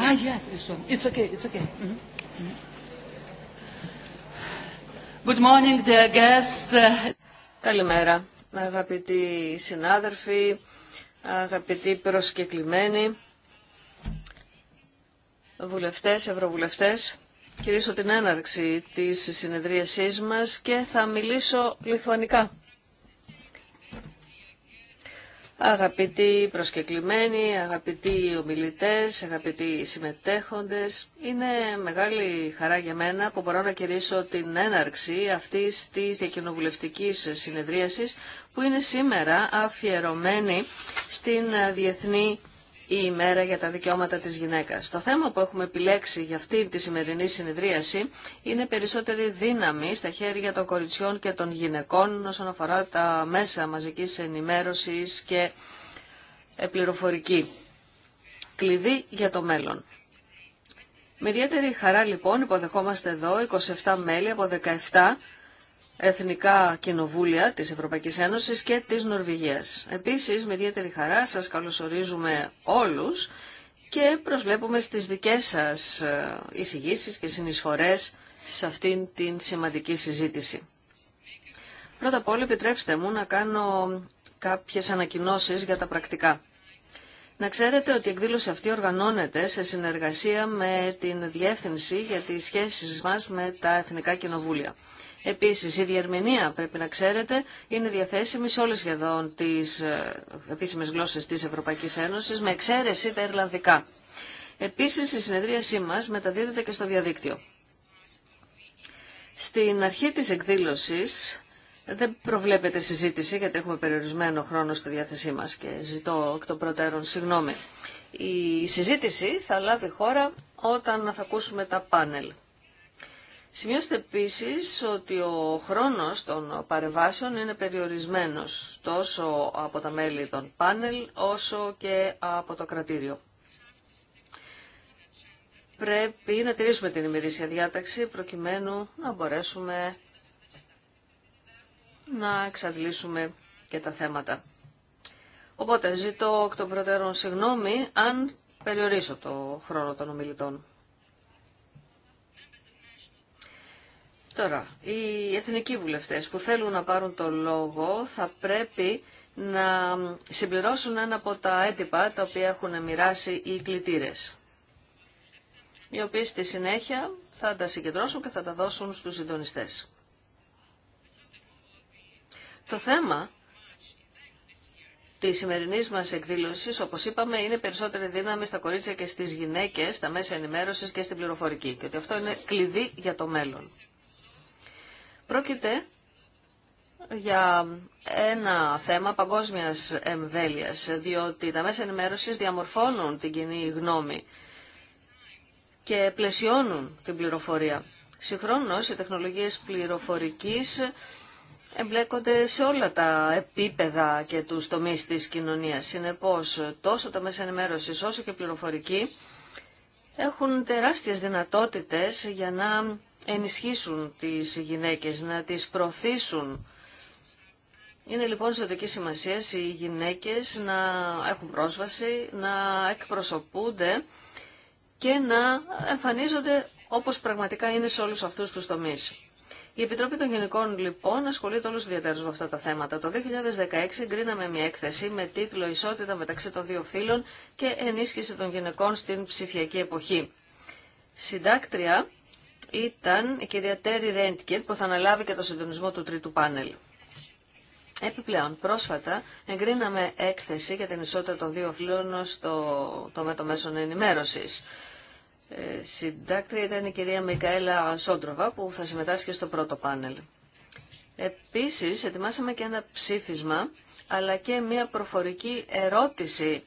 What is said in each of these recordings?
Ah, yes, this one. It's okay, it's okay. Mm-hmm. Mm-hmm. Good morning, dear guests. Καλημέρα, αγαπητοί συνάδελφοι, αγαπητοί προσκεκλημένοι, βουλευτές, ευρωβουλευτές. Κυρίσω την έναρξη της συνεδρίασής μας και θα μιλήσω λιθουανικά. Αγαπητοί προσκεκλημένοι, αγαπητοί ομιλητές, αγαπητοί συμμετέχοντες, είναι μεγάλη χαρά για μένα που μπορώ να κηρύσω την έναρξη αυτής της διακοινοβουλευτικής συνεδρίασης που είναι σήμερα αφιερωμένη στην Διεθνή η ημέρα για τα δικαιώματα της γυναίκας. Το θέμα που έχουμε επιλέξει για αυτή τη σημερινή συνεδρίαση είναι περισσότερη δύναμη στα χέρια των κοριτσιών και των γυναικών όσον αφορά τα μέσα μαζικής ενημέρωσης και ε, πληροφορική. Κλειδί για το μέλλον. Με ιδιαίτερη χαρά λοιπόν υποδεχόμαστε εδώ 27 μέλη από 17 Εθνικά Κοινοβούλια της Ευρωπαϊκής Ένωσης και της Νορβηγίας. Επίσης, με ιδιαίτερη χαρά σας καλωσορίζουμε όλους και προσβλέπουμε στις δικές σας ε, εισηγήσεις και συνεισφορές σε αυτήν την σημαντική συζήτηση. Πρώτα απ' όλα επιτρέψτε μου να κάνω κάποιες ανακοινώσεις για τα πρακτικά. Να ξέρετε ότι η εκδήλωση αυτή οργανώνεται σε συνεργασία με την Διεύθυνση για τις σχέσεις μας με τα Εθνικά Κοινοβούλια. Επίσης, η διερμηνία, πρέπει να ξέρετε, είναι διαθέσιμη σε όλες σχεδόν τις ε, επίσημες γλώσσες της Ευρωπαϊκής Ένωσης, με εξαίρεση τα Ιρλανδικά. Επίσης, η συνεδρίασή μας μεταδίδεται και στο διαδίκτυο. Στην αρχή της εκδήλωσης, δεν προβλέπεται συζήτηση γιατί έχουμε περιορισμένο χρόνο στη διάθεσή μας και ζητώ εκ των προτέρων συγγνώμη. Η συζήτηση θα λάβει χώρα όταν θα ακούσουμε τα πάνελ. Σημειώστε επίσης ότι ο χρόνος των παρεμβάσεων είναι περιορισμένος τόσο από τα μέλη των πάνελ όσο και από το κρατήριο. Πρέπει να τηρήσουμε την ημερήσια διάταξη προκειμένου να μπορέσουμε να εξαντλήσουμε και τα θέματα. Οπότε ζητώ εκ των προτέρων συγγνώμη αν περιορίσω το χρόνο των ομιλητών. Τώρα, οι εθνικοί βουλευτές που θέλουν να πάρουν το λόγο θα πρέπει να συμπληρώσουν ένα από τα έτυπα τα οποία έχουν μοιράσει οι κλητήρες, οι οποίε στη συνέχεια θα τα συγκεντρώσουν και θα τα δώσουν στους συντονιστές. Το θέμα τη σημερινή μα εκδήλωση, όπω είπαμε, είναι περισσότερη δύναμη στα κορίτσια και στι γυναίκε, στα μέσα ενημέρωση και στην πληροφορική. Και ότι αυτό είναι κλειδί για το μέλλον. Πρόκειται για ένα θέμα παγκόσμιας εμβέλειας, διότι τα μέσα ενημέρωσης διαμορφώνουν την κοινή γνώμη και πλαισιώνουν την πληροφορία. Συγχρόνως, οι τεχνολογίες πληροφορικής εμπλέκονται σε όλα τα επίπεδα και τους τομείς της κοινωνίας. Συνεπώς, τόσο τα μέσα ενημέρωσης όσο και πληροφορική έχουν τεράστιες δυνατότητες για να ενισχύσουν τις γυναίκες, να τις προωθήσουν. Είναι λοιπόν ζωτική σημασία οι γυναίκες να έχουν πρόσβαση, να εκπροσωπούνται και να εμφανίζονται όπως πραγματικά είναι σε όλους αυτούς τους τομείς. Η Επιτροπή των Γυναικών λοιπόν ασχολείται όλους ιδιαίτερους με αυτά τα θέματα. Το 2016 εγκρίναμε μια έκθεση με τίτλο «Ισότητα μεταξύ των δύο φύλων και ενίσχυση των γυναικών στην ψηφιακή εποχή». Συντάκτρια ήταν η κυρία Τέρι Ρέντκερ που θα αναλάβει και το συντονισμό του τρίτου πάνελ. Επιπλέον, πρόσφατα εγκρίναμε έκθεση για την ισότητα των δύο φύλων στο το των μέσων ενημέρωσης. Ε, συντάκτρια ήταν η κυρία Μικαέλα Σόντροβα που θα συμμετάσχει στο πρώτο πάνελ. Επίσης, ετοιμάσαμε και ένα ψήφισμα αλλά και μια προφορική ερώτηση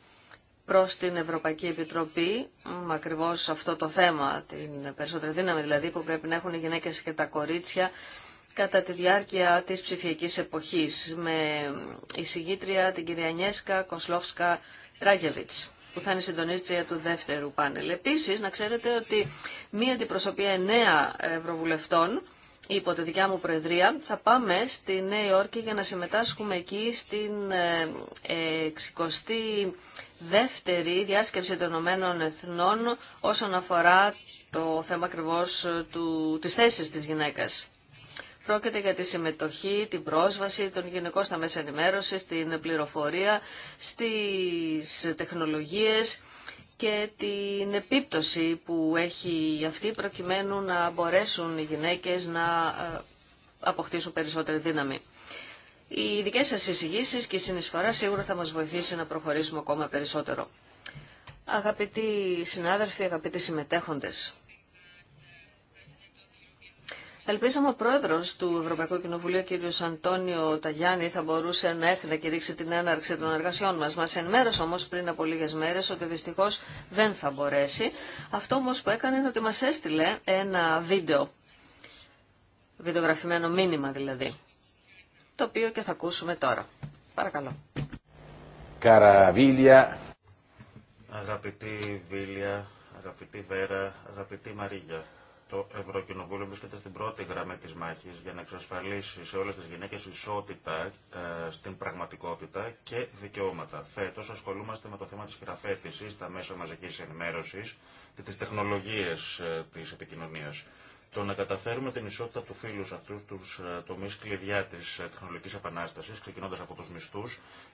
προς την Ευρωπαϊκή Επιτροπή με ακριβώς αυτό το θέμα, την περισσότερη δύναμη δηλαδή που πρέπει να έχουν οι γυναίκες και τα κορίτσια κατά τη διάρκεια της ψηφιακής εποχής με συγγήτρια την κυρία Νιέσκα Κοσλόφσκα Ράγεβιτς που θα είναι συντονίστρια του δεύτερου πάνελ. Επίσης, να ξέρετε ότι μία αντιπροσωπεία εννέα ευρωβουλευτών υπό τη δικιά μου προεδρία θα πάμε στη Νέα Υόρκη για να συμμετάσχουμε εκεί στην 60 ε, δεύτερη διάσκεψη των Ηνωμένων Εθνών όσον αφορά το θέμα ακριβώ της θέσης της γυναίκας. Πρόκειται για τη συμμετοχή, την πρόσβαση των γυναικών στα μέσα ενημέρωση, στην πληροφορία, στις τεχνολογίες και την επίπτωση που έχει αυτή προκειμένου να μπορέσουν οι γυναίκες να ε, αποκτήσουν περισσότερη δύναμη. Οι δικέ σας εισηγήσει και η συνεισφορά σίγουρα θα μας βοηθήσει να προχωρήσουμε ακόμα περισσότερο. Αγαπητοί συνάδελφοι, αγαπητοί συμμετέχοντες, Ελπίζαμε ο πρόεδρο του Ευρωπαϊκού Κοινοβουλίου, κ. Αντώνιο Ταγιάννη, θα μπορούσε να έρθει να κηρύξει την έναρξη των εργασιών μα. Μα ενημέρωσε όμω πριν από λίγε μέρε ότι δυστυχώ δεν θα μπορέσει. Αυτό όμω που έκανε είναι ότι μα έστειλε ένα βίντεο. Βιντεογραφημένο μήνυμα δηλαδή το οποίο και θα ακούσουμε τώρα. Παρακαλώ. Καραβίλια. Αγαπητή Βίλια, αγαπητή Βέρα, αγαπητή Μαρίγια. Το Ευρωκοινοβούλιο βρίσκεται στην πρώτη γραμμή της μάχης για να εξασφαλίσει σε όλες τις γυναίκες ισότητα ε, στην πραγματικότητα και δικαιώματα. Φέτος ασχολούμαστε με το θέμα της χειραφέτησης στα μέσα μαζικής ενημέρωσης και τις τεχνολογίες ε, της επικοινωνίας. Το να καταφέρουμε την ισότητα του φύλου σε αυτού του ε, τομεί κλειδιά τη ε, τεχνολογική επανάσταση, ξεκινώντα από του μισθού,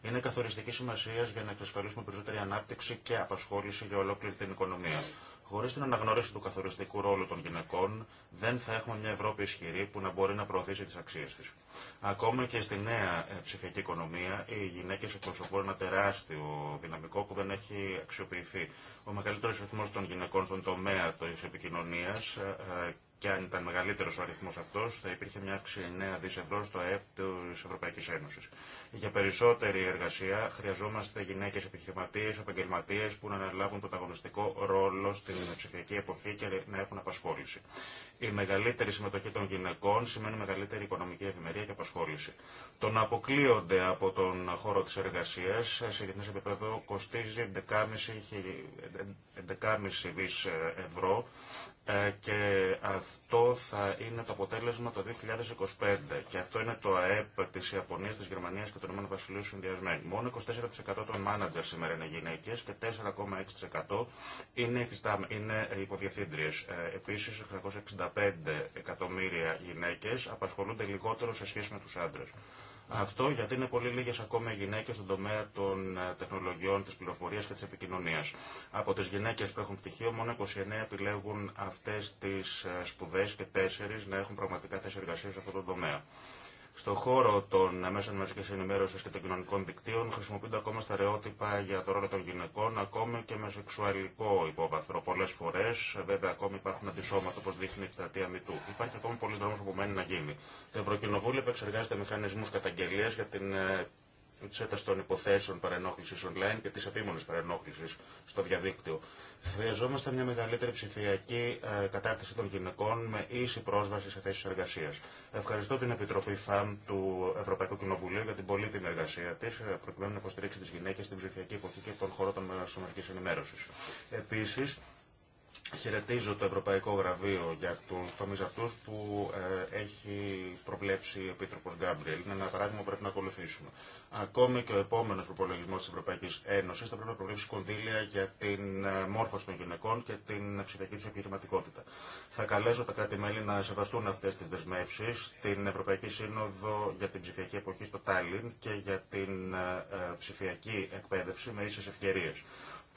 είναι καθοριστική σημασία για να εξασφαλίσουμε περισσότερη ανάπτυξη και απασχόληση για ολόκληρη την οικονομία. Χωρί την αναγνώριση του καθοριστικού ρόλου των γυναικών, δεν θα έχουμε μια Ευρώπη ισχυρή που να μπορεί να προωθήσει τι αξίε τη. Ακόμα και στη νέα ε, ψηφιακή οικονομία, οι γυναίκε εκπροσωπούν ένα τεράστιο δυναμικό που δεν έχει αξιοποιηθεί. Ο μεγαλύτερο αριθμό των γυναικών στον τομέα τη επικοινωνία και αν ήταν μεγαλύτερο ο αριθμό αυτό, θα υπήρχε μια αύξηση 9 δι ευρώ στο ΑΕΠ τη Ευρωπαϊκή Ένωση. Για περισσότερη εργασία χρειαζόμαστε γυναίκε επιχειρηματίε, επαγγελματίε που να αναλάβουν πρωταγωνιστικό ρόλο στην ψηφιακή εποχή και να έχουν απασχόληση. Η μεγαλύτερη συμμετοχή των γυναικών σημαίνει μεγαλύτερη οικονομική ευημερία και απασχόληση. Το να αποκλείονται από τον χώρο τη εργασία σε διεθνέ επίπεδο κοστίζει 11,5 δι ευρώ ε, και αυτό θα είναι το αποτέλεσμα το 2025. Και αυτό είναι το ΑΕΠ τη Ιαπωνία, τη Γερμανία και των ΗΠΑ συνδυασμένοι. Μόνο 24% των μάνατζερ σήμερα είναι γυναίκε και 4,6% είναι, είναι υποδιευθύντριε. Ε, Επίση, 665 εκατομμύρια γυναίκε απασχολούνται λιγότερο σε σχέση με του άντρε. Αυτό γιατί είναι πολύ λίγε ακόμα γυναίκε στον τομέα των ε, τεχνολογιών, τη πληροφορία και τη επικοινωνία. Από τι γυναίκε που έχουν πτυχίο, μόνο 29 επιλέγουν αυτέ τι ε, σπουδέ και 4 να έχουν πραγματικά θέσει εργασία σε αυτό τον τομέα. Στον χώρο των μέσων μαζική ενημέρωση και των κοινωνικών δικτύων χρησιμοποιούνται ακόμα στερεότυπα για το ρόλο των γυναικών, ακόμη και με σεξουαλικό υπόβαθρο. Πολλέ φορέ, βέβαια, ακόμη υπάρχουν αντισώματα, όπω δείχνει η εκστρατεία Μητού. Υπάρχει ακόμη πολλή δρόμο που μένει να γίνει. Το Ευρωκοινοβούλιο επεξεργάζεται μηχανισμού καταγγελία για την ε, εξέταση των υποθέσεων παρενόχληση online και τη επίμονη παρενόχληση στο διαδίκτυο. Χρειαζόμαστε μια μεγαλύτερη ψηφιακή ε, κατάρτιση των γυναικών με ίση πρόσβαση σε θέσει εργασία. Ευχαριστώ την Επιτροπή ΦΑΜ του Ευρωπαϊκού Κοινοβουλίου για την πολύτιμη εργασία τη, ε, προκειμένου να υποστηρίξει τι γυναίκε στην ψηφιακή εποχή και των χώρων των μεσομερική ενημέρωση. Επίση, Χαιρετίζω το Ευρωπαϊκό Γραβείο για του τομεί αυτού που ε, έχει προβλέψει ο Επίτροπο Γκάμπριελ. Είναι ένα παράδειγμα που πρέπει να ακολουθήσουμε. Ακόμη και ο επόμενο προπολογισμό τη Ευρωπαϊκή Ένωση θα πρέπει να προβλέψει κονδύλια για την ε, μόρφωση των γυναικών και την ψηφιακή του επιχειρηματικότητα. Θα καλέσω τα κράτη-μέλη να σεβαστούν αυτέ τι δεσμεύσει στην Ευρωπαϊκή Σύνοδο για την ψηφιακή εποχή στο Τάλιν και για την ε, ψηφιακή εκπαίδευση με ίσε ευκαιρίε.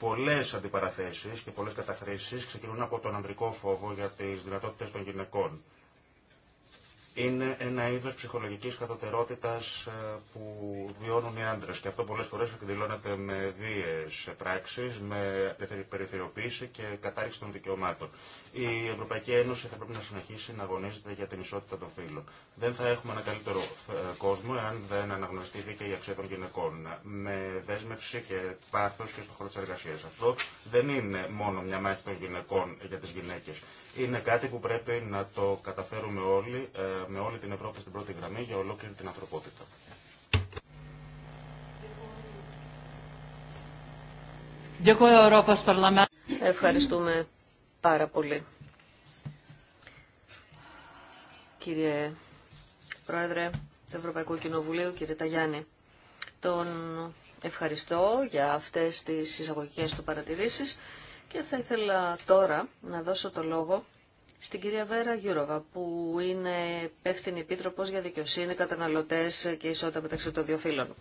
Πολλέ αντιπαραθέσεις και πολλές καταχρήσει ξεκινούν από τον ανδρικό φόβο για τι δυνατότητε των γυναικών. Είναι ένα είδος ψυχολογικής κατωτερότητας ε, που βιώνουν οι άντρε. και αυτό πολλές φορές εκδηλώνεται με βίαιε πράξει, με περιθωριοποίηση και κατάρριξη των δικαιωμάτων. Η Ευρωπαϊκή Ένωση θα πρέπει να συνεχίσει να αγωνίζεται για την ισότητα των φύλων. Δεν θα έχουμε ένα καλύτερο ε, κόσμο εάν δεν αναγνωριστεί και η αξία των γυναικών. Με δέσμευση και πάθο και στον χώρο τη εργασία. Αυτό δεν είναι μόνο μια μάχη των γυναικών για τι γυναίκε. Είναι κάτι που πρέπει να το καταφέρουμε όλοι, ε, με όλη την Ευρώπη στην πρώτη γραμμή, για ολόκληρη την ανθρωπότητα. Ευχαριστούμε πάρα πολύ. Κύριε Πρόεδρε του Ευρωπαϊκού Κοινοβουλίου, κύριε Ταγιάννη, τον ευχαριστώ για αυτές τις εισαγωγικές του παρατηρήσεις και θα ήθελα τώρα να δώσω το λόγο στην κυρία Βέρα Γιούροβα, που είναι υπεύθυνη επίτροπος για δικαιοσύνη, καταναλωτές και ισότητα μεταξύ των δύο φύλων.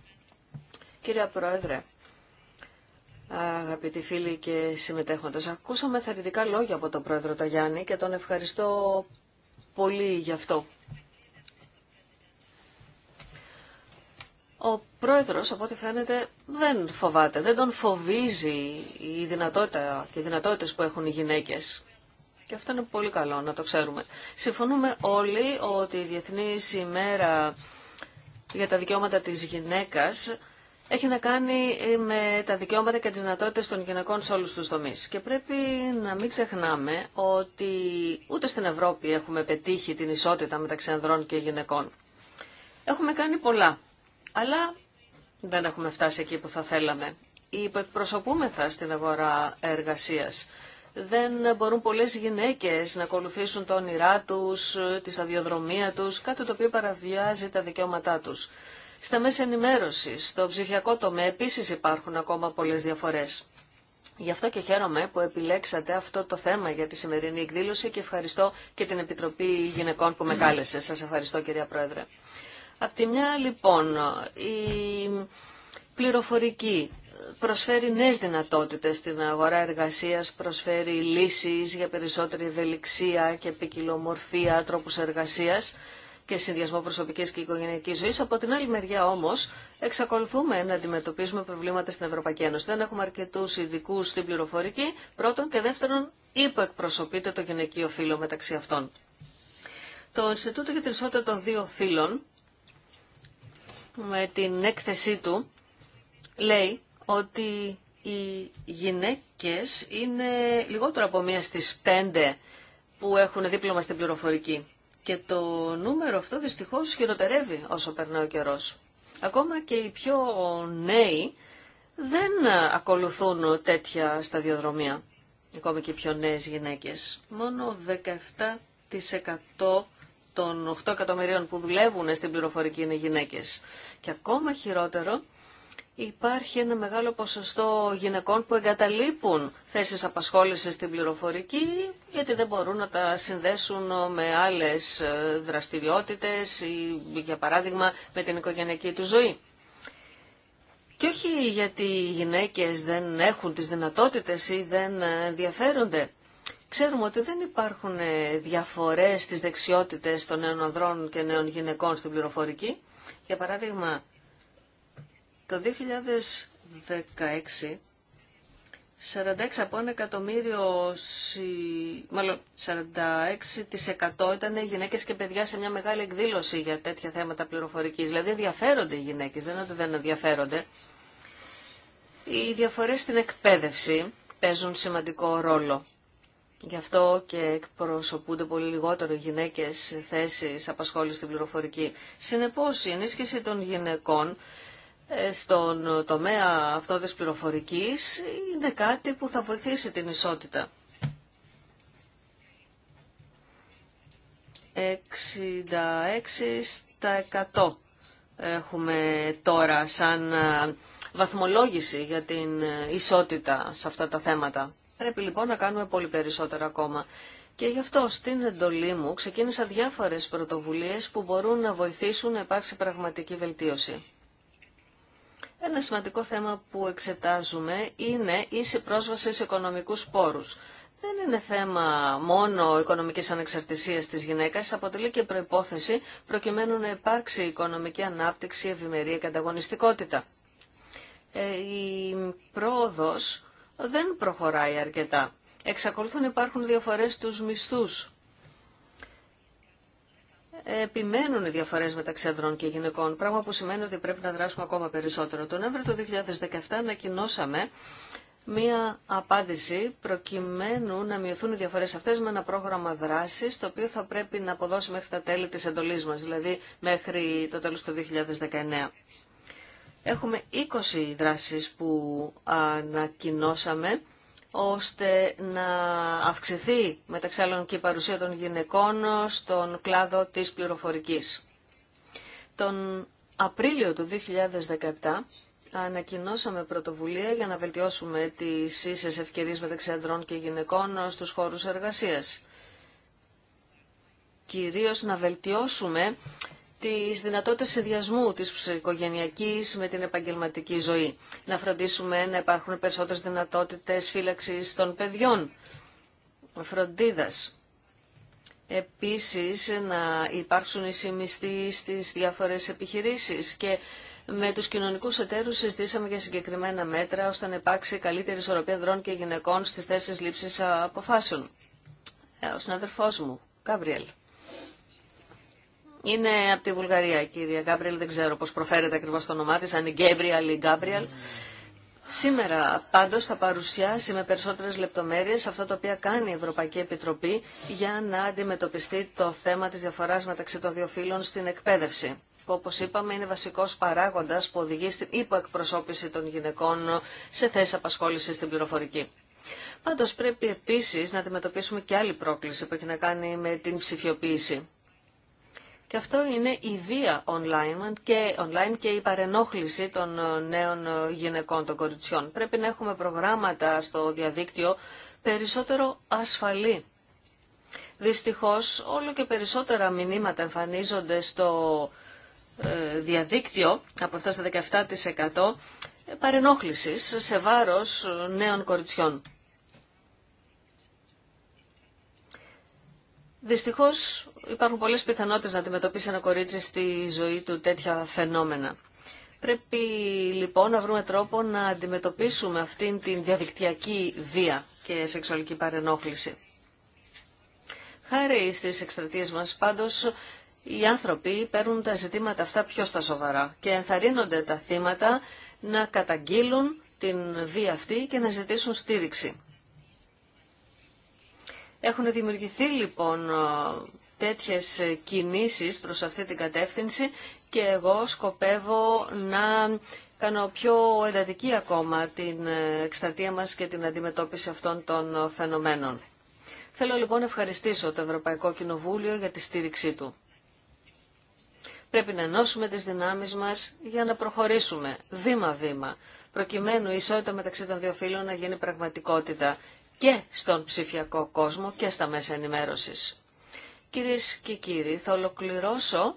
Κυρία Πρόεδρε, Αγαπητοί φίλοι και συμμετέχοντες, ακούσαμε θερητικά λόγια από τον πρόεδρο Ταγιάννη και τον ευχαριστώ πολύ γι' αυτό. Ο πρόεδρος, από ό,τι φαίνεται, δεν φοβάται, δεν τον φοβίζει η δυνατότητα και οι δυνατότητες που έχουν οι γυναίκες. Και αυτό είναι πολύ καλό να το ξέρουμε. Συμφωνούμε όλοι ότι η Διεθνής ημέρα για τα δικαιώματα της γυναίκας έχει να κάνει ε, με τα δικαιώματα και τις δυνατότητες των γυναικών σε όλους τους τομείς. Και πρέπει να μην ξεχνάμε ότι ούτε στην Ευρώπη έχουμε πετύχει την ισότητα μεταξύ ανδρών και γυναικών. Έχουμε κάνει πολλά, αλλά δεν έχουμε φτάσει εκεί που θα θέλαμε. Υποεκπροσωπούμεθα στην αγορά εργασίας. Δεν μπορούν πολλές γυναίκες να ακολουθήσουν το όνειρά τους, ε, τη σταδιοδρομία τους, κάτι το οποίο παραβιάζει τα δικαιώματά τους. Στα μέσα ενημέρωση, στο ψηφιακό τομέα επίση υπάρχουν ακόμα πολλές διαφορές. Γι' αυτό και χαίρομαι που επιλέξατε αυτό το θέμα για τη σημερινή εκδήλωση και ευχαριστώ και την Επιτροπή Γυναικών που με κάλεσε. Σας ευχαριστώ κυρία Πρόεδρε. Απ' τη μια λοιπόν η πληροφορική προσφέρει νέες δυνατότητες στην αγορά εργασίας, προσφέρει λύσεις για περισσότερη ευελιξία και ποικιλομορφία τρόπους εργασίας και συνδυασμό προσωπική και οικογενειακή ζωή. Από την άλλη μεριά όμω, εξακολουθούμε να αντιμετωπίζουμε προβλήματα στην Ευρωπαϊκή Ένωση. Δεν έχουμε αρκετού ειδικού στην πληροφορική, πρώτον, και δεύτερον, υποεκπροσωπείται το γυναικείο φύλλο μεταξύ αυτών. Το Ινστιτούτο για την Ισότητα των Δύο Φύλων, με την έκθεσή του, λέει ότι οι γυναίκες είναι λιγότερο από μία στις πέντε που έχουν δίπλωμα στην πληροφορική. Και το νούμερο αυτό δυστυχώς χειροτερεύει όσο περνάει ο καιρός. Ακόμα και οι πιο νέοι δεν ακολουθούν τέτοια σταδιοδρομία. Ακόμα και οι πιο νέες γυναίκες. Μόνο 17% των 8 εκατομμυρίων που δουλεύουν στην πληροφορική είναι γυναίκες. Και ακόμα χειρότερο υπάρχει ένα μεγάλο ποσοστό γυναικών που εγκαταλείπουν θέσεις απασχόλησης στην πληροφορική γιατί δεν μπορούν να τα συνδέσουν με άλλες ε, δραστηριότητες ή για παράδειγμα με την οικογενειακή του ζωή. Και όχι γιατί οι γυναίκες δεν έχουν τις δυνατότητες ή δεν ενδιαφέρονται. Ξέρουμε ότι δεν υπάρχουν ε, διαφορές στις δεξιότητες των νέων ανδρών και νέων γυναικών στην πληροφορική. Για παράδειγμα, το 2016 46 από ένα εκατομμύριο, μάλλον 46% ήταν γυναίκες και παιδιά σε μια μεγάλη εκδήλωση για τέτοια θέματα πληροφορικής. Δηλαδή ενδιαφέρονται οι γυναίκες, δεν ότι δεν ενδιαφέρονται. Οι διαφορές στην εκπαίδευση παίζουν σημαντικό ρόλο. Γι' αυτό και εκπροσωπούνται πολύ λιγότερο γυναίκες θέσεις απασχόλησης στην πληροφορική. Συνεπώς, η ενίσχυση των γυναικών ε, στον τομέα αυτό της πληροφορικής είναι κάτι που θα βοηθήσει την ισότητα. 66 στα έχουμε τώρα σαν ε, βαθμολόγηση για την ε, ισότητα σε αυτά τα θέματα. Πρέπει λοιπόν να κάνουμε πολύ περισσότερα ακόμα. Και γι' αυτό στην εντολή μου ξεκίνησα διάφορες πρωτοβουλίες που μπορούν να βοηθήσουν να υπάρξει πραγματική βελτίωση. Ένα σημαντικό θέμα που εξετάζουμε είναι ίση πρόσβαση σε οικονομικούς πόρους. Δεν είναι θέμα μόνο οικονομικής ανεξαρτησίας της γυναίκας, αποτελεί και προϋπόθεση προκειμένου να υπάρξει οικονομική ανάπτυξη, ευημερία και ανταγωνιστικότητα. Ε, η πρόοδος δεν προχωράει αρκετά. Εξακολουθούν να υπάρχουν διαφορές στους μισθούς επιμένουν οι διαφορές μεταξύ ανδρών και γυναικών, πράγμα που σημαίνει ότι πρέπει να δράσουμε ακόμα περισσότερο. Τον Νοέμβριο του 2017 ανακοινώσαμε μία απάντηση προκειμένου να μειωθούν οι διαφορές αυτές με ένα πρόγραμμα δράσης το οποίο θα πρέπει να αποδώσει μέχρι τα τέλη τη εντολή μα, δηλαδή μέχρι το τέλο του 2019. Έχουμε 20 δράσεις που ανακοινώσαμε ώστε να αυξηθεί μεταξύ άλλων και η παρουσία των γυναικών στον κλάδο της πληροφορικής. Τον Απρίλιο του 2017 ανακοινώσαμε πρωτοβουλία για να βελτιώσουμε τις ίσες ευκαιρίες μεταξύ ανδρών και γυναικών στους χώρους εργασίας. Κυρίως να βελτιώσουμε τις δυνατότητες συνδυασμού της οικογενειακής με την επαγγελματική ζωή. Να φροντίσουμε να υπάρχουν περισσότερες δυνατότητες φύλαξης των παιδιών, φροντίδας. Επίσης να υπάρξουν οι συμμιστοί στις διάφορες επιχειρήσεις και με τους κοινωνικούς εταίρους συζητήσαμε για συγκεκριμένα μέτρα ώστε να υπάρξει καλύτερη ισορροπία και γυναικών στις θέσεις λήψη αποφάσεων. Ε, ο συνάδελφός μου, Καβριέλ. Είναι από τη Βουλγαρία, κυρία Γκάμπριελ, δεν ξέρω πω προφέρεται ακριβώ το όνομά τη, αν είναι Γκέμπριαλ ή Γκάμπριελ. Σήμερα πάντως θα παρουσιάσει με περισσότερες λεπτομέρειες αυτό το οποίο κάνει η γκαμπριελ σημερα παντω θα παρουσιασει με περισσοτερε λεπτομερειε αυτο τα οποια κανει η ευρωπαικη επιτροπη για να αντιμετωπιστεί το θέμα τη διαφορά μεταξύ των δύο φύλων στην εκπαίδευση που όπως είπαμε είναι βασικός παράγοντας που οδηγεί στην υποεκπροσώπηση των γυναικών σε θέσεις απασχόλησης στην πληροφορική. Πάντως πρέπει επίσης να αντιμετωπίσουμε και άλλη πρόκληση που έχει να κάνει με την ψηφιοποίηση. Και αυτό είναι η βία online και, online και η παρενόχληση των ε, νέων ε, γυναικών, των κοριτσιών. Πρέπει να έχουμε προγράμματα στο διαδίκτυο περισσότερο ασφαλή. Δυστυχώς όλο και περισσότερα μηνύματα εμφανίζονται στο ε, διαδίκτυο, από αυτά στα 17% παρενόχλησης σε βάρος νέων κοριτσιών. Δυστυχώς υπάρχουν πολλές πιθανότητες να αντιμετωπίσει ένα κορίτσι στη ζωή του τέτοια φαινόμενα. Πρέπει λοιπόν να βρούμε τρόπο να αντιμετωπίσουμε αυτήν την διαδικτυακή βία και σεξουαλική παρενόχληση. Χάρη στις εκστρατείες μας πάντως οι άνθρωποι παίρνουν τα ζητήματα αυτά πιο στα σοβαρά και ενθαρρύνονται τα θύματα να καταγγείλουν την βία αυτή και να ζητήσουν στήριξη. Έχουν δημιουργηθεί λοιπόν τέτοιες κινήσεις προς αυτή την κατεύθυνση και εγώ σκοπεύω να κάνω πιο εντατική ακόμα την εκστατεία μας και την αντιμετώπιση αυτών των φαινομένων. Θέλω λοιπόν να ευχαριστήσω το Ευρωπαϊκό Κοινοβούλιο για τη στήριξή του. Πρέπει να ενώσουμε τις δυνάμεις μας για να προχωρήσουμε βήμα-βήμα, προκειμένου η ισότητα μεταξύ των δύο φύλων να γίνει πραγματικότητα και στον ψηφιακό κόσμο και στα μέσα ενημέρωσης. Κυρίες και κύριοι, θα ολοκληρώσω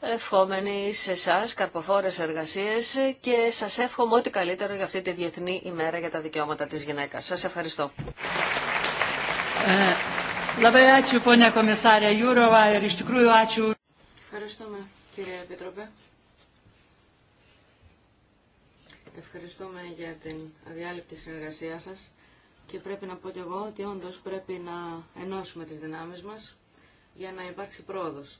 ευχόμενοι σε εσά καρποφόρες εργασίες και σας εύχομαι ό,τι καλύτερο για αυτή τη Διεθνή ημέρα για τα δικαιώματα της γυναίκας. Σας ευχαριστώ. Ε, Ευχαριστούμε κύριε Επίτροπε. Ευχαριστούμε για την αδιάλειπτη συνεργασία σας και πρέπει να πω κι εγώ ότι όντως πρέπει να ενώσουμε τις δυνάμεις μας για να υπάρξει πρόοδος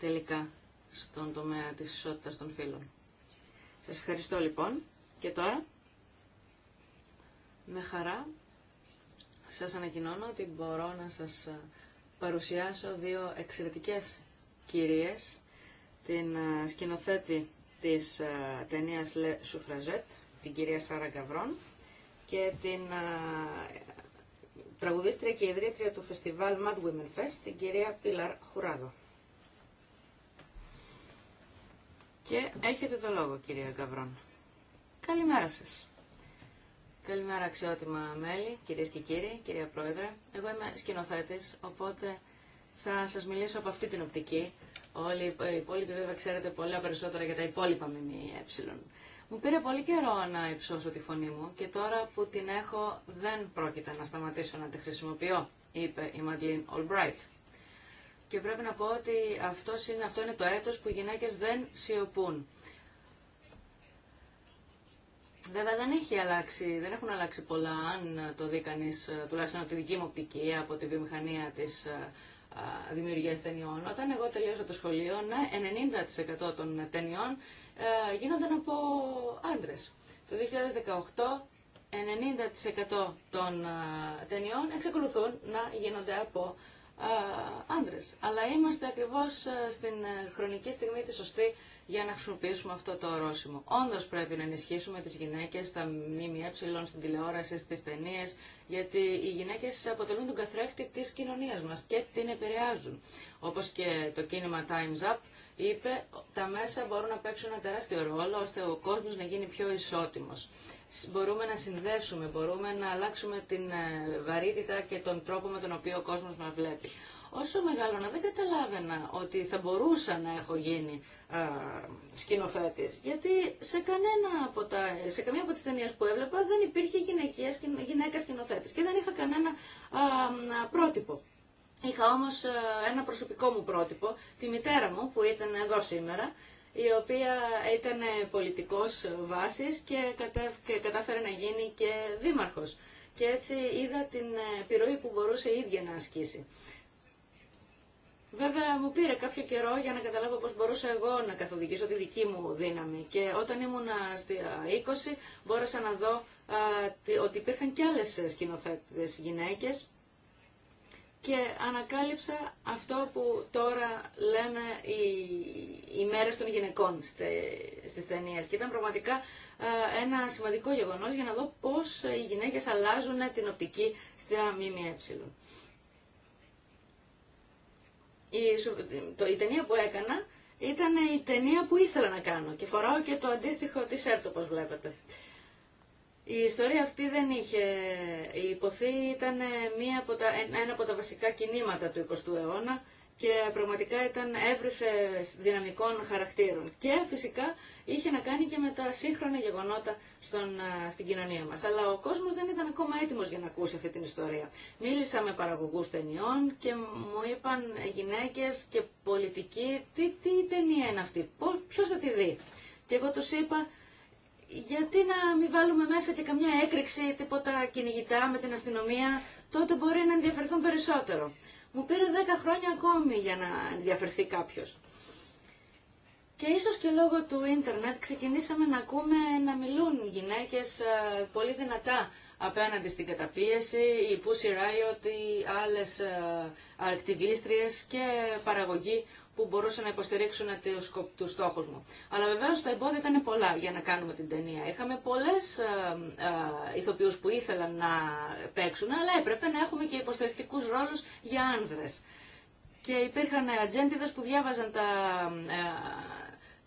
τελικά στον τομέα της ισότητας των φύλων. Σας ευχαριστώ λοιπόν και τώρα με χαρά σας ανακοινώνω ότι μπορώ να σας ε, παρουσιάσω δύο εξαιρετικές κυρίες, την ε, σκηνοθέτη της ε, ταινίας Le Suffragette, την κυρία Σάρα Γκαβρόν και την τραγουδίστρια και ιδρύτρια του φεστιβάλ Mad Women Fest, την κυρία Πίλαρ Χουράδο. Και έχετε το λόγο, κυρία Γκαβρόν. Καλημέρα σας. Καλημέρα αξιότιμα μέλη, κυρίες και κύριοι, κυρία Πρόεδρε. Εγώ είμαι σκηνοθέτης, οπότε θα σας μιλήσω από αυτή την οπτική. Όλοι οι υπόλοιποι βέβαια ξέρετε πολλά περισσότερα για τα υπόλοιπα ΜΜΕ. Μου πήρε πολύ καιρό να υψώσω τη φωνή μου και τώρα που την έχω δεν πρόκειται να σταματήσω να τη χρησιμοποιώ, είπε η Μαντλίν Ολμπράιτ. Και πρέπει να πω ότι αυτός είναι, αυτό είναι το έτος που οι γυναίκες δεν σιωπούν. Βέβαια δεν, έχει αλλάξει, δεν έχουν αλλάξει πολλά αν το δει κανείς, ε, τουλάχιστον από τη δική μου οπτική, από τη βιομηχανία της ε, δημιουργίας ταινιών. Όταν εγώ τελείωσα το σχολείο, 90% ναι, των ταινιών ε, γίνονταν από άντρες. Το 2018, 90% των ε, ταινιών εξακολουθούν να γίνονται από ε, άντρες. Αλλά είμαστε ακριβώς στην χρονική στιγμή τη σωστή για να χρησιμοποιήσουμε αυτό το ορόσημο. Όντω πρέπει να ενισχύσουμε τι γυναίκε στα ΜΜΕ, στην τηλεόραση, στι ταινίε, γιατί οι γυναίκε αποτελούν τον καθρέφτη τη κοινωνία μα και την επηρεάζουν. Όπω και το κίνημα Time's Up είπε, τα μέσα μπορούν να παίξουν ένα τεράστιο ρόλο ώστε ο κόσμο να γίνει πιο ισότιμο. Μπορούμε να συνδέσουμε, μπορούμε να αλλάξουμε την ε, βαρύτητα και τον τρόπο με τον οποίο ο κόσμο μα βλέπει. Όσο μεγάλωνα δεν καταλάβαινα ότι θα μπορούσα να έχω γίνει α, σκηνοθέτης, γιατί σε, κανένα από τα, σε καμία από τις ταινίε που έβλεπα δεν υπήρχε γυναικεία, γυναίκα σκηνοθέτης και δεν είχα κανένα α, πρότυπο. Είχα όμως ένα προσωπικό μου πρότυπο, τη μητέρα μου που ήταν εδώ σήμερα, η οποία ήταν πολιτικός βάσης και, και κατάφερε να γίνει και δήμαρχος. Και έτσι είδα την ε, επιρροή που μπορούσε η ίδια να ασκήσει. Βέβαια μου πήρε κάποιο καιρό για να καταλάβω πώς μπορούσα εγώ να καθοδηγήσω τη δική μου δύναμη και όταν ήμουν στη 20 μπόρεσα να δω ότι υπήρχαν και άλλες ε, σκηνοθέτες γυναίκες και ανακάλυψα αυτό που τώρα λέμε οι, οι μέρες των γυναικών στε, στις ταινίες. Και ήταν πραγματικά ένα σημαντικό γεγονός για να δω πώς οι γυναίκες αλλάζουν την οπτική στα ΜΜΕ η, ταινία που έκανα ήταν η ταινία που ήθελα να κάνω και φοράω και το αντίστοιχο τη ΕΡΤ όπως βλέπετε. Η ιστορία αυτή δεν είχε η υποθεί, ήταν μία από τα, ένα από τα βασικά κινήματα του 20ου αιώνα και πραγματικά ήταν έβριφε δυναμικών χαρακτήρων. Και φυσικά είχε να κάνει και με τα σύγχρονα γεγονότα στον, στην κοινωνία μας. Αλλά ο κόσμος δεν ήταν ακόμα έτοιμος για να ακούσει αυτή την ιστορία. Μίλησα με παραγωγούς ταινιών και μου είπαν ε, γυναίκες και πολιτικοί τι, τι ταινία είναι αυτή, ποιος θα τη δει. Και εγώ τους είπα γιατί να μην βάλουμε μέσα και καμιά έκρηξη, τίποτα κυνηγητά με την αστυνομία, τότε μπορεί να ενδιαφερθούν περισσότερο μου πήρε 10 χρόνια ακόμη για να ενδιαφερθεί κάποιος. Και ίσως και λόγω του ίντερνετ ξεκινήσαμε να ακούμε να μιλούν γυναίκες ε, πολύ δυνατά απέναντι στην καταπίεση, η Pussy Riot, οι άλλες ε, ακτιβίστριες και παραγωγή που μπορούσαν να υποστηρίξουν του στόχου μου. Αλλά βεβαίω τα εμπόδια ήταν πολλά για να κάνουμε την ταινία. Είχαμε πολλέ ε, ε, ηθοποιού που ήθελαν να παίξουν, αλλά έπρεπε να έχουμε και υποστηρικτικού ρόλου για άνδρε. Και υπήρχαν ατζέντιδε που διάβαζαν τα ε,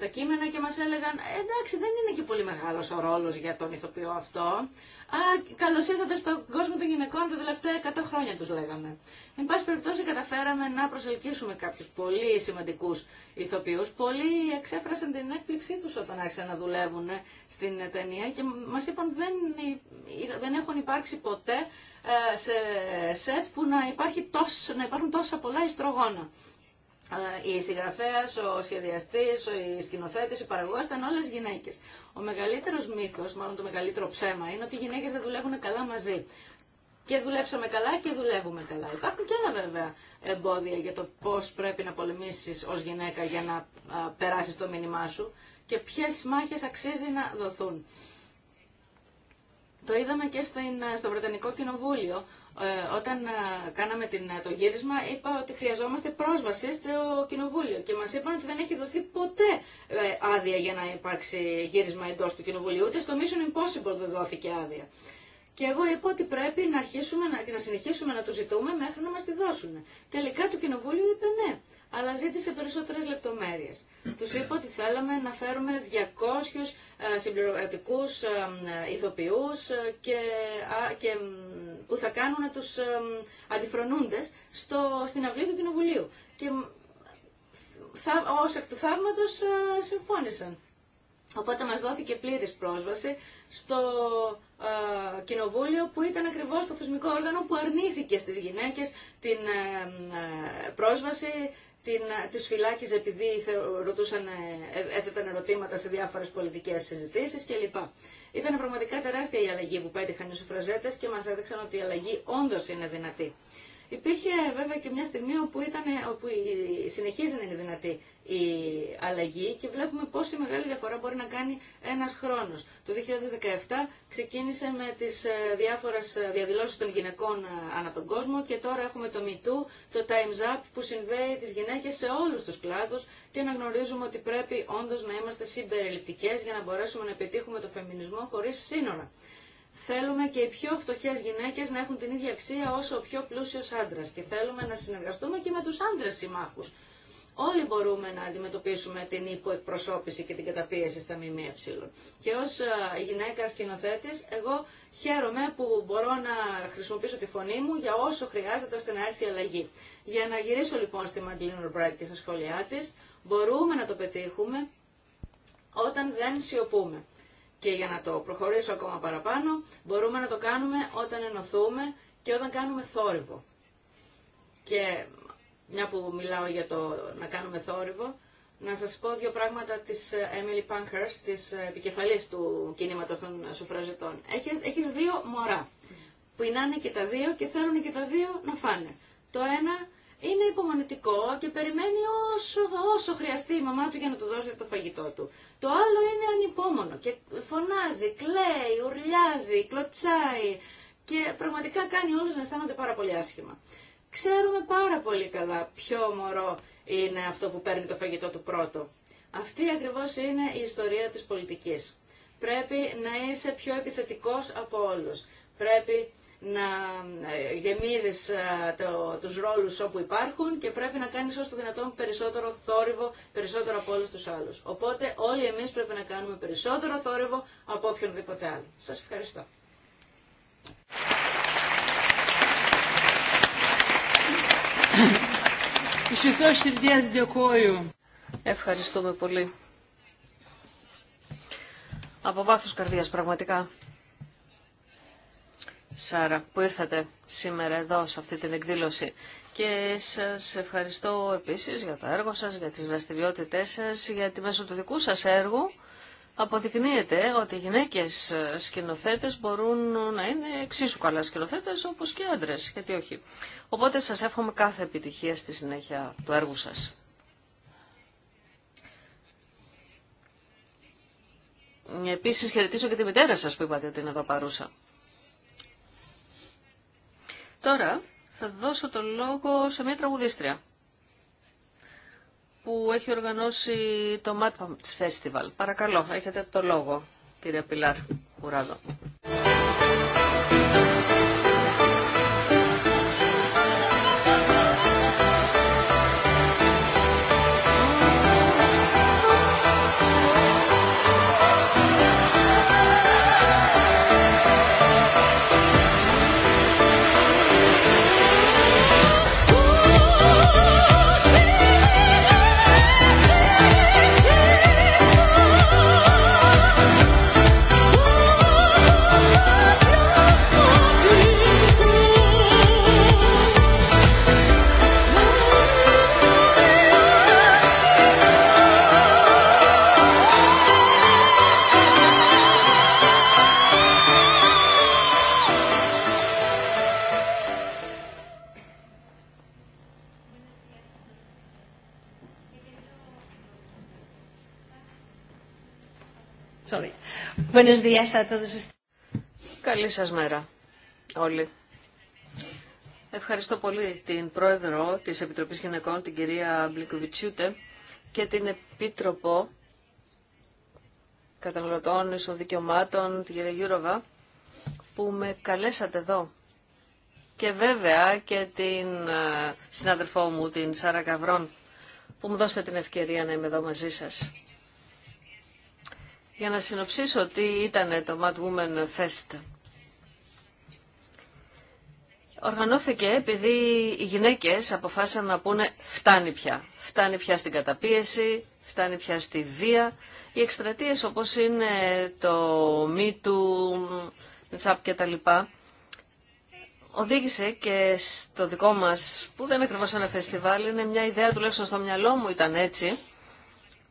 τα κείμενα και μας έλεγαν «Ε, «Εντάξει, δεν είναι και πολύ μεγάλος ο ρόλος για τον ηθοποιό αυτό». «Α, καλώς ήρθατε στον κόσμο των γυναικών τα τελευταία 100 χρόνια» τους λέγαμε. Εν πάση περιπτώσει καταφέραμε να προσελκύσουμε κάποιους πολύ σημαντικούς ηθοποιούς. Πολλοί εξέφρασαν την έκπληξή τους όταν άρχισαν να δουλεύουν ε, στην ταινία και μας είπαν δεν, δεν έχουν υπάρξει ποτέ ε, σε σετ που να, υπάρχει να υπάρχουν τόσα πολλά ιστρογόνα η συγγραφέα, ο σχεδιαστή, οι σκηνοθέτε, οι παραγωγό ήταν όλε γυναίκε. Ο μεγαλύτερο μύθο, μάλλον το μεγαλύτερο ψέμα, είναι ότι οι γυναίκε δεν δουλεύουν καλά μαζί. Και δουλέψαμε καλά και δουλεύουμε καλά. Υπάρχουν και άλλα βέβαια εμπόδια για το πώ πρέπει να πολεμήσει ω γυναίκα για να περάσει το μήνυμά σου και ποιε μάχε αξίζει να δοθούν. Το είδαμε και στην, ε, στο Βρετανικό Κοινοβούλιο. Ε, όταν ε, κάναμε την, το γύρισμα είπα ότι χρειαζόμαστε πρόσβαση στο Κοινοβούλιο και μας είπαν ότι δεν έχει δοθεί ποτέ άδεια για να υπάρξει γύρισμα εντό του Κοινοβουλίου, ούτε στο Mission Impossible δεν δόθηκε άδεια. Και εγώ είπα ότι πρέπει να, αρχίσουμε, να, να συνεχίσουμε να το ζητούμε μέχρι να μα τη δώσουν. Τελικά το Κοινοβούλιο είπε ναι αλλά ζήτησε περισσότερε λεπτομέρειες. Του είπα ότι θέλαμε να φέρουμε 200 ε, συμπληρωματικού ε, ε, ηθοποιούς και, και, που θα κάνουν τους αντιφρονούντες στο, στην αυλή του Κοινοβουλίου. Και θα, ως εκ του θαύματο συμφώνησαν. Οπότε μας δόθηκε πλήρης πρόσβαση στο κοινοβούλιο που ήταν ακριβώς το θεσμικό όργανο που αρνήθηκε στις γυναίκες την πρόσβαση την, τις φυλάκιζε επειδή ρωτούσαν, ε, ε, έθεταν ερωτήματα σε διάφορες πολιτικές συζητήσεις κλπ. Ήταν πραγματικά τεράστια η αλλαγή που πέτυχαν οι σουφραζέτες και μας έδειξαν ότι η αλλαγή όντως είναι δυνατή. Υπήρχε βέβαια και μια στιγμή όπου, ήταν, όπου συνεχίζει να είναι δυνατή η αλλαγή και βλέπουμε πόση μεγάλη διαφορά μπορεί να κάνει ένας χρόνος. Το 2017 ξεκίνησε με τις ε, διάφορες ε, διαδηλώσεις των γυναικών ε, ανά τον κόσμο και τώρα έχουμε το MeToo, το Time's Up που συνδέει τις γυναίκες σε όλους τους κλάδους και να γνωρίζουμε ότι πρέπει όντως να είμαστε συμπεριληπτικές για να μπορέσουμε να επιτύχουμε το φεμινισμό χωρίς σύνορα θέλουμε και οι πιο φτωχέ γυναίκε να έχουν την ίδια αξία όσο ο πιο πλούσιο άντρα. Και θέλουμε να συνεργαστούμε και με του άντρε συμμάχου. Όλοι μπορούμε να αντιμετωπίσουμε την υποεκπροσώπηση και την καταπίεση στα ΜΜΕ. Και ω γυναίκα σκηνοθέτη, εγώ χαίρομαι που μπορώ να χρησιμοποιήσω τη φωνή μου για όσο χρειάζεται ώστε να έρθει η αλλαγή. Για να γυρίσω λοιπόν στη Μαντλίνο Ρομπράιτ και στα σχόλιά τη, μπορούμε να το πετύχουμε όταν δεν σιωπούμε. Και για να το προχωρήσω ακόμα παραπάνω, μπορούμε να το κάνουμε όταν ενωθούμε και όταν κάνουμε θόρυβο. Και μια που μιλάω για το να κάνουμε θόρυβο, να σας πω δύο πράγματα της Emily Pankhurst, της επικεφαλής του κινήματος των σουφραζιτών. Έχεις δύο μωρά, που είναι και τα δύο και θέλουν και τα δύο να φάνε. Το ένα είναι υπομονητικό και περιμένει όσο, όσο χρειαστεί η μαμά του για να του δώσει το φαγητό του. Το άλλο είναι ανυπόμονο και φωνάζει, κλαίει, ουρλιάζει, κλωτσάει και πραγματικά κάνει όλους να αισθάνονται πάρα πολύ άσχημα. Ξέρουμε πάρα πολύ καλά ποιο μωρό είναι αυτό που παίρνει το φαγητό του πρώτο. Αυτή ακριβώς είναι η ιστορία της πολιτικής. Πρέπει να είσαι πιο επιθετικός από όλους. Πρέπει να ε, γεμίζεις ε, το, τους ρόλους όπου υπάρχουν και πρέπει να κάνεις όσο το δυνατόν περισσότερο θόρυβο, περισσότερο από όλους τους άλλους. Οπότε όλοι εμείς πρέπει να κάνουμε περισσότερο θόρυβο από οποιονδήποτε άλλο. Σας ευχαριστώ. Ευχαριστούμε πολύ. Από βάθος καρδίας πραγματικά. Σάρα, που ήρθατε σήμερα εδώ σε αυτή την εκδήλωση. Και σας ευχαριστώ επίσης για το έργο σας, για τις δραστηριότητές σας, γιατί μέσω του δικού σας έργου αποδεικνύεται ότι οι γυναίκες σκηνοθέτες μπορούν να είναι εξίσου καλά σκηνοθέτες όπως και άντρες, γιατί όχι. Οπότε σας εύχομαι κάθε επιτυχία στη συνέχεια του έργου σας. Επίσης χαιρετίζω και τη μητέρα σας που είπατε ότι είναι εδώ παρούσα. Τώρα θα δώσω το λόγο σε μια τραγουδίστρια που έχει οργανώσει το Matpams Festival. Παρακαλώ, έχετε το λόγο, κυρία Πιλάρ Κουράδο. Καλή σας μέρα όλοι. Ευχαριστώ πολύ την Πρόεδρο της Επιτροπής Γυναικών, την κυρία Μπλικοβιτσιούτε και την Επίτροπο Καταναλωτών Ισοδικαιωμάτων, την κυρία Γιούροβα, που με καλέσατε εδώ. Και βέβαια και την ε, συνάδελφό μου, την Σάρα Καβρών που μου δώσετε την ευκαιρία να είμαι εδώ μαζί σας. Για να συνοψίσω τι ήταν το Mad Women Fest. Οργανώθηκε επειδή οι γυναίκες αποφάσισαν να πούνε φτάνει πια. Φτάνει πια στην καταπίεση, φτάνει πια στη βία. Οι εκστρατείες όπως είναι το Too, Τσάπ και τα λοιπά, οδήγησε και στο δικό μας, που δεν είναι ακριβώς ένα φεστιβάλ, είναι μια ιδέα τουλάχιστον στο μυαλό μου ήταν έτσι,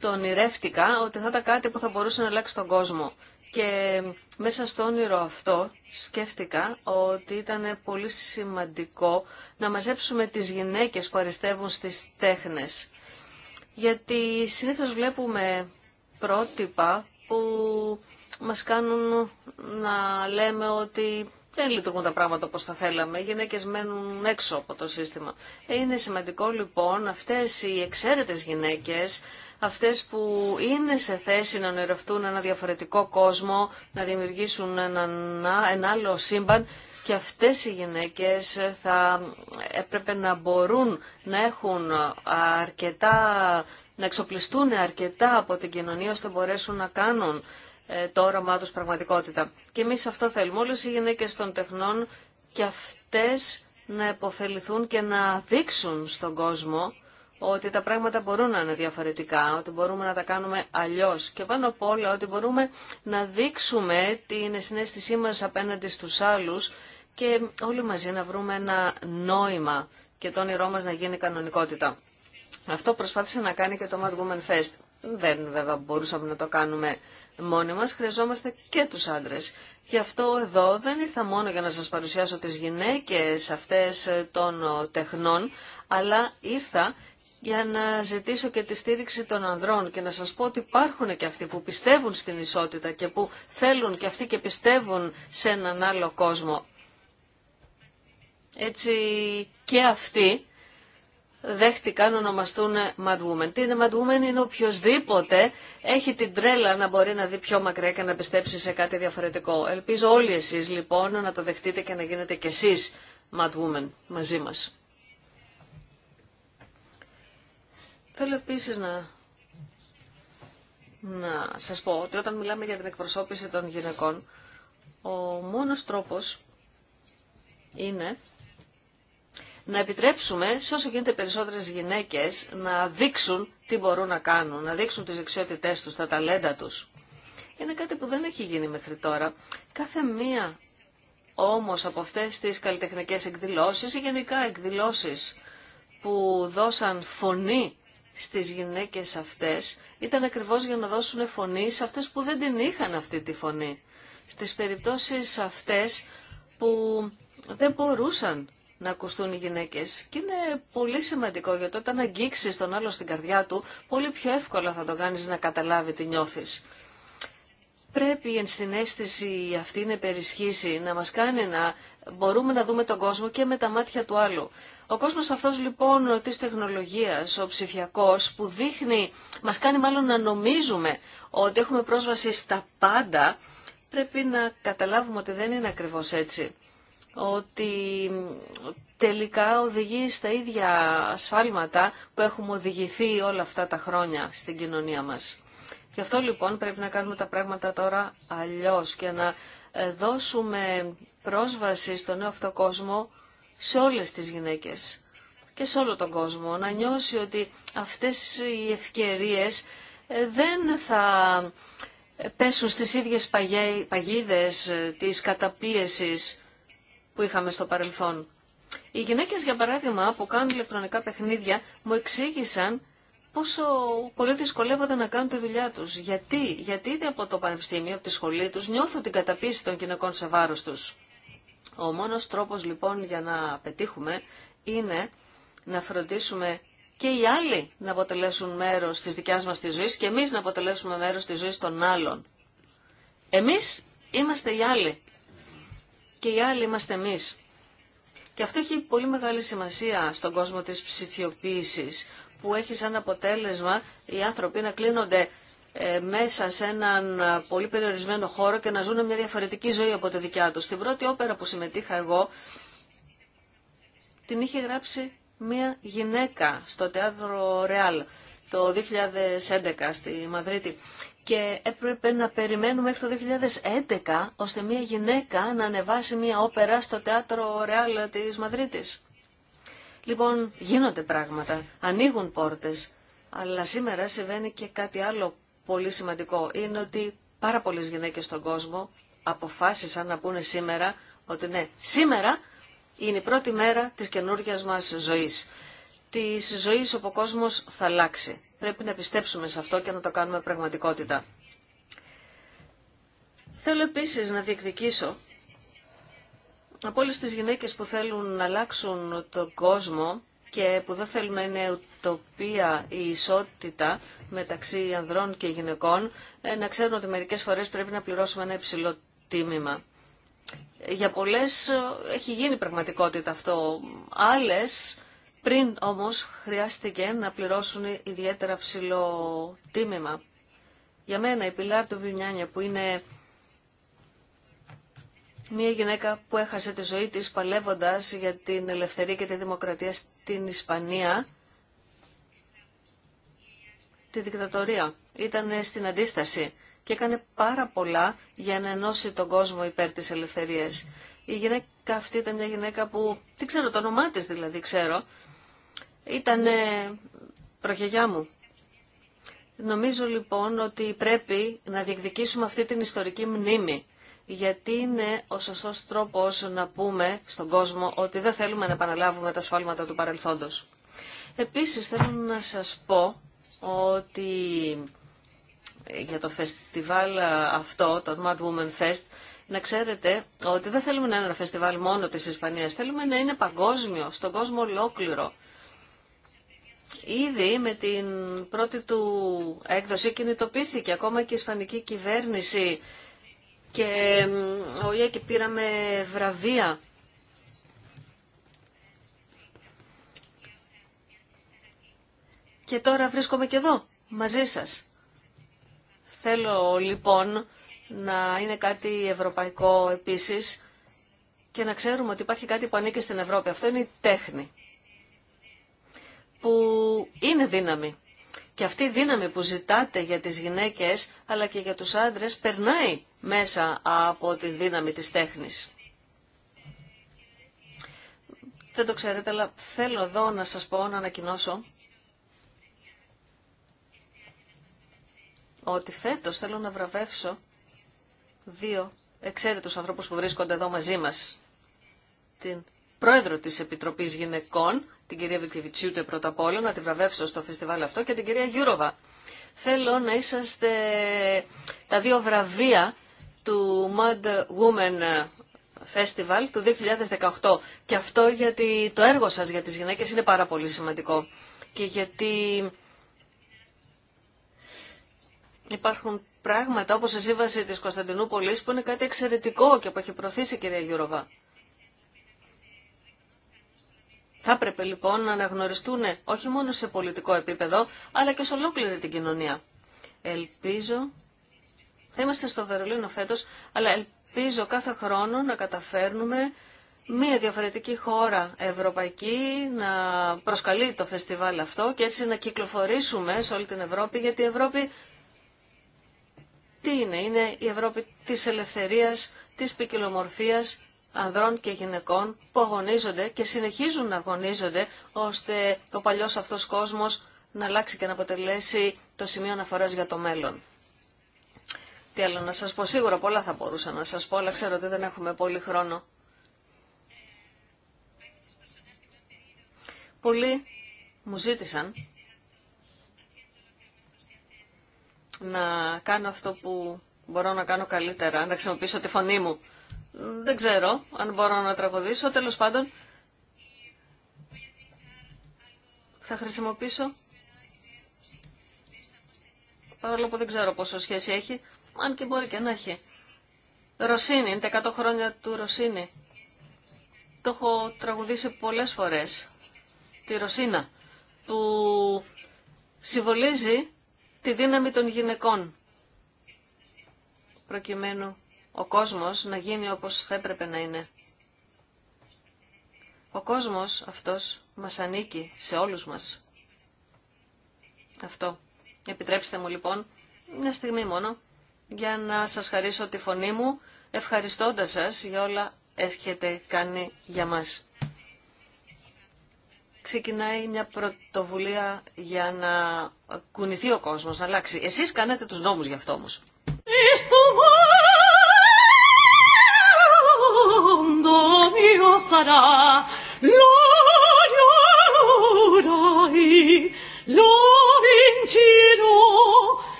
το ονειρεύτηκα ότι θα ήταν κάτι που θα μπορούσε να αλλάξει τον κόσμο. Και μέσα στο όνειρο αυτό σκέφτηκα ότι ήταν πολύ σημαντικό να μαζέψουμε τις γυναίκες που αριστεύουν στις τέχνες. Γιατί συνήθως βλέπουμε πρότυπα που μας κάνουν να λέμε ότι δεν λειτουργούν τα πράγματα όπως θα θέλαμε. Οι γυναίκες μένουν έξω από το σύστημα. Είναι σημαντικό λοιπόν αυτές οι εξαίρετες γυναίκες αυτές που είναι σε θέση να ονειρευτούν ένα διαφορετικό κόσμο, να δημιουργήσουν ένα, άλλο σύμπαν και αυτές οι γυναίκες θα έπρεπε να μπορούν να έχουν αρκετά, να εξοπλιστούν αρκετά από την κοινωνία ώστε να μπορέσουν να κάνουν ε, το όραμά τους πραγματικότητα. Και εμείς αυτό θέλουμε. Όλες οι γυναίκες των τεχνών και αυτές να επωφεληθούν και να δείξουν στον κόσμο ότι τα πράγματα μπορούν να είναι διαφορετικά, ότι μπορούμε να τα κάνουμε αλλιώς και πάνω απ' όλα ότι μπορούμε να δείξουμε την συνέστησή μας απέναντι στους άλλους και όλοι μαζί να βρούμε ένα νόημα και το όνειρό μας να γίνει κανονικότητα. Αυτό προσπάθησε να κάνει και το Mad Woman Fest. Δεν βέβαια μπορούσαμε να το κάνουμε μόνοι μας, χρειαζόμαστε και τους άντρες. Γι' αυτό εδώ δεν ήρθα μόνο για να σας παρουσιάσω τις γυναίκες αυτές των τεχνών, αλλά ήρθα για να ζητήσω και τη στήριξη των ανδρών και να σας πω ότι υπάρχουν και αυτοί που πιστεύουν στην ισότητα και που θέλουν και αυτοί και πιστεύουν σε έναν άλλο κόσμο. Έτσι και αυτοί δέχτηκαν ονομαστούν Mad Woman. Τι είναι Mad Woman είναι οποιοδήποτε έχει την τρέλα να μπορεί να δει πιο μακριά και να πιστέψει σε κάτι διαφορετικό. Ελπίζω όλοι εσείς λοιπόν να το δεχτείτε και να γίνετε κι εσείς Mad Woman μαζί μας. Θέλω επίσης να, να σας πω ότι όταν μιλάμε για την εκπροσώπηση των γυναικών, ο μόνος τρόπος είναι να επιτρέψουμε σε όσο γίνεται περισσότερες γυναίκες να δείξουν τι μπορούν να κάνουν, να δείξουν τις δεξιότητές τους, τα ταλέντα τους. Είναι κάτι που δεν έχει γίνει μέχρι τώρα. Κάθε μία όμως από αυτές τις καλλιτεχνικές εκδηλώσεις ή γενικά εκδηλώσεις που δώσαν φωνή στις γυναίκες αυτές ήταν ακριβώς για να δώσουν φωνή σε αυτές που δεν την είχαν αυτή τη φωνή. Στις περιπτώσεις αυτές που δεν μπορούσαν να ακουστούν οι γυναίκες. Και είναι πολύ σημαντικό γιατί όταν αγγίξεις τον άλλο στην καρδιά του, πολύ πιο εύκολα θα το κάνεις να καταλάβει τι νιώθεις. Πρέπει η ενσυναίσθηση αυτή να περισχύσει, να μας κάνει να μπορούμε να δούμε τον κόσμο και με τα μάτια του άλλου. Ο κόσμος αυτός λοιπόν της τεχνολογίας, ο ψηφιακός, που δείχνει, μας κάνει μάλλον να νομίζουμε ότι έχουμε πρόσβαση στα πάντα, πρέπει να καταλάβουμε ότι δεν είναι ακριβώς έτσι. Ότι τελικά οδηγεί στα ίδια ασφάλματα που έχουμε οδηγηθεί όλα αυτά τα χρόνια στην κοινωνία μας. Γι' αυτό λοιπόν πρέπει να κάνουμε τα πράγματα τώρα αλλιώς και να δώσουμε πρόσβαση στον νέο αυτό κόσμο σε όλες τις γυναίκες και σε όλο τον κόσμο. Να νιώσει ότι αυτές οι ευκαιρίες ε, δεν θα πέσουν στις ίδιες παγίδες ε, της καταπίεσης που είχαμε στο παρελθόν. Οι γυναίκες, για παράδειγμα, που κάνουν ηλεκτρονικά παιχνίδια, μου εξήγησαν πόσο πολύ δυσκολεύονται να κάνουν τη δουλειά του. Γιατί, γιατί είτε από το πανεπιστήμιο, από τη σχολή του νιώθουν την καταπίεση των γυναικών σε βάρο τους. Ο μόνο τρόπο λοιπόν για να πετύχουμε είναι να φροντίσουμε και οι άλλοι να αποτελέσουν μέρο τη δικιά μα τη ζωή και εμεί να αποτελέσουμε μέρο τη ζωή των άλλων. Εμεί είμαστε οι άλλοι και οι άλλοι είμαστε εμεί. Και αυτό έχει πολύ μεγάλη σημασία στον κόσμο της ψηφιοποίησης που έχει σαν αποτέλεσμα οι άνθρωποι να κλείνονται ε, μέσα σε έναν ε, πολύ περιορισμένο χώρο και να ζουν μια διαφορετική ζωή από τη δικιά τους. Την πρώτη όπερα που συμμετείχα εγώ, την είχε γράψει μια γυναίκα στο Τεάτρο Ρεάλ το 2011 στη Μαδρίτη και έπρεπε να περιμένουμε μέχρι το 2011 ώστε μια γυναίκα να ανεβάσει μια όπερα στο Τεάτρο Ρεάλ της Μαδρίτης. Λοιπόν, γίνονται πράγματα, ανοίγουν πόρτες, αλλά σήμερα συμβαίνει και κάτι άλλο πολύ σημαντικό. Είναι ότι πάρα πολλές γυναίκες στον κόσμο αποφάσισαν να πούνε σήμερα ότι ναι, σήμερα είναι η πρώτη μέρα της καινούργια μας ζωής. Της ζωής όπου ο κόσμος θα αλλάξει. Πρέπει να πιστέψουμε σε αυτό και να το κάνουμε πραγματικότητα. Θέλω επίσης να διεκδικήσω από όλες τις γυναίκες που θέλουν να αλλάξουν τον κόσμο και που δεν θέλουν να είναι ουτοπία η ισότητα μεταξύ ανδρών και γυναικών, ε, να ξέρουν ότι μερικές φορές πρέπει να πληρώσουμε ένα υψηλό τίμημα. Για πολλές ε, έχει γίνει πραγματικότητα αυτό. Άλλες πριν όμως χρειάστηκε να πληρώσουν ιδιαίτερα ψηλό τίμημα. Για μένα η Πιλάρ του Βινιάνια που είναι Μία γυναίκα που έχασε τη ζωή της παλεύοντας για την ελευθερία και τη δημοκρατία στην Ισπανία, τη δικτατορία. Ήταν στην αντίσταση και έκανε πάρα πολλά για να ενώσει τον κόσμο υπέρ της ελευθερίας. Η γυναίκα αυτή ήταν μια γυναίκα που, τι ξέρω το όνομά της δηλαδή, ξέρω, ήταν ε, προγιαγιά μου. Νομίζω λοιπόν ότι πρέπει να διεκδικήσουμε αυτή την ιστορική μνήμη γιατί είναι ο σωστός τρόπος να πούμε στον κόσμο ότι δεν θέλουμε να επαναλάβουμε τα σφάλματα του παρελθόντος. Επίσης θέλω να σας πω ότι για το φεστιβάλ αυτό, το Mad Woman Fest, να ξέρετε ότι δεν θέλουμε να είναι ένα φεστιβάλ μόνο της Ισπανίας, θέλουμε να είναι παγκόσμιο, στον κόσμο ολόκληρο. Ήδη με την πρώτη του έκδοση κινητοποιήθηκε ακόμα και η Ισπανική κυβέρνηση και ο και πήραμε βραβεία. Και τώρα βρίσκομαι και εδώ, μαζί σας. Θέλω λοιπόν να είναι κάτι ευρωπαϊκό επίσης και να ξέρουμε ότι υπάρχει κάτι που ανήκει στην Ευρώπη. Αυτό είναι η τέχνη που είναι δύναμη. Και αυτή η δύναμη που ζητάτε για τις γυναίκες αλλά και για τους άντρες περνάει μέσα από τη δύναμη της τέχνης. Δεν το ξέρετε, αλλά θέλω εδώ να σας πω, να ανακοινώσω ότι φέτος θέλω να βραβεύσω δύο εξαίρετους ανθρώπους που βρίσκονται εδώ μαζί μας. Την πρόεδρο της Επιτροπής Γυναικών, την κυρία Βικεβιτσιούτε πρώτα απ' όλα, να τη βραβεύσω στο φεστιβάλ αυτό και την κυρία Γιούροβα. Θέλω να είσαστε τα δύο βραβεία του Mad Women Festival του 2018. Και αυτό γιατί το έργο σας για τις γυναίκες είναι πάρα πολύ σημαντικό. Και γιατί υπάρχουν πράγματα όπως η σύμβαση της Κωνσταντινούπολης που είναι κάτι εξαιρετικό και που έχει προωθήσει η κυρία Γιούροβα. Θα έπρεπε λοιπόν να αναγνωριστούν όχι μόνο σε πολιτικό επίπεδο, αλλά και σε ολόκληρη την κοινωνία. Ελπίζω θα είμαστε στο Βερολίνο φέτος, αλλά ελπίζω κάθε χρόνο να καταφέρνουμε μία διαφορετική χώρα ευρωπαϊκή να προσκαλεί το φεστιβάλ αυτό και έτσι να κυκλοφορήσουμε σε όλη την Ευρώπη, γιατί η Ευρώπη τι είναι, είναι η Ευρώπη της ελευθερίας, της ποικιλομορφία ανδρών και γυναικών που αγωνίζονται και συνεχίζουν να αγωνίζονται ώστε ο παλιός αυτός κόσμος να αλλάξει και να αποτελέσει το σημείο αναφοράς για το μέλλον. Τι άλλο να σας πω, σίγουρα πολλά θα μπορούσα να σας πω, αλλά ξέρω ότι δεν έχουμε πολύ χρόνο. Πολλοί μου ζήτησαν να κάνω αυτό που μπορώ να κάνω καλύτερα, να χρησιμοποιήσω τη φωνή μου. Δεν ξέρω αν μπορώ να τραγουδήσω, τέλος πάντων θα χρησιμοποιήσω, παρόλο που δεν ξέρω πόσο σχέση έχει, αν και μπορεί και να έχει. Ρωσίνη, είναι τα 100 χρόνια του Ρωσίνη. Το έχω τραγουδήσει πολλές φορές. Τη Ρωσίνα. που συμβολίζει τη δύναμη των γυναικών. Προκειμένου ο κόσμος να γίνει όπως θα έπρεπε να είναι. Ο κόσμος αυτός μας ανήκει σε όλους μας. Αυτό. Επιτρέψτε μου λοιπόν, μια στιγμή μόνο, για να σας χαρίσω τη φωνή μου, ευχαριστώντας σας για όλα έχετε κάνει για μας. Ξεκινάει μια πρωτοβουλία για να κουνηθεί ο κόσμος, να αλλάξει. Εσείς κάνετε τους νόμους γι' αυτό όμως.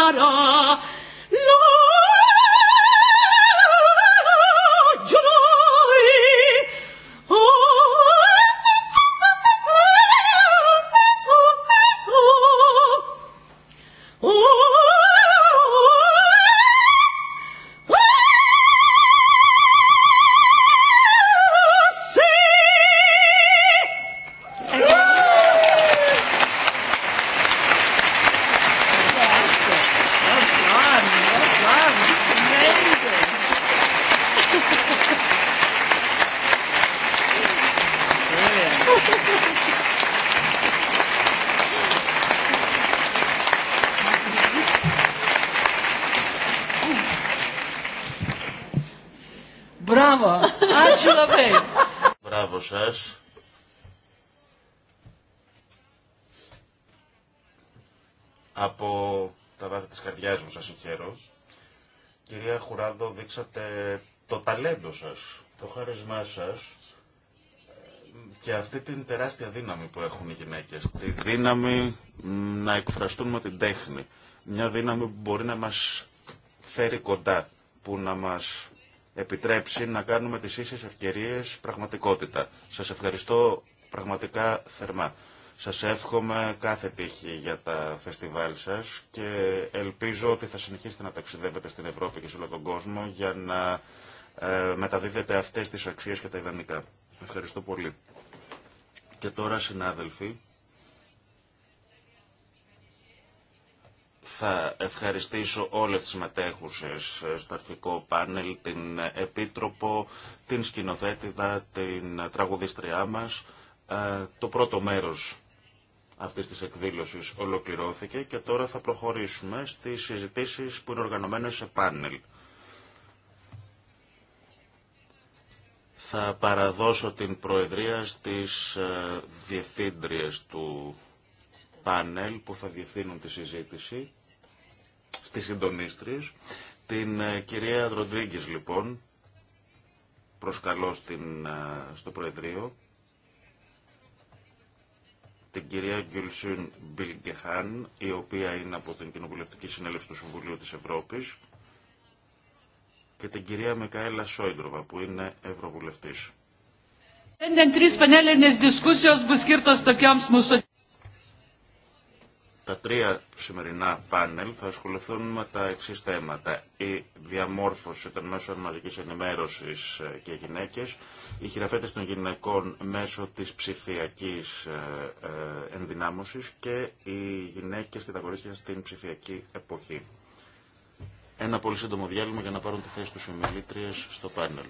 Ταρά σας από τα βάθη της καρδιάς μου σας συγχαίρω. Κυρία Χουράδο, δείξατε το ταλέντο σας, το χάρισμά σας και αυτή την τεράστια δύναμη που έχουν οι γυναίκες. Τη δύναμη να εκφραστούν με την τέχνη. Μια δύναμη που μπορεί να μας φέρει κοντά, που να μας επιτρέψει να κάνουμε τις ίσες ευκαιρίες πραγματικότητα. Σας ευχαριστώ πραγματικά θερμά. Σας εύχομαι κάθε τύχη για τα φεστιβάλ σας και ελπίζω ότι θα συνεχίσετε να ταξιδεύετε στην Ευρώπη και σε όλο τον κόσμο για να ε, μεταδίδετε αυτές τις αξίες και τα ιδανικά. Ευχαριστώ πολύ. Και τώρα συνάδελφοι. Θα ευχαριστήσω όλες τις μετέχουσες ε, στο αρχικό πάνελ, την Επίτροπο, την σκηνοθέτηδα, την τραγουδίστριά μας. Ε, το πρώτο μέρος αυτής της εκδήλωσης ολοκληρώθηκε και τώρα θα προχωρήσουμε στις συζητήσεις που είναι οργανωμένες σε πάνελ. Θα παραδώσω την Προεδρία στις ε, διευθύντριες του πάνελ που θα διευθύνουν τη συζήτηση στις συντονίστρες. Την ε, κυρία Ροντρίγκης λοιπόν προσκαλώ στην, ε, στο Προεδρείο. Την κυρία Γκιουλσούν Μπιλγκεχάν, η οποία είναι από την Κοινοβουλευτική Συνέλευση του Συμβουλίου της Ευρώπης. Και την κυρία Μικαέλα Σόιντροβα, που είναι Ευρωβουλευτής. Τα τρία σημερινά πάνελ θα ασχοληθούν με τα εξή θέματα. Η διαμόρφωση των μέσων μαζικής ενημέρωσης ε, και γυναίκες, η χειραφέτες των γυναικών μέσω της ψηφιακής ε, ε, ενδυνάμωσης και οι γυναίκες και τα κορίτσια στην ψηφιακή εποχή. Ένα πολύ σύντομο διάλειμμα για να πάρουν τη θέση τους ομιλήτριες στο πάνελ.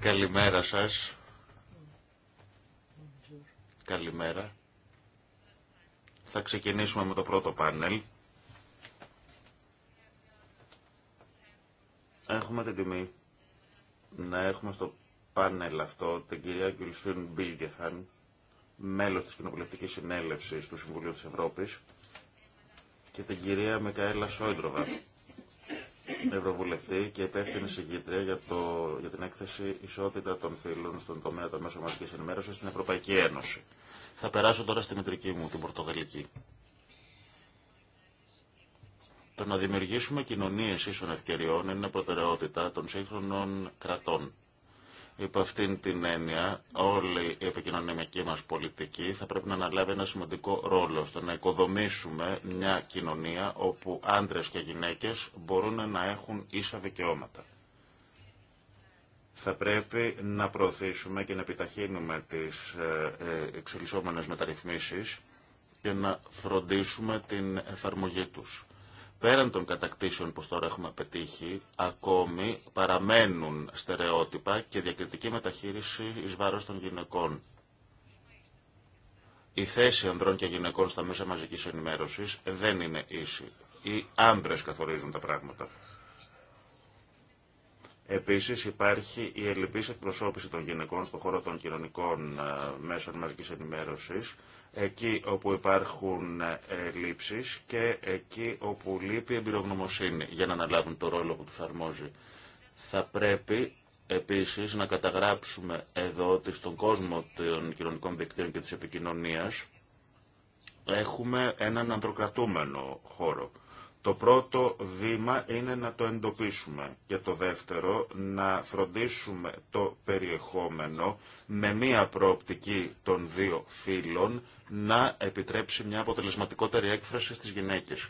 Καλημέρα σας. Καλημέρα. Θα ξεκινήσουμε με το πρώτο πάνελ. Έχουμε την τιμή να έχουμε στο πάνελ αυτό την κυρία Γκυλσούν Μπίλγεθαν, μέλος της Κοινοβουλευτικής Συνέλευσης του Συμβουλίου της Ευρώπης και την κυρία Μικαέλα Σόιντροβα, Ευρωβουλευτή και υπεύθυνη συγκήτρια για, το, για την έκθεση Ισότητα των Φίλων στον τομέα των μέσων μαζική ενημέρωση στην Ευρωπαϊκή Ένωση. Θα περάσω τώρα στη μητρική μου, την Πορτογαλική. Το να δημιουργήσουμε κοινωνίε ίσων ευκαιριών είναι προτεραιότητα των σύγχρονων κρατών. Υπό αυτήν την έννοια, όλη η επικοινωνιακή μας πολιτική θα πρέπει να αναλάβει ένα σημαντικό ρόλο στο να οικοδομήσουμε μια κοινωνία όπου άντρες και γυναίκες μπορούν να έχουν ίσα δικαιώματα. Θα πρέπει να προωθήσουμε και να επιταχύνουμε τις ε, ε, εξελισσόμενες μεταρρυθμίσεις και να φροντίσουμε την εφαρμογή τους πέραν των κατακτήσεων που τώρα έχουμε πετύχει, ακόμη παραμένουν στερεότυπα και διακριτική μεταχείριση εις βάρος των γυναικών. Η θέση ανδρών και γυναικών στα μέσα μαζικής ενημέρωσης δεν είναι ίση. Οι άνδρες καθορίζουν τα πράγματα. Επίσης υπάρχει η ελληπής εκπροσώπηση των γυναικών στον χώρο των κοινωνικών ε, μέσων μαζικής ενημέρωσης εκεί όπου υπάρχουν ε, λήψεις και εκεί όπου λείπει εμπειρογνωμοσύνη για να αναλάβουν το ρόλο που τους αρμόζει. Θα πρέπει επίσης να καταγράψουμε εδώ ότι στον κόσμο των κοινωνικών δικτύων και της επικοινωνίας έχουμε έναν ανδροκρατούμενο χώρο. Το πρώτο βήμα είναι να το εντοπίσουμε και το δεύτερο να φροντίσουμε το περιεχόμενο με μία προοπτική των δύο φύλων να επιτρέψει μια αποτελεσματικότερη έκφραση στις γυναίκες.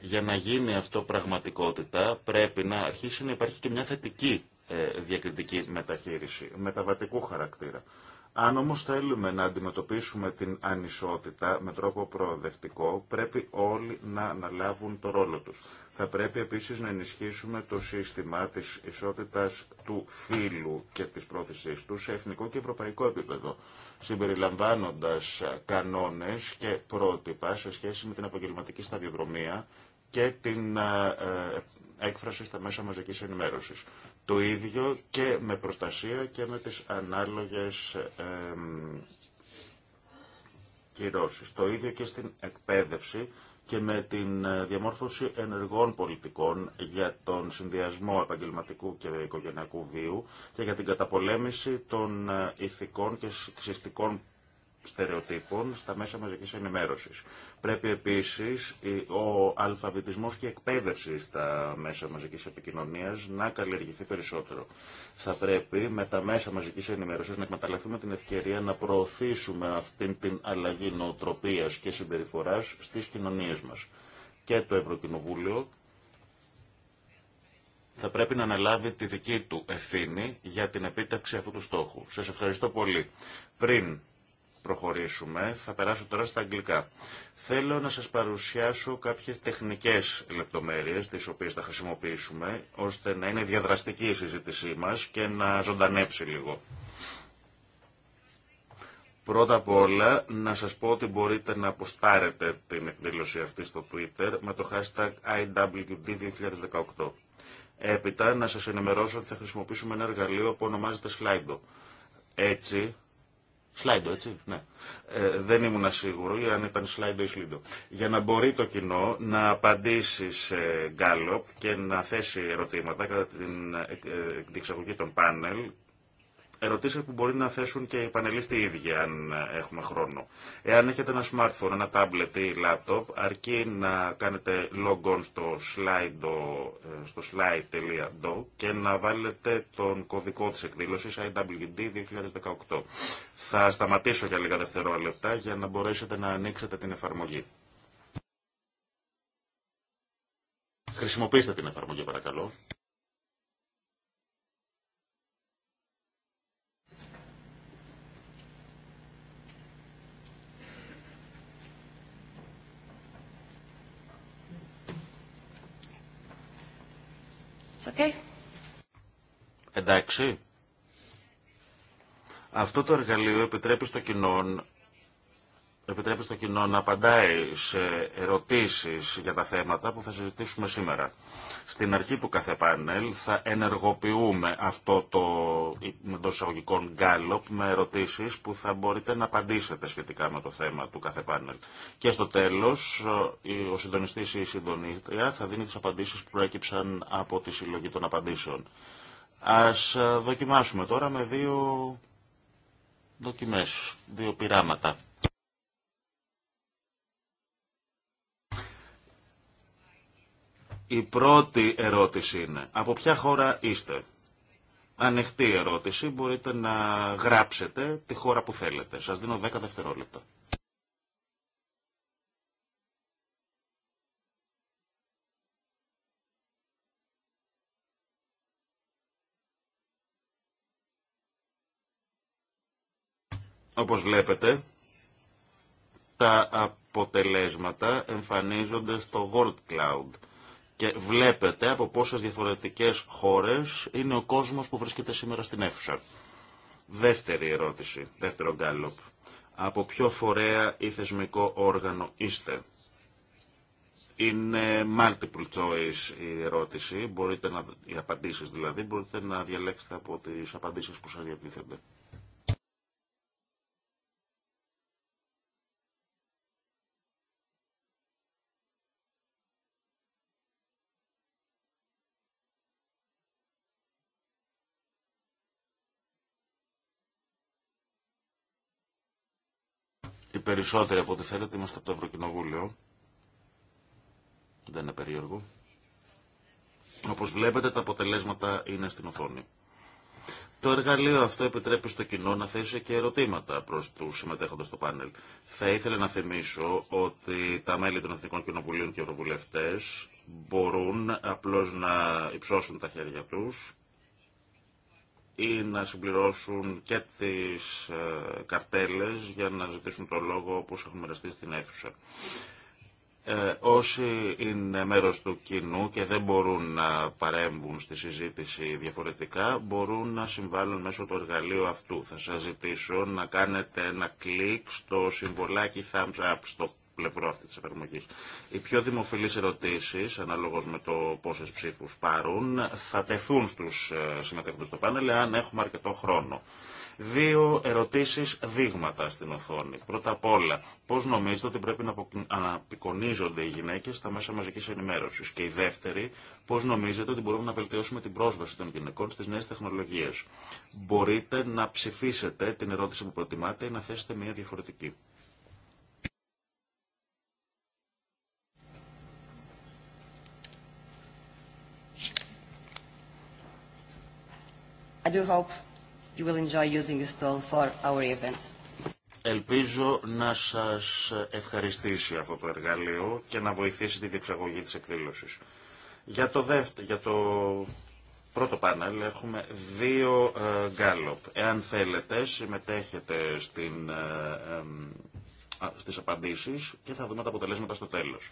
Για να γίνει αυτό πραγματικότητα πρέπει να αρχίσει να υπάρχει και μια θετική ε, διακριτική μεταχείριση, μεταβατικού χαρακτήρα. Αν όμως θέλουμε να αντιμετωπίσουμε την ανισότητα με τρόπο προοδευτικό, πρέπει όλοι να αναλάβουν το ρόλο τους. Θα πρέπει επίσης να ενισχύσουμε το σύστημα της ισότητας του φύλου και της πρόθεσής του σε εθνικό και ευρωπαϊκό επίπεδο, συμπεριλαμβάνοντας κανόνες και πρότυπα σε σχέση με την επαγγελματική σταδιοδρομία και την ε, ε, έκφραση στα μέσα μαζικής ενημέρωσης. Το ίδιο και με προστασία και με τις ανάλογες ε, κυρώσεις. Το ίδιο και στην εκπαίδευση και με την ε, διαμόρφωση ενεργών πολιτικών για τον συνδυασμό επαγγελματικού και οικογενειακού βίου και για την καταπολέμηση των ε, ηθικών και συστικών στερεοτύπων στα μέσα μαζικής ενημέρωσης. Πρέπει επίσης ο αλφαβητισμός και η εκπαίδευση στα μέσα μαζικής επικοινωνίας να καλλιεργηθεί περισσότερο. Θα πρέπει με τα μέσα μαζικής ενημέρωσης να εκμεταλλευτούμε την ευκαιρία να προωθήσουμε αυτή την αλλαγή νοοτροπίας και συμπεριφοράς στις κοινωνίες μας. Και το Ευρωκοινοβούλιο θα πρέπει να αναλάβει τη δική του ευθύνη για την επίταξη αυτού του στόχου. Σας ευχαριστώ πολύ. Πριν προχωρήσουμε, θα περάσω τώρα στα αγγλικά. Θέλω να σας παρουσιάσω κάποιες τεχνικές λεπτομέρειες, τις οποίες θα χρησιμοποιήσουμε, ώστε να είναι διαδραστική η συζήτησή μας και να ζωντανέψει λίγο. Πρώτα απ' όλα, να σας πω ότι μπορείτε να αποστάρετε την εκδήλωση αυτή στο Twitter με το hashtag IWD2018. Έπειτα, να σας ενημερώσω ότι θα χρησιμοποιήσουμε ένα εργαλείο που ονομάζεται Slido. Έτσι, Σλάιντο, έτσι, ναι. Ε, δεν ήμουν σίγουρο αν ήταν σλάιντο ή σλίντο. Για να μπορεί το κοινό να απαντήσει σε γκάλοπ και να θέσει ερωτήματα κατά την ε, ε, εξαγωγή των πάνελ Ερωτήσεις που μπορεί να θέσουν και οι πανελίστοι ίδιοι, αν έχουμε χρόνο. Εάν έχετε ένα smartphone, ένα tablet ή laptop, αρκεί να κάνετε logon στο, slide, ε, στο slide.do και να βάλετε τον κωδικό της εκδήλωσης IWD 2018. Θα σταματήσω για λίγα δευτερόλεπτα για να μπορέσετε να ανοίξετε την εφαρμογή. Χρησιμοποιήστε την εφαρμογή, παρακαλώ. Okay. Εντάξει. Αυτό το εργαλείο επιτρέπει στο κοινό επιτρέπει στο κοινό να απαντάει σε ερωτήσεις για τα θέματα που θα συζητήσουμε σήμερα. Στην αρχή του κάθε πάνελ θα ενεργοποιούμε αυτό το εντό εισαγωγικών γκάλωπ με ερωτήσεις που θα μπορείτε να απαντήσετε σχετικά με το θέμα του κάθε πάνελ. Και στο τέλος ο συντονιστής ή η η θα δίνει τις απαντήσεις που προέκυψαν από τη συλλογή των απαντήσεων. Ας ε, δοκιμάσουμε τώρα με δύο δοκιμές, δύο πειράματα. Η πρώτη ερώτηση είναι, από ποια χώρα είστε. Ανοιχτή ερώτηση, μπορείτε να γράψετε τη χώρα που θέλετε. Σας δίνω 10 δευτερόλεπτα. Όπως βλέπετε, τα αποτελέσματα εμφανίζονται στο World Cloud. Και βλέπετε από πόσες διαφορετικές χώρες είναι ο κόσμος που βρίσκεται σήμερα στην αίθουσα. Δεύτερη ερώτηση, δεύτερο γκάλωπ. Από ποιο φορέα ή θεσμικό όργανο είστε. Είναι multiple choice η ερώτηση, μπορείτε να, οι απαντήσεις δηλαδή, μπορείτε να διαλέξετε από τις απαντήσεις που σας διατίθενται. περισσότεροι από ό,τι θέλετε είμαστε από το Ευρωκοινοβούλιο. Δεν είναι περίεργο. Όπως βλέπετε τα αποτελέσματα είναι στην οθόνη. Το εργαλείο αυτό επιτρέπει στο κοινό να θέσει και ερωτήματα προ του συμμετέχοντε στο πάνελ. Θα ήθελα να θυμίσω ότι τα μέλη των Εθνικών Κοινοβουλίων και Ευρωβουλευτέ μπορούν απλώ να υψώσουν τα χέρια του ή να συμπληρώσουν και τις ε, καρτέλες για να ζητήσουν το λόγο όπως έχουν μοιραστεί στην αίθουσα. Ε, όσοι είναι μέρος του κοινού και δεν μπορούν να παρέμβουν στη συζήτηση διαφορετικά, μπορούν να συμβάλλουν μέσω του εργαλείου αυτού. Θα σας ζητήσω να κάνετε ένα κλικ στο συμβολάκι thumbs up, στο πλευρό αυτή τη εφαρμογή. Οι πιο δημοφιλεί ερωτήσει, ανάλογω με το πόσε ψήφου πάρουν, θα τεθούν στου ε, συμμετέχοντε στο πάνελ, αν έχουμε αρκετό χρόνο. Δύο ερωτήσεις δείγματα στην οθόνη. Πρώτα απ' όλα, πώς νομίζετε ότι πρέπει να απεικονίζονται οι γυναίκες στα μέσα μαζικής ενημέρωσης. Και η δεύτερη, πώς νομίζετε ότι μπορούμε να βελτιώσουμε την πρόσβαση των γυναικών στις νέες τεχνολογίες. Μπορείτε να ψηφίσετε την ερώτηση που προτιμάτε ή να θέσετε μια διαφορετική. I do hope you will enjoy using this tool for our events. Ελπίζω να σας ευχαριστήσει αυτό το εργαλείο και να βοηθήσει τη διεξαγωγή της εκδήλωσης. Για το, δεύτερο, για το πρώτο πάνελ έχουμε δύο ε, γκάλοπ. Εάν θέλετε συμμετέχετε στην, ε, ε, στις απαντήσεις και θα δούμε τα αποτελέσματα στο τέλος.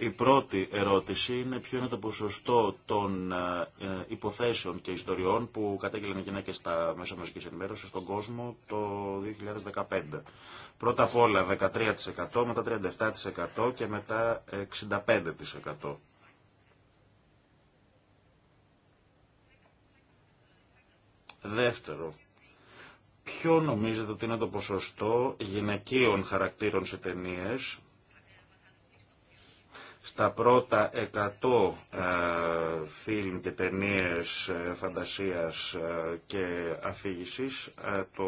Η πρώτη ερώτηση είναι ποιο είναι το ποσοστό των ε, ε, υποθέσεων και ιστοριών που κατέγγειλαν οι γυναίκε στα μέσα μαζική ενημέρωση στον κόσμο το 2015. Πρώτα απ' όλα 13%, μετά 37% και μετά 65%. Δεύτερο, ποιο νομίζετε ότι είναι το ποσοστό γυναικείων χαρακτήρων σε ταινίες στα πρώτα 100 ε, φιλμ και ταινίες ε, φαντασίας ε, και αφήγησης το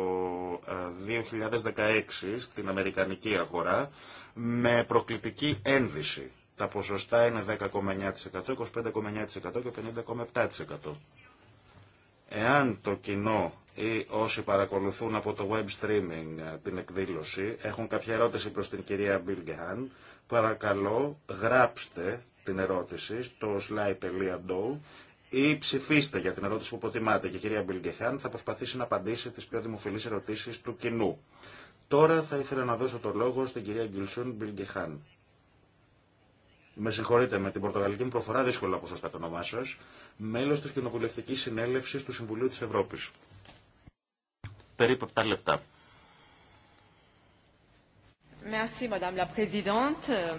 2016 στην Αμερικανική αγορά με προκλητική ένδυση. Τα ποσοστά είναι 10,9%, 25,9% και 50,7%. Εάν το κοινό ή όσοι παρακολουθούν από το web streaming την εκδήλωση έχουν κάποια ερώτηση προς την κυρία Μπιλγκεχάν, παρακαλώ γράψτε την ερώτηση στο slide.do ή ψηφίστε για την ερώτηση που προτιμάτε και η κυρία Μπιλγκεχάν θα προσπαθήσει να απαντήσει τις πιο δημοφιλείς ερωτήσεις του κοινού. Τώρα θα ήθελα να δώσω το λόγο στην κυρία Γκυλσούν Μπιλγκεχάν. Με συγχωρείτε με την πορτογαλική μου προφορά, δύσκολα από σωστά το όνομά σα, μέλο τη Κοινοβουλευτική Συνέλευση του Συμβουλίου τη Ευρώπη. Περίπου 7 λεπτά. Euh,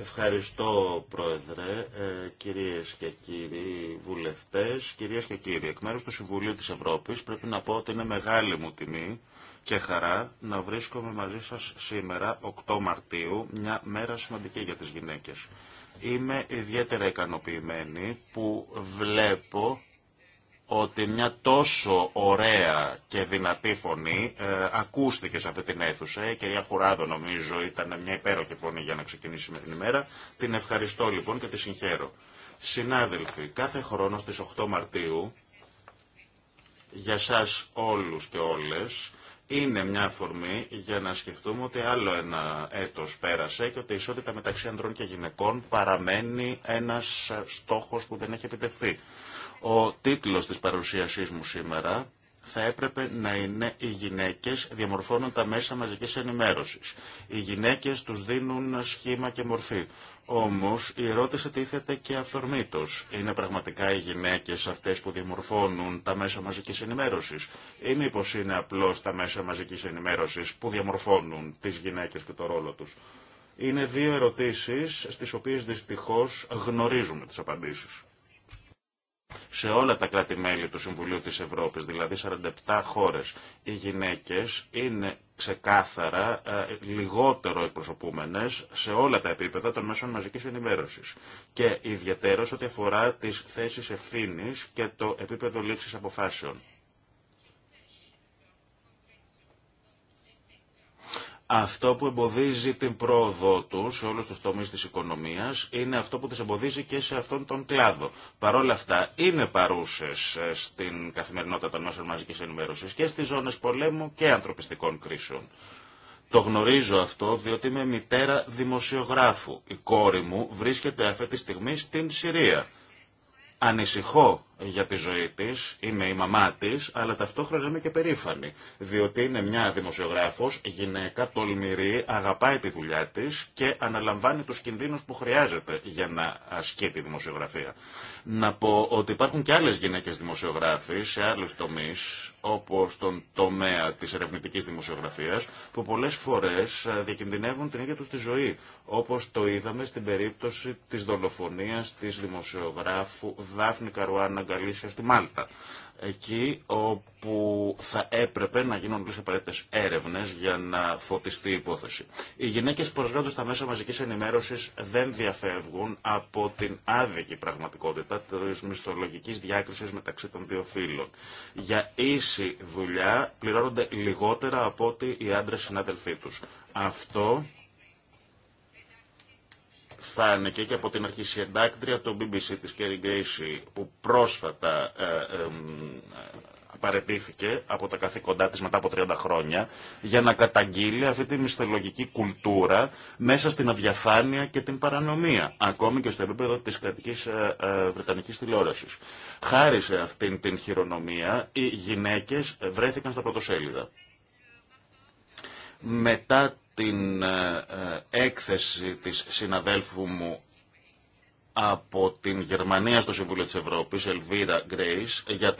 Ευχαριστώ, Πρόεδρε, ε, κυρίες και κύριοι βουλευτές, κυρίες και κύριοι. Εκ μέρους του Συμβουλίου της Ευρώπης πρέπει να πω ότι είναι μεγάλη μου τιμή και χαρά να βρίσκομαι μαζί σας σήμερα, 8 Μαρτίου, μια μέρα σημαντική για τις γυναίκες. Είμαι ιδιαίτερα ικανοποιημένη που βλέπω ότι μια τόσο ωραία και δυνατή φωνή ε, ακούστηκε σε αυτή την αίθουσα. Η κυρία Χουράδο νομίζω ήταν μια υπέροχη φωνή για να ξεκινήσει με την ημέρα. Την ευχαριστώ λοιπόν και τη συγχαίρω. Συνάδελφοι, κάθε χρόνο στις 8 Μαρτίου, για σας όλους και όλες, είναι μια αφορμή για να σκεφτούμε ότι άλλο ένα έτος πέρασε και ότι η ισότητα μεταξύ ανδρών και γυναικών παραμένει ένας στόχος που δεν έχει επιτευχθεί. Ο τίτλος της παρουσίασής μου σήμερα θα έπρεπε να είναι οι γυναίκες διαμορφώνουν τα μέσα μαζικής ενημέρωσης. Οι γυναίκες τους δίνουν σχήμα και μορφή. Όμως η ερώτηση τίθεται και αυθορμήτως. Είναι πραγματικά οι γυναίκες αυτές που διαμορφώνουν τα μέσα μαζικής ενημέρωσης ή μήπω είναι απλώς τα μέσα μαζικής ενημέρωσης που διαμορφώνουν τις γυναίκες και το ρόλο τους. Είναι δύο ερωτήσεις στις οποίες δυστυχώς γνωρίζουμε τις απαντήσεις σε όλα τα κράτη-μέλη του Συμβουλίου της Ευρώπης, δηλαδή 47 χώρες, οι γυναίκες είναι ξεκάθαρα ε, λιγότερο εκπροσωπούμενες σε όλα τα επίπεδα των μέσων μαζικής ενημέρωσης και ιδιαίτερως ό,τι αφορά τις θέσεις ευθύνη και το επίπεδο λήψης αποφάσεων. Αυτό που εμποδίζει την πρόοδό του σε όλου του τομεί τη οικονομία είναι αυτό που τι εμποδίζει και σε αυτόν τον κλάδο. Παρ' όλα αυτά είναι παρούσε ε, στην καθημερινότητα των μέσων μαζική ενημέρωση και στι ζώνε πολέμου και ανθρωπιστικών κρίσεων. Το γνωρίζω αυτό διότι είμαι μητέρα δημοσιογράφου. Η κόρη μου βρίσκεται αυτή τη στιγμή στην Συρία. Ανησυχώ για τη ζωή τη, είναι η μαμά τη, αλλά ταυτόχρονα είμαι και περήφανη, διότι είναι μια δημοσιογράφος, γυναίκα, τολμηρή, αγαπάει τη δουλειά τη και αναλαμβάνει του κινδύνους που χρειάζεται για να ασκεί τη δημοσιογραφία. Να πω ότι υπάρχουν και άλλε γυναίκε δημοσιογράφοι σε άλλου τομεί, όπω τον τομέα τη ερευνητική δημοσιογραφία, που πολλέ φορέ ε, διακινδυνεύουν την ίδια του τη ζωή, Όπω το είδαμε στην περίπτωση τη δολοφονία τη δημοσιογράφου Δάφνη Καρουάνα στη Μάλτα. Εκεί όπου θα έπρεπε να γίνουν όλε απαραίτητε έρευνε για να φωτιστεί η υπόθεση. Οι γυναίκε που εργάζονται στα μέσα μαζική ενημέρωση δεν διαφεύγουν από την άδικη πραγματικότητα τη μισθολογική διάκριση μεταξύ των δύο φύλων. Για ίση δουλειά πληρώνονται λιγότερα από ό,τι οι άντρε συνάδελφοί του. Αυτό φάνηκε και από την αρχισυντάκτρια του BBC της Κέρι Γκέισι που πρόσφατα ε, από τα καθήκοντά της μετά από 30 χρόνια για να καταγγείλει αυτή τη μισθολογική κουλτούρα μέσα στην αδιαφάνεια και την παρανομία, ακόμη και στο επίπεδο της κρατικής ε, ε, βρετανικής τηλεόρασης. Χάρη σε αυτήν την χειρονομία, οι γυναίκες βρέθηκαν στα πρωτοσέλιδα. Μετά την ε, ε, έκθεση της συναδέλφου μου από την Γερμανία στο Συμβούλιο της Ευρώπης, Ελβίρα Γκρέις, για,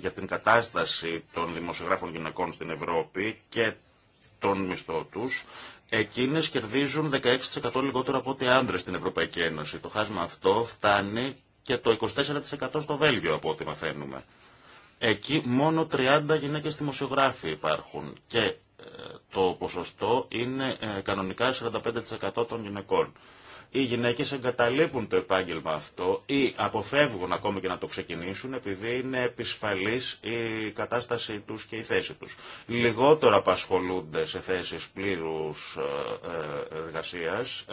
για την κατάσταση των δημοσιογράφων γυναικών στην Ευρώπη και τον μισθό τους. Εκείνες κερδίζουν 16% λιγότερο από ό,τι άντρες στην Ευρωπαϊκή Ένωση. Το χάσμα αυτό φτάνει και το 24% στο Βέλγιο από ό,τι μαθαίνουμε. Εκεί μόνο 30 γυναίκες δημοσιογράφοι υπάρχουν και το ποσοστό είναι ε, κανονικά 45% των γυναικών. Οι γυναίκες εγκαταλείπουν το επάγγελμα αυτό ή αποφεύγουν ακόμα και να το ξεκινήσουν επειδή είναι επισφαλής η κατάστασή τους και η θέση τους. Λιγότερο απασχολούνται σε θέσεις πλήρους ε, ε, εργασίας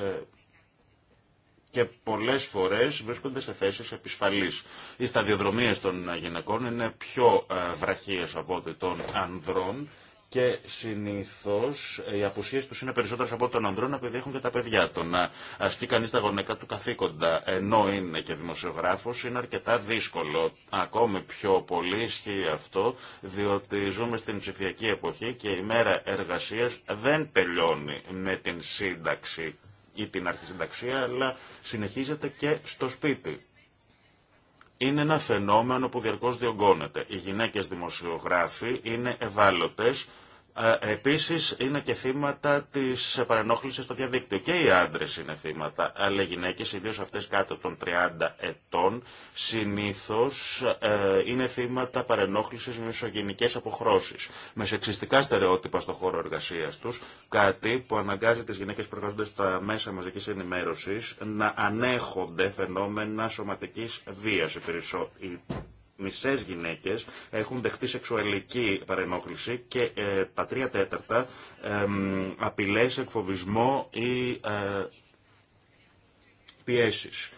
και πολλές φορές βρίσκονται σε θέσεις επισφαλής. Οι σταδιοδρομίες των γυναικών είναι πιο βραχίες από ό,τι των ανδρών και συνήθω οι απουσίε του είναι περισσότερε από των ανδρών επειδή έχουν και τα παιδιά. Το να ασκεί κανεί τα γονέκα του καθήκοντα ενώ είναι και δημοσιογράφο είναι αρκετά δύσκολο. Ακόμη πιο πολύ ισχύει αυτό διότι ζούμε στην ψηφιακή εποχή και η μέρα εργασία δεν τελειώνει με την σύνταξη ή την αρχισυνταξία αλλά συνεχίζεται και στο σπίτι είναι ένα φαινόμενο που διαρκώς διωγγώνεται. Οι γυναίκες δημοσιογράφοι είναι ευάλωτες ε, επίσης είναι και θύματα της παρενόχλησης στο διαδίκτυο. Και οι άντρες είναι θύματα, αλλά οι γυναίκες, ιδίως αυτές κάτω των 30 ετών, συνήθως ε, είναι θύματα παρενόχλησης με ισογενικές αποχρώσεις, με σεξιστικά στερεότυπα στο χώρο εργασίας τους, κάτι που αναγκάζει τις γυναίκες που εργαζόνται στα μέσα μαζικής ενημέρωσης να ανέχονται φαινόμενα σωματικής βίας. Οι Μισέ γυναίκες έχουν δεχτεί σεξουαλική παρενόχληση και ε, τα τρία τέταρτα ε, εκφοβισμό ή ε, πιέσεις.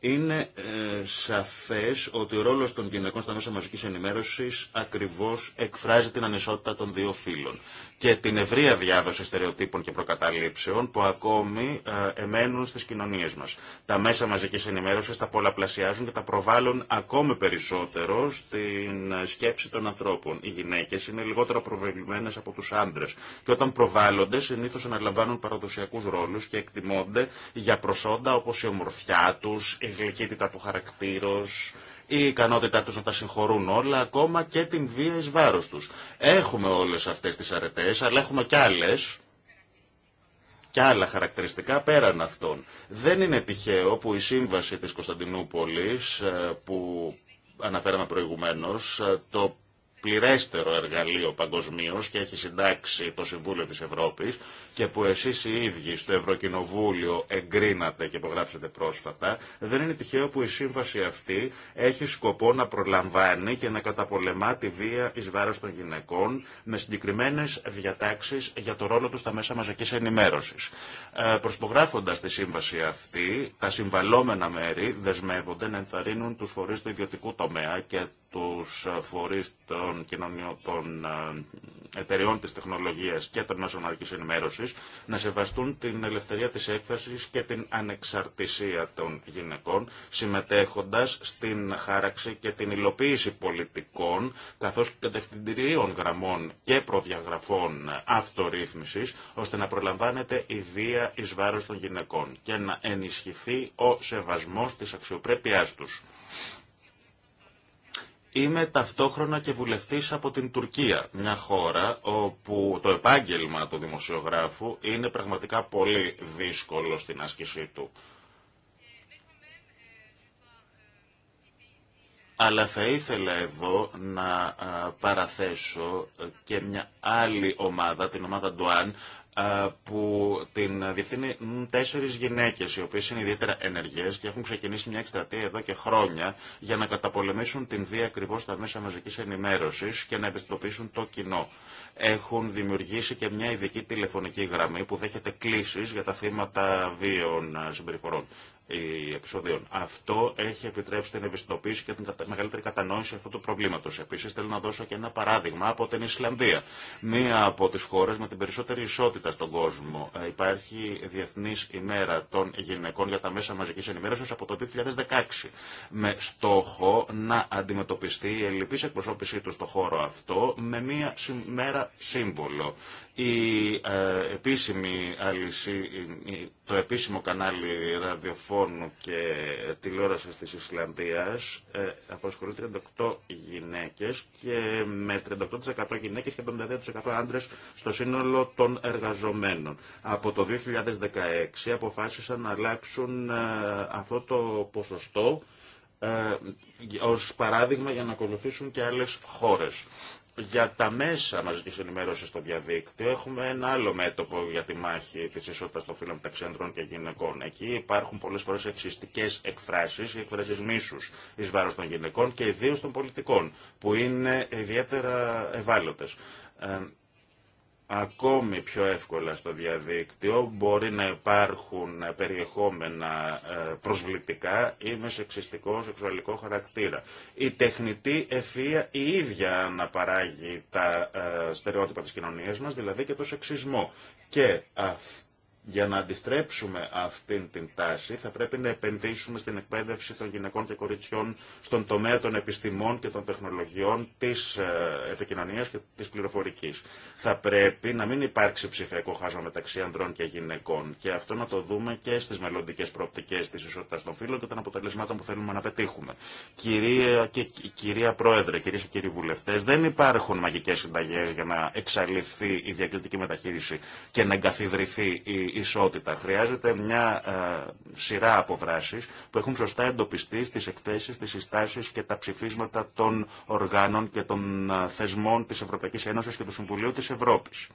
Είναι ε, σαφές ότι ο ρόλος των γυναικών στα μέσα μαζικής ενημέρωσης ακριβώς εκφράζει την ανισότητα των δύο φύλων και την ευρεία διάδοση στερεοτύπων και προκαταλήψεων που ακόμη ε, εμένουν στις κοινωνίες μας. Τα μέσα μαζικής ενημέρωσης τα πολλαπλασιάζουν και τα προβάλλουν ακόμη περισσότερο στην ε, σκέψη των ανθρώπων. Οι γυναίκες είναι λιγότερο προβεβλημένες από τους άντρες και όταν προβάλλονται συνήθως αναλαμβάνουν παραδοσιακούς ρόλους και εκτιμώνται για προσόντα όπως η ομορφιά τους, η γλυκύτητα του χαρακτήρος, η ικανότητά τους να τα συγχωρούν όλα, ακόμα και την βία εις βάρος τους. Έχουμε όλες αυτές τις αρετές, αλλά έχουμε και άλλες, και άλλα χαρακτηριστικά πέραν αυτών. Δεν είναι τυχαίο που η σύμβαση της Κωνσταντινούπολης ε, που αναφέραμε προηγουμένως, ε, το πληρέστερο εργαλείο παγκοσμίω και έχει συντάξει το Συμβούλιο της Ευρώπης, και που εσείς οι ίδιοι στο Ευρωκοινοβούλιο εγκρίνατε και υπογράψατε πρόσφατα, δεν είναι τυχαίο που η σύμβαση αυτή έχει σκοπό να προλαμβάνει και να καταπολεμά τη βία εις βάρος των γυναικών με συγκεκριμένες διατάξεις για το ρόλο του στα μέσα μαζικής ενημέρωσης. Ε, προσπογράφοντας τη σύμβαση αυτή, τα συμβαλόμενα μέρη δεσμεύονται να ενθαρρύνουν τους φορείς του ιδιωτικού τομέα και τους ε, φορείς των, κοινωνιών, των ε, εταιριών της τεχνολογίας και των μέσων ενημέρωση να σεβαστούν την ελευθερία της έκφρασης και την ανεξαρτησία των γυναικών, συμμετέχοντας στην χάραξη και την υλοποίηση πολιτικών, καθώς και κατευθυντηρίων γραμμών και προδιαγραφών αυτορύθμισης, ώστε να προλαμβάνεται η βία εις βάρος των γυναικών και να ενισχυθεί ο σεβασμός της αξιοπρέπειάς τους. Είμαι ταυτόχρονα και βουλευτής από την Τουρκία, μια χώρα όπου το επάγγελμα του δημοσιογράφου είναι πραγματικά πολύ δύσκολο στην άσκησή του. Αλλά θα ήθελα εδώ να παραθέσω και μια άλλη ομάδα, την ομάδα Ντουάν, ε, που την διευθύνει τέσσερις γυναίκες οι οποίες είναι ιδιαίτερα ενεργές και έχουν ξεκινήσει μια εκστρατεία εδώ και χρόνια για να καταπολεμήσουν την βία ακριβώς στα μέσα μαζικής ενημέρωσης και να επιστοποιήσουν το κοινό. Έχουν δημιουργήσει και μια ειδική τηλεφωνική γραμμή που δέχεται κλήσεις για τα θύματα βίων ε, συμπεριφορών. Ε, επεισοδίων. Αυτό έχει επιτρέψει την ευαισθητοποίηση και την μεγαλύτερη κατανόηση αυτού του προβλήματο. Επίση, θέλω να δώσω και ένα παράδειγμα από την Ισλανδία. Μία από τι χώρε με την περισσότερη ισότητα στον κόσμο. Ε, υπάρχει Διεθνή ημέρα των γυναικών για τα μέσα μαζική ενημέρωση από το 2016. Με στόχο να αντιμετωπιστεί η ελληπή εκπροσώπησή του στον χώρο αυτό με μία μέρα σύμβολο. Η ε, επίσημη αλυσί, το επίσημο κανάλι ραδιοφώνου και τηλεόρασης της Ισλανδίας ε, απασχολεί 38 γυναίκες και με 38% γυναίκες και 52% άντρες στο σύνολο των εργαζομένων. Από το 2016 αποφάσισαν να αλλάξουν ε, αυτό το ποσοστό ε, ως παράδειγμα για να ακολουθήσουν και άλλες χώρες για τα μέσα μαζική ενημέρωση στο διαδίκτυο έχουμε ένα άλλο μέτωπο για τη μάχη τη ισότητα των φύλων μεταξύ και γυναικών. Εκεί υπάρχουν πολλέ φορέ εξιστικέ εκφράσει ή εκφράσει μίσου ει βάρο των γυναικών και ιδίω των πολιτικών, που είναι ιδιαίτερα ευάλωτε. Ε, ακόμη πιο εύκολα στο διαδίκτυο. Μπορεί να υπάρχουν περιεχόμενα ε, προσβλητικά ή με σεξιστικό, σεξουαλικό χαρακτήρα. Η τεχνητή ευθεία η ίδια να παράγει τα ε, στερεότυπα της κοινωνίας μας, δηλαδή και το σεξισμό. Και αυτό για να αντιστρέψουμε αυτήν την τάση θα πρέπει να επενδύσουμε στην εκπαίδευση των γυναικών και κοριτσιών στον τομέα των επιστημών και των τεχνολογιών της ε, επικοινωνία και της πληροφορικής. Θα πρέπει να μην υπάρξει ψηφιακό χάσμα μεταξύ ανδρών και γυναικών και αυτό να το δούμε και στις μελλοντικέ προοπτικές της ισότητας των φύλων και των αποτελεσμάτων που θέλουμε να πετύχουμε. Κυρία, και, κυρία Πρόεδρε, κυρίες και κύριοι βουλευτές, δεν υπάρχουν μαγικές συνταγές για να εξαλειφθεί η διακριτική μεταχείριση και να εγκαθιδρυθεί η ισότητα. Χρειάζεται μια ε, σειρά από που έχουν σωστά εντοπιστεί στις εκθέσει, τις συστάσεις και τα ψηφίσματα των οργάνων και των ε, θεσμών της Ευρωπαϊκής Ένωσης και του Συμβουλίου της Ευρώπης.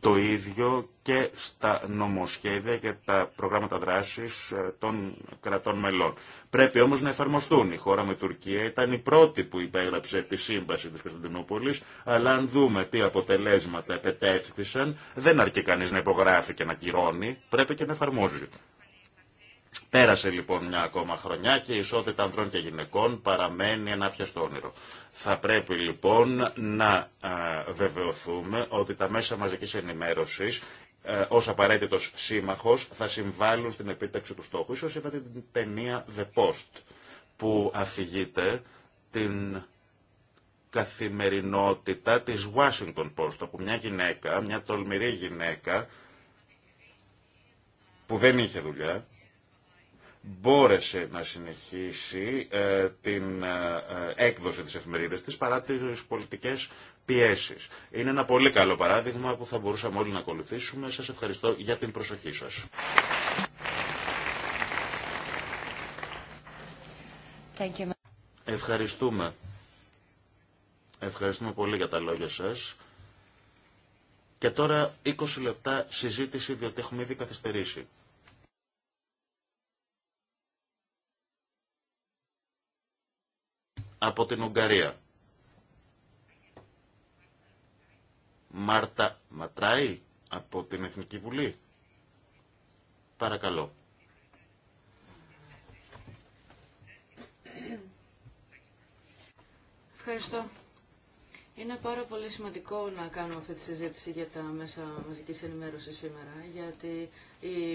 Το ίδιο και στα νομοσχέδια και τα προγράμματα δράσης ε, των κρατών μελών. Πρέπει όμως να εφαρμοστούν. Η χώρα με Τουρκία ήταν η πρώτη που υπέγραψε τη σύμβαση της Κωνσταντινούπολης, αλλά αν δούμε τι αποτελέσματα επετέφθησαν, δεν αρκεί κανείς να υπογράφει και να κυρώνει, πρέπει και να εφαρμόζει. Πέρασε λοιπόν μια ακόμα χρονιά και η ισότητα ανδρών και γυναικών παραμένει ένα πιαστό όνειρο. Θα πρέπει λοιπόν να ε, βεβαιωθούμε ότι τα μέσα μαζικής ενημέρωσης ε, ω απαραίτητο σύμμαχο θα συμβάλλουν στην επίτευξη του στόχου. Ίσως είδατε την ταινία The Post που αφηγείται την καθημερινότητα της Washington Post όπου μια γυναίκα, μια τολμηρή γυναίκα που δεν είχε δουλειά μπόρεσε να συνεχίσει ε, την ε, ε, έκδοση της εφημερίδας της παρά τις πολιτικές πιέσεις. Είναι ένα πολύ καλό παράδειγμα που θα μπορούσαμε όλοι να ακολουθήσουμε. Σας ευχαριστώ για την προσοχή σας. Thank you. Ευχαριστούμε. Ευχαριστούμε πολύ για τα λόγια σας. Και τώρα 20 λεπτά συζήτηση διότι έχουμε ήδη καθυστερήσει. από την Ουγγαρία. Μάρτα Ματράη από την Εθνική Βουλή. Παρακαλώ. Ευχαριστώ. Είναι πάρα πολύ σημαντικό να κάνουμε αυτή τη συζήτηση για τα μέσα μαζικής ενημέρωσης σήμερα, γιατί οι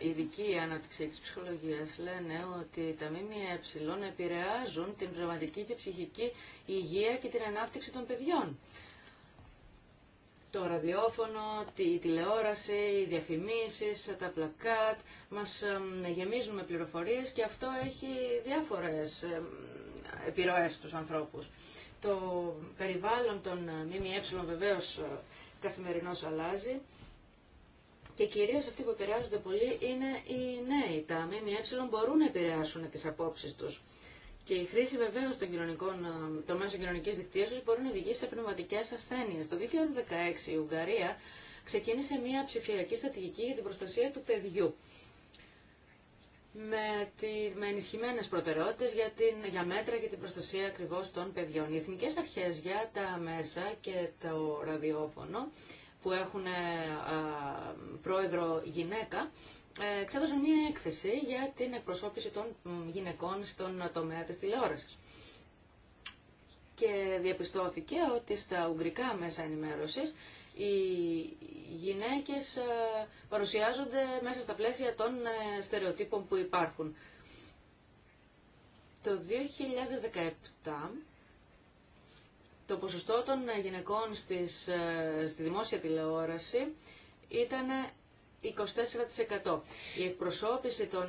ε, ειδικοί ανάπτυξη της ψυχολογίας λένε ότι τα ΜΜΕ επηρεάζουν την πνευματική και ψυχική υγεία και την ανάπτυξη των παιδιών. Το ραδιόφωνο, η τηλεόραση, οι διαφημίσεις, τα πλακάτ, μας γεμίζουν με πληροφορίες και αυτό έχει διάφορες επιρροές στους ανθρώπους. Το περιβάλλον των ΜΜΕ βεβαίως ε, καθημερινώς αλλάζει και κυρίως αυτοί που επηρεάζονται πολύ είναι οι νέοι. Τα ΜΜΕ μπορούν να επηρεάσουν τις απόψεις τους. Και η χρήση βεβαίω των, ε, των μέσων κοινωνική δικτύωση μπορεί να οδηγήσει σε πνευματικέ ασθένειε. Το 2016 η Ουγγαρία ξεκίνησε μια ψηφιακή στρατηγική για την προστασία του παιδιού με, τη, με ενισχυμένες προτεραιότητες για, την, για μέτρα για την προστασία ακριβώ των παιδιών. Οι εθνικές αρχές για τα μέσα και το ραδιόφωνο που έχουν ε, πρόεδρο γυναίκα ε, εξέδωσαν μία έκθεση για την εκπροσώπηση των γυναικών στον τομέα της τηλεόρασης. Και διαπιστώθηκε ότι στα ουγγρικά μέσα ενημέρωσης οι γυναίκες ε, παρουσιάζονται μέσα στα πλαίσια των ε, στερεοτύπων που υπάρχουν. Το 2017 το ποσοστό των γυναικών στις, ε, στη δημόσια τηλεόραση ήταν 24%. Η εκπροσώπηση των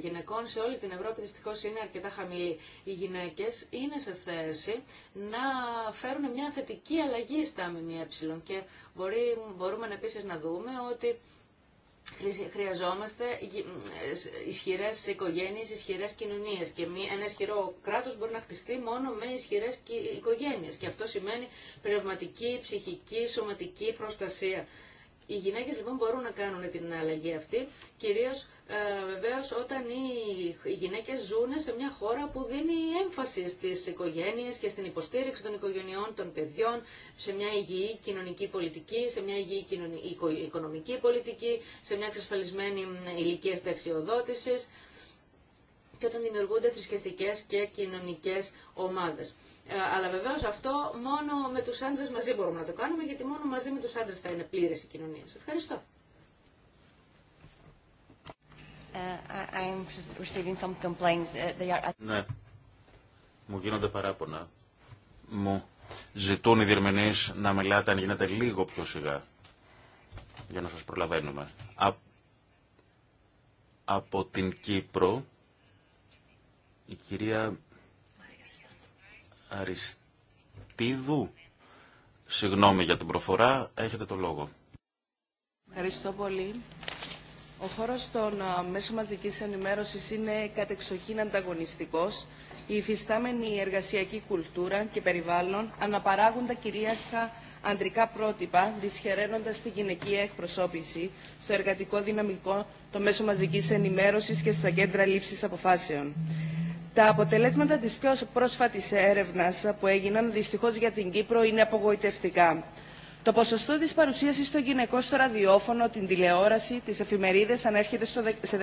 γυναικών σε όλη την Ευρώπη δυστυχώ είναι αρκετά χαμηλή. Οι γυναίκε είναι σε θέση να φέρουν μια θετική αλλαγή στα ΜΜΕ και μπορεί, μπορούμε επίση να δούμε ότι χρειαζόμαστε ισχυρέ οικογένειε, ισχυρέ κοινωνίε και ένα ισχυρό κράτο μπορεί να χτιστεί μόνο με ισχυρέ οικογένειε. και αυτό σημαίνει πνευματική, ψυχική, σωματική προστασία οι γυναίκες λοιπόν μπορούν να κάνουν την αλλαγή αυτή, κυρίως ε, βεβαίως όταν οι γυναίκες ζουν σε μια χώρα που δίνει έμφαση στις οικογένειες και στην υποστήριξη των οικογενειών, των παιδιών, σε μια υγιή κοινωνική πολιτική, σε μια υγιή οικονομική πολιτική, σε μια εξασφαλισμένη ηλικία συνταξιοδότησης και όταν δημιουργούνται θρησκευτικέ και κοινωνικέ ομάδε. Ε, αλλά βεβαίω αυτό μόνο με του άντρε μαζί μπορούμε να το κάνουμε, γιατί μόνο μαζί με του άντρε θα είναι πλήρε οι κοινωνίε. Ευχαριστώ. Ε, ε, ναι, μου γίνονται παράπονα. Μου ζητούν οι διερμηνεί να μιλάτε αν γίνεται λίγο πιο σιγά για να σας προλαβαίνουμε. Από την Κύπρο η κυρία Αριστίδου, συγγνώμη για την προφορά, έχετε το λόγο. Ευχαριστώ πολύ. Ο χώρος των μέσων μαζικής ενημέρωσης είναι κατεξοχήν ανταγωνιστικός. Η υφιστάμενη εργασιακή κουλτούρα και περιβάλλον αναπαράγουν τα κυρίαρχα αντρικά πρότυπα, δυσχεραίνοντας τη γυναική εκπροσώπηση στο εργατικό δυναμικό των μέσων μαζικής ενημέρωσης και στα κέντρα λήψης αποφάσεων. Τα αποτελέσματα της πιο πρόσφατης έρευνας που έγιναν δυστυχώς για την Κύπρο είναι απογοητευτικά. Το ποσοστό της παρουσίασης των γυναικών στο ραδιόφωνο, την τηλεόραση, τις εφημερίδες ανέρχεται στο σε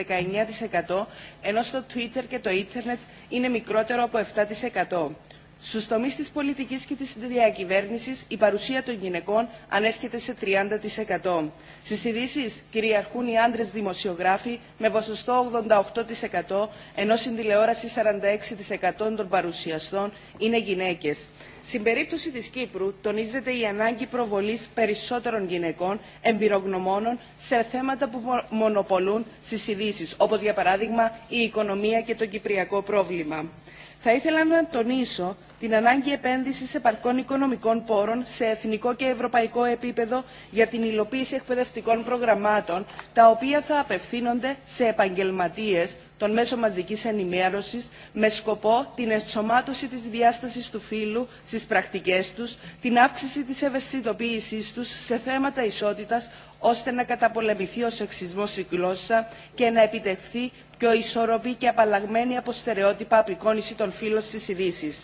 19%, ενώ στο Twitter και το ίντερνετ είναι μικρότερο από 7%. Στου τομεί τη πολιτική και τη διακυβέρνηση, η παρουσία των γυναικών ανέρχεται σε 30%. Στι ειδήσει κυριαρχούν οι άντρε δημοσιογράφοι με ποσοστό 88%, ενώ στην τηλεόραση 46% των παρουσιαστών είναι γυναίκε. Στην περίπτωση τη Κύπρου, τονίζεται η ανάγκη προβολή περισσότερων γυναικών εμπειρογνωμόνων σε θέματα που μονοπολούν στι ειδήσει, όπω για παράδειγμα η οικονομία και το κυπριακό πρόβλημα. Θα ήθελα να τονίσω την ανάγκη επένδυσης επαρκών οικονομικών πόρων σε εθνικό και ευρωπαϊκό επίπεδο για την υλοποίηση εκπαιδευτικών προγραμμάτων, τα οποία θα απευθύνονται σε επαγγελματίες των μέσων μαζικής ενημέρωσης με σκοπό την ενσωμάτωση της διάστασης του φύλου στις πρακτικές τους, την αύξηση της ευαισθητοποίησής τους σε θέματα ισότητας ώστε να καταπολεμηθεί ο σεξισμός στη γλώσσα και να επιτευχθεί πιο ισορροπή και απαλλαγμένη από στερεότυπα απεικόνηση των φύλων στι ειδήσει.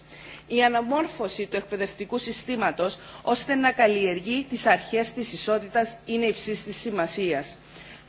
Η αναμόρφωση του εκπαιδευτικού συστήματο, ώστε να καλλιεργεί τι αρχές της ισότητα είναι υψή τη σημασία.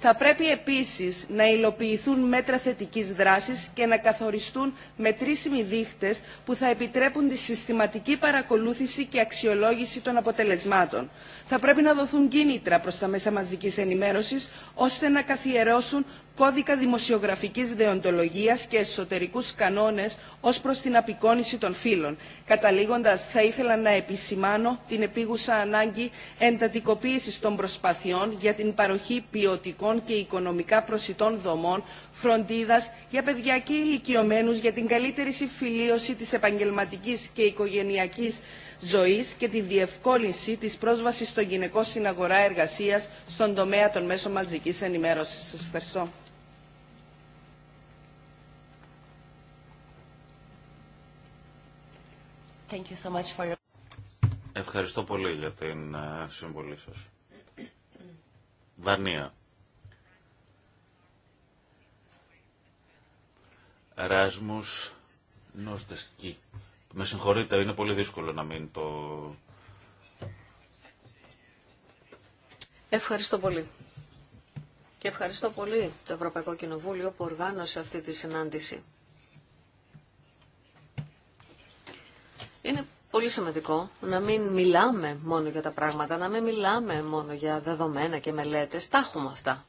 Θα πρέπει επίση να υλοποιηθούν μέτρα θετική δράση και να καθοριστούν μετρήσιμοι δείχτε που θα επιτρέπουν τη συστηματική παρακολούθηση και αξιολόγηση των αποτελεσμάτων θα πρέπει να δοθούν κίνητρα προς τα μέσα μαζικής ενημέρωσης, ώστε να καθιερώσουν κώδικα δημοσιογραφικής δεοντολογίας και εσωτερικούς κανόνες ως προς την απεικόνηση των φύλων. Καταλήγοντας, θα ήθελα να επισημάνω την επίγουσα ανάγκη εντατικοποίησης των προσπαθειών για την παροχή ποιοτικών και οικονομικά προσιτών δομών, φροντίδας για παιδιά και ηλικιωμένους για την καλύτερη συμφιλίωση της επαγγελματικής και οικογενειακής ζωής και τη διευκόλυνση της πρόσβασης στον γυναικό στην αγορά εργασίας στον τομέα των μέσων μαζικής ενημέρωσης. Σας ευχαριστώ. Thank you so much for your... Ευχαριστώ πολύ για την ε, συμβολή σας. Δανία. Ράσμους με συγχωρείτε, είναι πολύ δύσκολο να μην το... Ευχαριστώ πολύ. Και ευχαριστώ πολύ το Ευρωπαϊκό Κοινοβούλιο που οργάνωσε αυτή τη συνάντηση. Είναι πολύ σημαντικό να μην μιλάμε μόνο για τα πράγματα, να μην μιλάμε μόνο για δεδομένα και μελέτες. Τα έχουμε αυτά.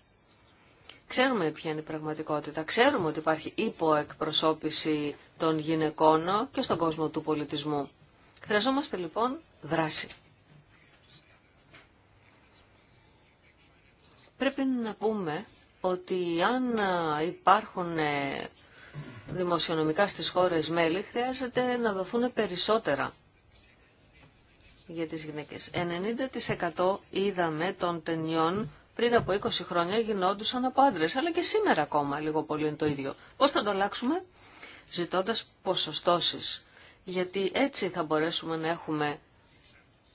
Ξέρουμε ποια είναι η πραγματικότητα. Ξέρουμε ότι υπάρχει υποεκπροσώπηση των γυναικών και στον κόσμο του πολιτισμού. Χρειαζόμαστε λοιπόν δράση. Πρέπει να πούμε ότι αν υπάρχουν ε, δημοσιονομικά στις χώρες μέλη, χρειάζεται να δοθούν περισσότερα για τις γυναίκες. 90% είδαμε των ταινιών πριν από 20 χρόνια γινόντουσαν από άντρε, αλλά και σήμερα ακόμα λίγο πολύ είναι το ίδιο. Πώς θα το αλλάξουμε? Ζητώντας ποσοστώσει. Γιατί έτσι θα μπορέσουμε να έχουμε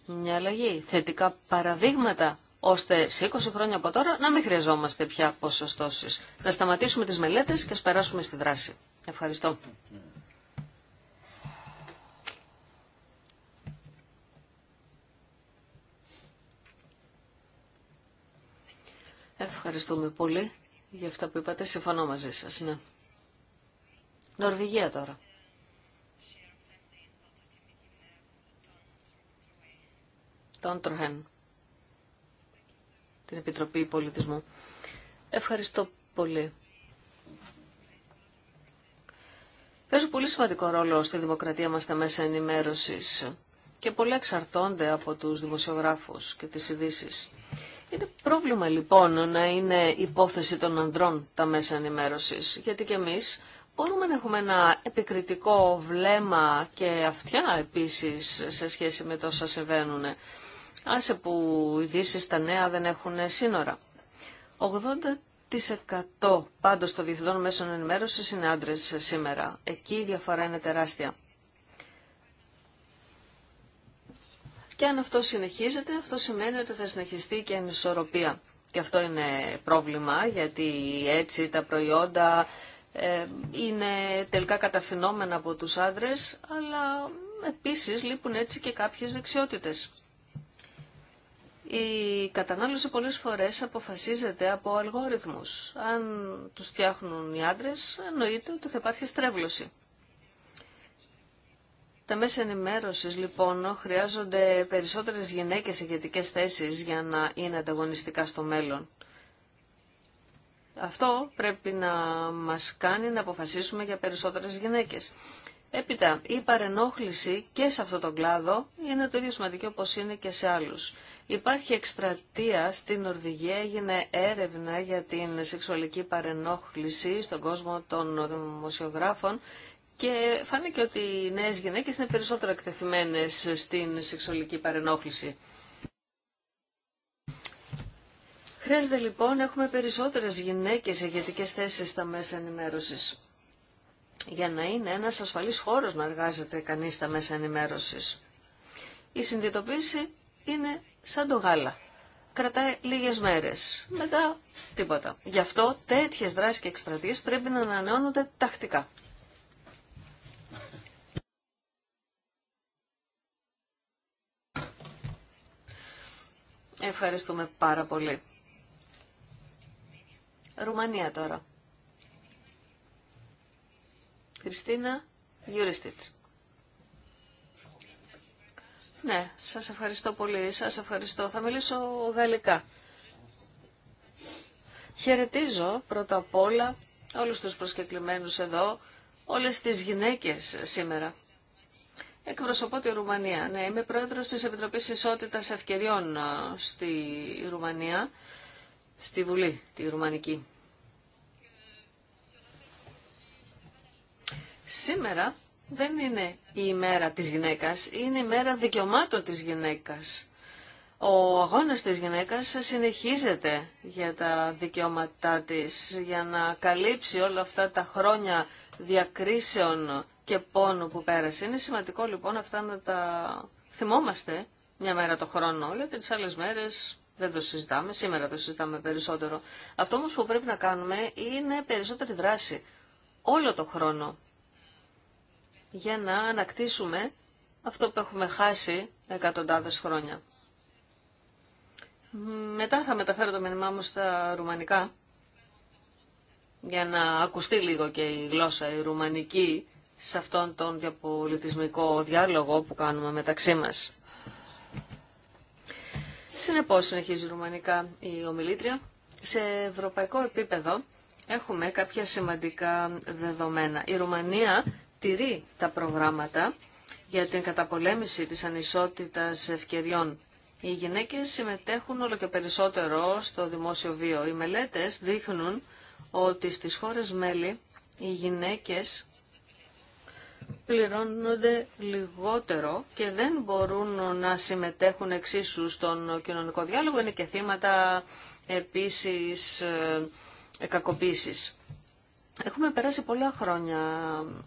μια αλλαγή, θετικά παραδείγματα, ώστε σε 20 χρόνια από τώρα να μην χρειαζόμαστε πια ποσοστώσει. Να σταματήσουμε τις μελέτες και α περάσουμε στη δράση. Ευχαριστώ. Ευχαριστούμε πολύ για αυτά που είπατε. Συμφωνώ μαζί σας, ναι. Νορβηγία τώρα. Τον Την Επιτροπή Πολιτισμού. Ευχαριστώ πολύ. Παίζουν πολύ σημαντικό ρόλο στη δημοκρατία μας τα μέσα ενημέρωσης και πολλά εξαρτώνται από τους δημοσιογράφους και τις ειδήσει. Είναι πρόβλημα λοιπόν να είναι υπόθεση των ανδρών τα μέσα ενημέρωσης, γιατί και εμείς μπορούμε να έχουμε ένα επικριτικό βλέμμα και αυτιά επίσης σε σχέση με τόσα συμβαίνουν. Άσε που ειδήσει τα νέα δεν έχουν σύνορα. 80% πάντως των διεθνών μέσων ενημέρωσης είναι άντρες σήμερα. Εκεί η διαφορά είναι τεράστια. Και αν αυτό συνεχίζεται, αυτό σημαίνει ότι θα συνεχιστεί και η ανισορροπία. Και αυτό είναι πρόβλημα, γιατί έτσι τα προϊόντα ε, είναι τελικά καταφυνόμενα από τους άντρες, αλλά επίσης λείπουν έτσι και κάποιες δεξιότητες. Η κατανάλωση πολλές φορές αποφασίζεται από αλγόριθμους. Αν τους φτιάχνουν οι άντρες, εννοείται ότι θα υπάρχει στρέβλωση. Τα μέσα ενημέρωσης λοιπόν χρειάζονται περισσότερες γυναίκες σε ηγετικές θέσεις για να είναι ανταγωνιστικά στο μέλλον. Αυτό πρέπει να μας κάνει να αποφασίσουμε για περισσότερες γυναίκες. Έπειτα, η παρενόχληση και σε αυτό τον κλάδο είναι το ίδιο σημαντικό όπως είναι και σε άλλους. Υπάρχει εκστρατεία στην Νορβηγία, έγινε έρευνα για την σεξουαλική παρενόχληση στον κόσμο των δημοσιογράφων και φάνηκε ότι οι νέε γυναίκε είναι περισσότερο εκτεθειμένε στην σεξουαλική παρενόχληση. Χρειάζεται λοιπόν να έχουμε περισσότερες γυναίκες σε ηγετικές θέσεις στα μέσα ενημέρωσης. Για να είναι ένας ασφαλής χώρος να εργάζεται κανείς στα μέσα ενημέρωσης. Η συνδυτοποίηση είναι σαν το γάλα. Κρατάει λίγες μέρες. Μετά τίποτα. Γι' αυτό τέτοιες δράσεις και εκστρατείες πρέπει να ανανεώνονται τακτικά. Ευχαριστούμε πάρα πολύ. Ρουμανία τώρα. Χριστίνα Γιουριστίτς. Ναι, σας ευχαριστώ πολύ. Σας ευχαριστώ. Θα μιλήσω γαλλικά. Χαιρετίζω πρώτα απ' όλα όλους τους προσκεκλημένους εδώ, όλες τις γυναίκες σήμερα. Εκπροσωπώ τη Ρουμανία. Ναι, είμαι πρόεδρος της Επιτροπής Ισότητας Ευκαιριών ε, στη Ρουμανία, στη Βουλή, τη Ρουμανική. Σήμερα δεν είναι η ημέρα της γυναίκας, είναι η μέρα δικαιωμάτων της γυναίκας. Ο αγώνας της γυναίκας συνεχίζεται για τα δικαιώματά της, για να καλύψει όλα αυτά τα χρόνια διακρίσεων και πόνο που πέρασε. Είναι σημαντικό λοιπόν αυτά να τα θυμόμαστε μια μέρα το χρόνο, γιατί τις άλλες μέρες δεν το συζητάμε, σήμερα το συζητάμε περισσότερο. Αυτό όμως που πρέπει να κάνουμε είναι περισσότερη δράση όλο το χρόνο για να ανακτήσουμε αυτό που έχουμε χάσει εκατοντάδες χρόνια. Μετά θα μεταφέρω το μήνυμά μου στα ρουμανικά για να ακουστεί λίγο και η γλώσσα η ρουμανική σε αυτόν τον διαπολιτισμικό διάλογο που κάνουμε μεταξύ μας. Συνεπώς συνεχίζει η Ρουμανικά η ομιλήτρια. Σε ευρωπαϊκό επίπεδο έχουμε κάποια σημαντικά δεδομένα. Η Ρουμανία τηρεί τα προγράμματα για την καταπολέμηση της ανισότητας ευκαιριών. Οι γυναίκες συμμετέχουν όλο και περισσότερο στο δημόσιο βίο. Οι μελέτες δείχνουν ότι στις χώρες μέλη οι γυναίκες πληρώνονται λιγότερο και δεν μπορούν να συμμετέχουν εξίσου στον κοινωνικό διάλογο. Είναι και θύματα επίσης ε, κακοποίησης. Έχουμε περάσει πολλά χρόνια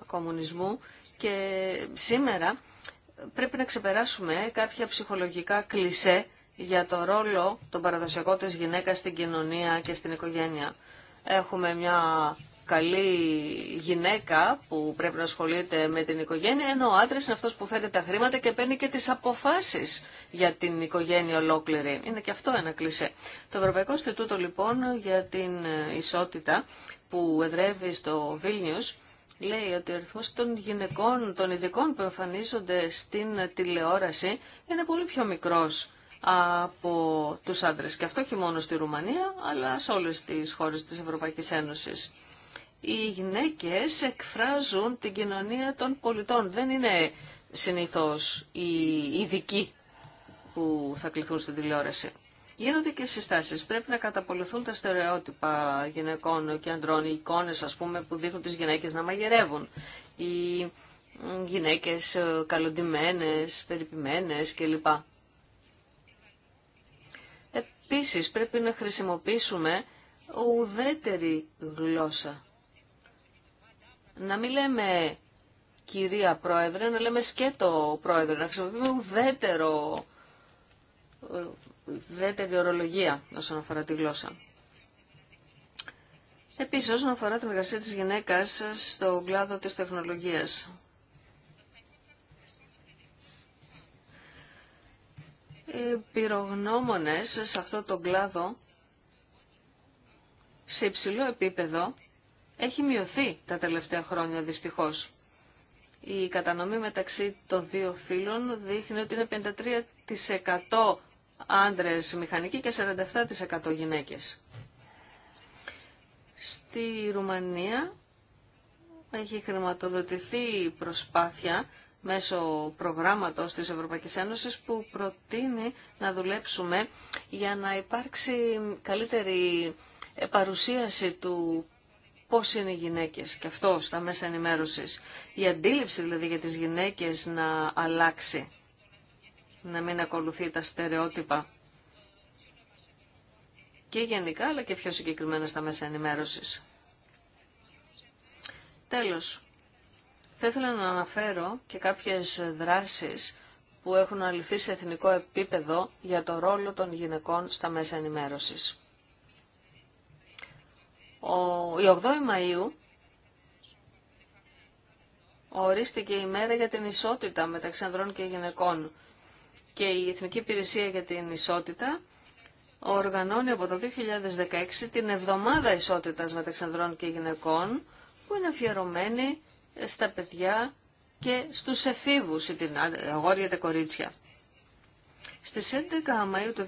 κομμουνισμού και σήμερα πρέπει να ξεπεράσουμε κάποια ψυχολογικά κλισέ για το ρόλο των παραδοσιακών της γυναίκας στην κοινωνία και στην οικογένεια. Έχουμε μια καλή γυναίκα που πρέπει να ασχολείται με την οικογένεια, ενώ ο άντρα είναι αυτό που φέρνει τα χρήματα και παίρνει και τι αποφάσει για την οικογένεια ολόκληρη. Είναι και αυτό ένα κλισέ. Το Ευρωπαϊκό Ινστιτούτο λοιπόν για την ε, ισότητα που εδρεύει στο Βίλνιους λέει ότι ο αριθμό των γυναικών, των ειδικών που εμφανίζονται στην τηλεόραση είναι πολύ πιο μικρός από τους άντρες. Και αυτό όχι μόνο στη Ρουμανία, αλλά σε όλες τις χώρες της Ευρωπαϊκής Ένωσης οι γυναίκες εκφράζουν την κοινωνία των πολιτών. Δεν είναι συνήθως οι ειδικοί που θα κληθούν στην τηλεόραση. Γίνονται και συστάσει. Πρέπει να καταπολυθούν τα στερεότυπα γυναικών και αντρών, οι εικόνε πούμε που δείχνουν τι γυναίκε να μαγειρεύουν. Οι γυναίκε καλοντημένε, περιποιημένε κλπ. Επίση πρέπει να χρησιμοποιήσουμε ουδέτερη γλώσσα να μην λέμε κυρία πρόεδρε, να λέμε σκέτο πρόεδρε, να χρησιμοποιούμε ουδέτερο, ουδέτερη ορολογία όσον αφορά τη γλώσσα. Επίσης, όσον αφορά την εργασία της γυναίκας στον κλάδο της τεχνολογίας. Οι πυρογνώμονες σε αυτό το κλάδο, σε υψηλό επίπεδο, έχει μειωθεί τα τελευταία χρόνια δυστυχώς. Η κατανομή μεταξύ των δύο φύλων δείχνει ότι είναι 53% άντρες μηχανικοί και 47% γυναίκες. Στη Ρουμανία έχει χρηματοδοτηθεί προσπάθεια μέσω προγράμματος της Ευρωπαϊκής Ένωσης που προτείνει να δουλέψουμε για να υπάρξει καλύτερη παρουσίαση του Πώ είναι οι γυναίκες και αυτό στα μέσα ενημέρωσης. Η αντίληψη δηλαδή για τις γυναίκες να αλλάξει, να μην ακολουθεί τα στερεότυπα και γενικά αλλά και πιο συγκεκριμένα στα μέσα ενημέρωσης. Τέλος, θα ήθελα να αναφέρω και κάποιες δράσεις που έχουν αληθεί σε εθνικό επίπεδο για το ρόλο των γυναικών στα μέσα ενημέρωσης. Ο, η 8η Μαΐου ορίστηκε η μέρα για την ισότητα μεταξύ ανδρών και γυναικών και η Εθνική Υπηρεσία για την Ισότητα οργανώνει από το 2016 την Εβδομάδα Ισότητας μεταξύ ανδρών και γυναικών που είναι αφιερωμένη στα παιδιά και στους εφήβους, την αγόρια τα κορίτσια. Στις 11 Μαΐου του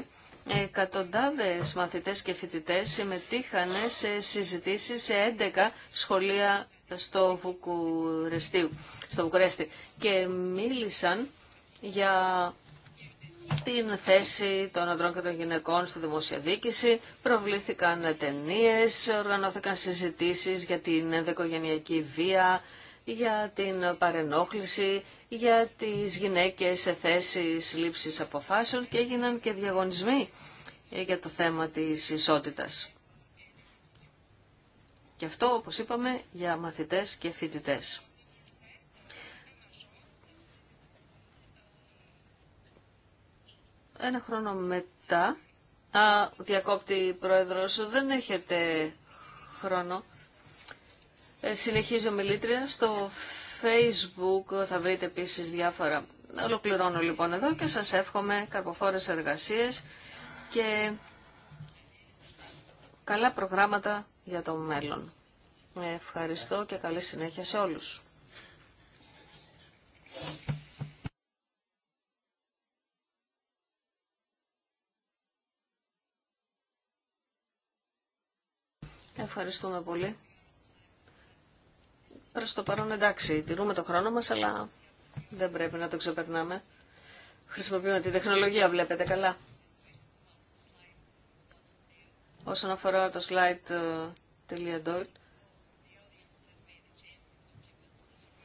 2016 Εκατοντάδες μαθητές και φοιτητές συμμετείχαν σε συζητήσεις σε 11 σχολεία στο Βουκουρεστίου, στο Βουκουρέστι και μίλησαν για την θέση των ανδρών και των γυναικών στη δημόσια προβλήθηκαν ταινίε, οργανώθηκαν συζητήσεις για την ενδοικογενειακή βία, για την παρενόχληση, για τις γυναίκες σε θέσεις λήψης αποφάσεων και έγιναν και διαγωνισμοί για το θέμα της ισότητας. Και αυτό, όπως είπαμε, για μαθητές και φοιτητές. Ένα χρόνο μετά, α, διακόπτη πρόεδρος, δεν έχετε χρόνο. Ε, συνεχίζω μιλήτρια. Στο facebook θα βρείτε επίσης διάφορα. Ολοκληρώνω λοιπόν εδώ και σας εύχομαι καρποφόρες εργασίες και καλά προγράμματα για το μέλλον. Ε, ευχαριστώ και καλή συνέχεια σε όλους. Ευχαριστούμε πολύ. Προς το παρόν εντάξει, τηρούμε το χρόνο μας, αλλά δεν πρέπει να το ξεπερνάμε. Χρησιμοποιούμε τη τεχνολογία, βλέπετε καλά. Όσον αφορά το slide.doil,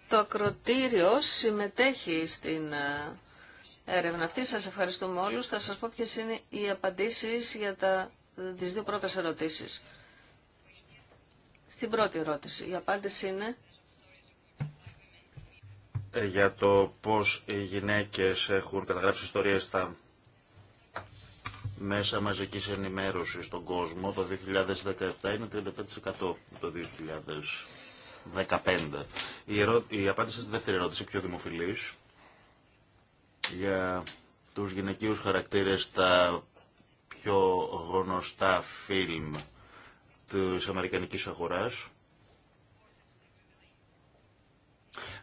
το ακροτήριο συμμετέχει στην ε, έρευνα αυτή. Σας ευχαριστούμε όλους. Θα σας πω ποιες είναι οι απαντήσεις για τα, τις δύο πρώτες ερωτήσεις. Στην πρώτη ερώτηση, η απάντηση είναι για το πώς οι γυναίκες έχουν καταγράψει ιστορίες στα μέσα μαζικής ενημέρωσης στον κόσμο. Το 2017 είναι 35% το 2015. Η, η απάντηση στη δεύτερη ερώτηση, πιο δημοφιλής, για τους γυναικείους χαρακτήρες στα πιο γνωστά φιλμ της αμερικανικής αγοράς.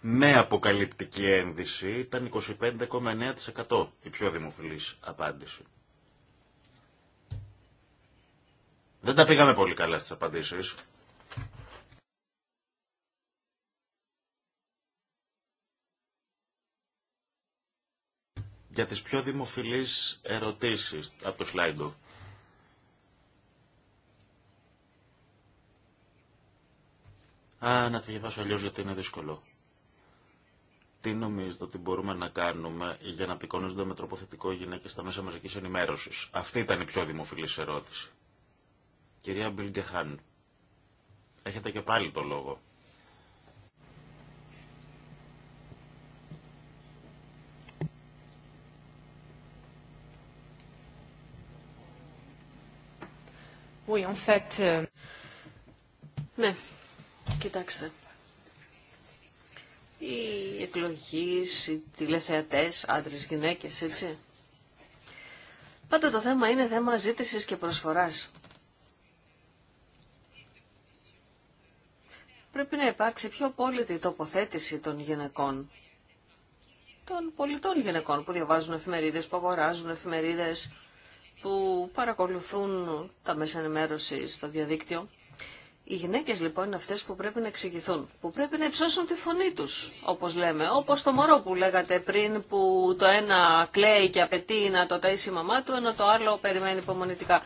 Με αποκαλυπτική ένδυση ήταν 25,9% η πιο δημοφιλής απάντηση. Δεν τα πήγαμε πολύ καλά στις απαντήσεις. Για τις πιο δημοφιλείς ερωτήσεις από το σλάιντο. Α, να τη διαβάσω αλλιώς γιατί είναι δύσκολο. Τι νομίζετε ότι μπορούμε να κάνουμε για να απεικονίζονται με τρόπο θετικό γυναίκε στα μέσα μαζική ενημέρωση. Αυτή ήταν η πιο δημοφιλή ερώτηση. Κυρία Μπιλγκεχάν, έχετε και πάλι το λόγο. Oui, en fait... Euh, ναι, κοιτάξτε οι εκλογείς, οι τηλεθεατές, άντρες, γυναίκες, έτσι. Πάντα το θέμα είναι θέμα ζήτησης και προσφοράς. Πρέπει να υπάρξει πιο απόλυτη τοποθέτηση των γυναικών, των πολιτών γυναικών που διαβάζουν εφημερίδες, που αγοράζουν εφημερίδες, που παρακολουθούν τα μέσα ενημέρωση στο διαδίκτυο. Οι γυναίκες λοιπόν είναι αυτές που πρέπει να εξηγηθούν, που πρέπει να υψώσουν τη φωνή τους, όπως λέμε, όπως το μωρό που λέγατε πριν που το ένα κλαίει και απαιτεί να το ταΐσει η μαμά του, ενώ το άλλο περιμένει υπομονητικά.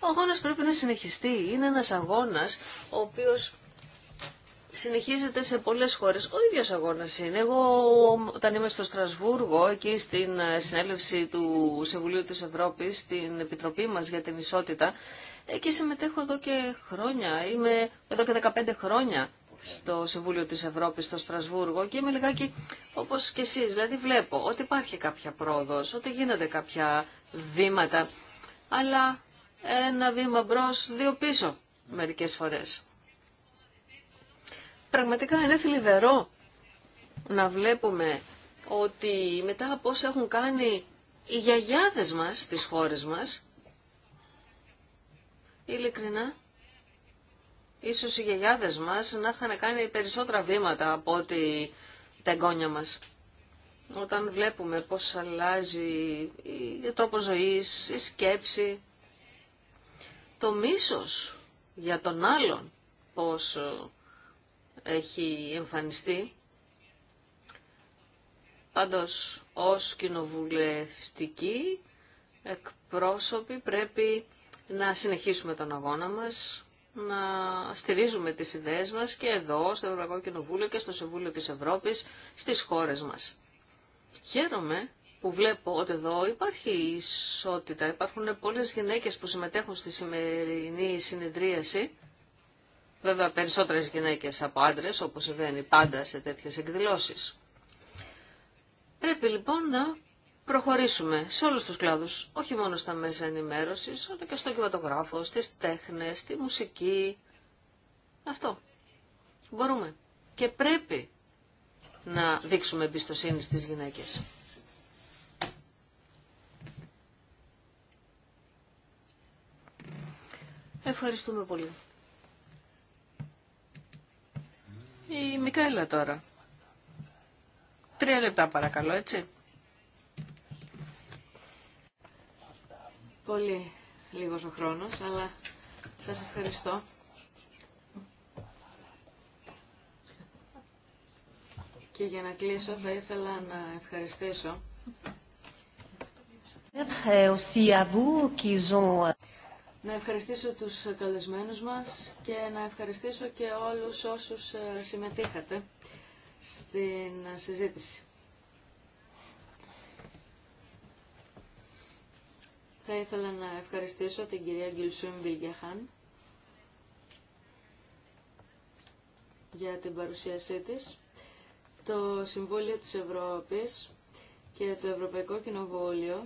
Ο αγώνας πρέπει να συνεχιστεί, είναι ένας αγώνας ο οποίος συνεχίζεται σε πολλές χώρες. Ο ίδιος αγώνας είναι. Εγώ όταν είμαι στο Στρασβούργο, εκεί στην συνέλευση του Συμβουλίου της Ευρώπης, στην Επιτροπή μας για την Ισότητα, Εκεί συμμετέχω εδώ και χρόνια. Είμαι εδώ και 15 χρόνια στο Συμβούλιο της Ευρώπης, στο Στρασβούργο και είμαι λιγάκι όπως και εσείς. Δηλαδή βλέπω ότι υπάρχει κάποια πρόοδος, ότι γίνονται κάποια βήματα, αλλά ένα βήμα μπρος, δύο πίσω μερικές φορές. Πραγματικά είναι θλιβερό να βλέπουμε ότι μετά από όσα έχουν κάνει οι γιαγιάδες μας στις χώρες μας, ειλικρινά, ίσως οι γιαγιάδες μας να είχαν κάνει περισσότερα βήματα από ότι τα εγγόνια μας. Όταν βλέπουμε πώς αλλάζει ο τρόπος ζωής, η σκέψη, το μίσος για τον άλλον, πώς ε, έχει εμφανιστεί. Πάντως, ως κοινοβουλευτικοί εκπρόσωποι πρέπει να συνεχίσουμε τον αγώνα μας, να στηρίζουμε τις ιδέες μας και εδώ, στο Ευρωπαϊκό Κοινοβούλιο και στο Συμβούλιο της Ευρώπης, στις χώρες μας. Χαίρομαι που βλέπω ότι εδώ υπάρχει ισότητα, υπάρχουν πολλές γυναίκες που συμμετέχουν στη σημερινή συνεδρίαση, βέβαια περισσότερες γυναίκες από άντρες, όπως συμβαίνει πάντα σε τέτοιες εκδηλώσεις. Πρέπει λοιπόν να προχωρήσουμε σε όλους τους κλάδους, όχι μόνο στα μέσα ενημέρωσης, αλλά και στο κινηματογράφο, στις τέχνες, στη μουσική. Αυτό. Μπορούμε. Και πρέπει να δείξουμε εμπιστοσύνη στις γυναίκες. Ευχαριστούμε πολύ. Η Μικαέλα τώρα. Τρία λεπτά παρακαλώ, έτσι. Πολύ λίγος ο χρόνος, αλλά σας ευχαριστώ. Και για να κλείσω θα ήθελα να ευχαριστήσω ε, euh, να ευχαριστήσω τους καλεσμένους μας και να ευχαριστήσω και όλους όσους ε, συμμετείχατε στην ε, συζήτηση. Θα ήθελα να ευχαριστήσω την κυρία Γκυλσούμ Βίγκεχαν για την παρουσίασή της. Το Συμβούλιο της Ευρώπης και το Ευρωπαϊκό Κοινοβούλιο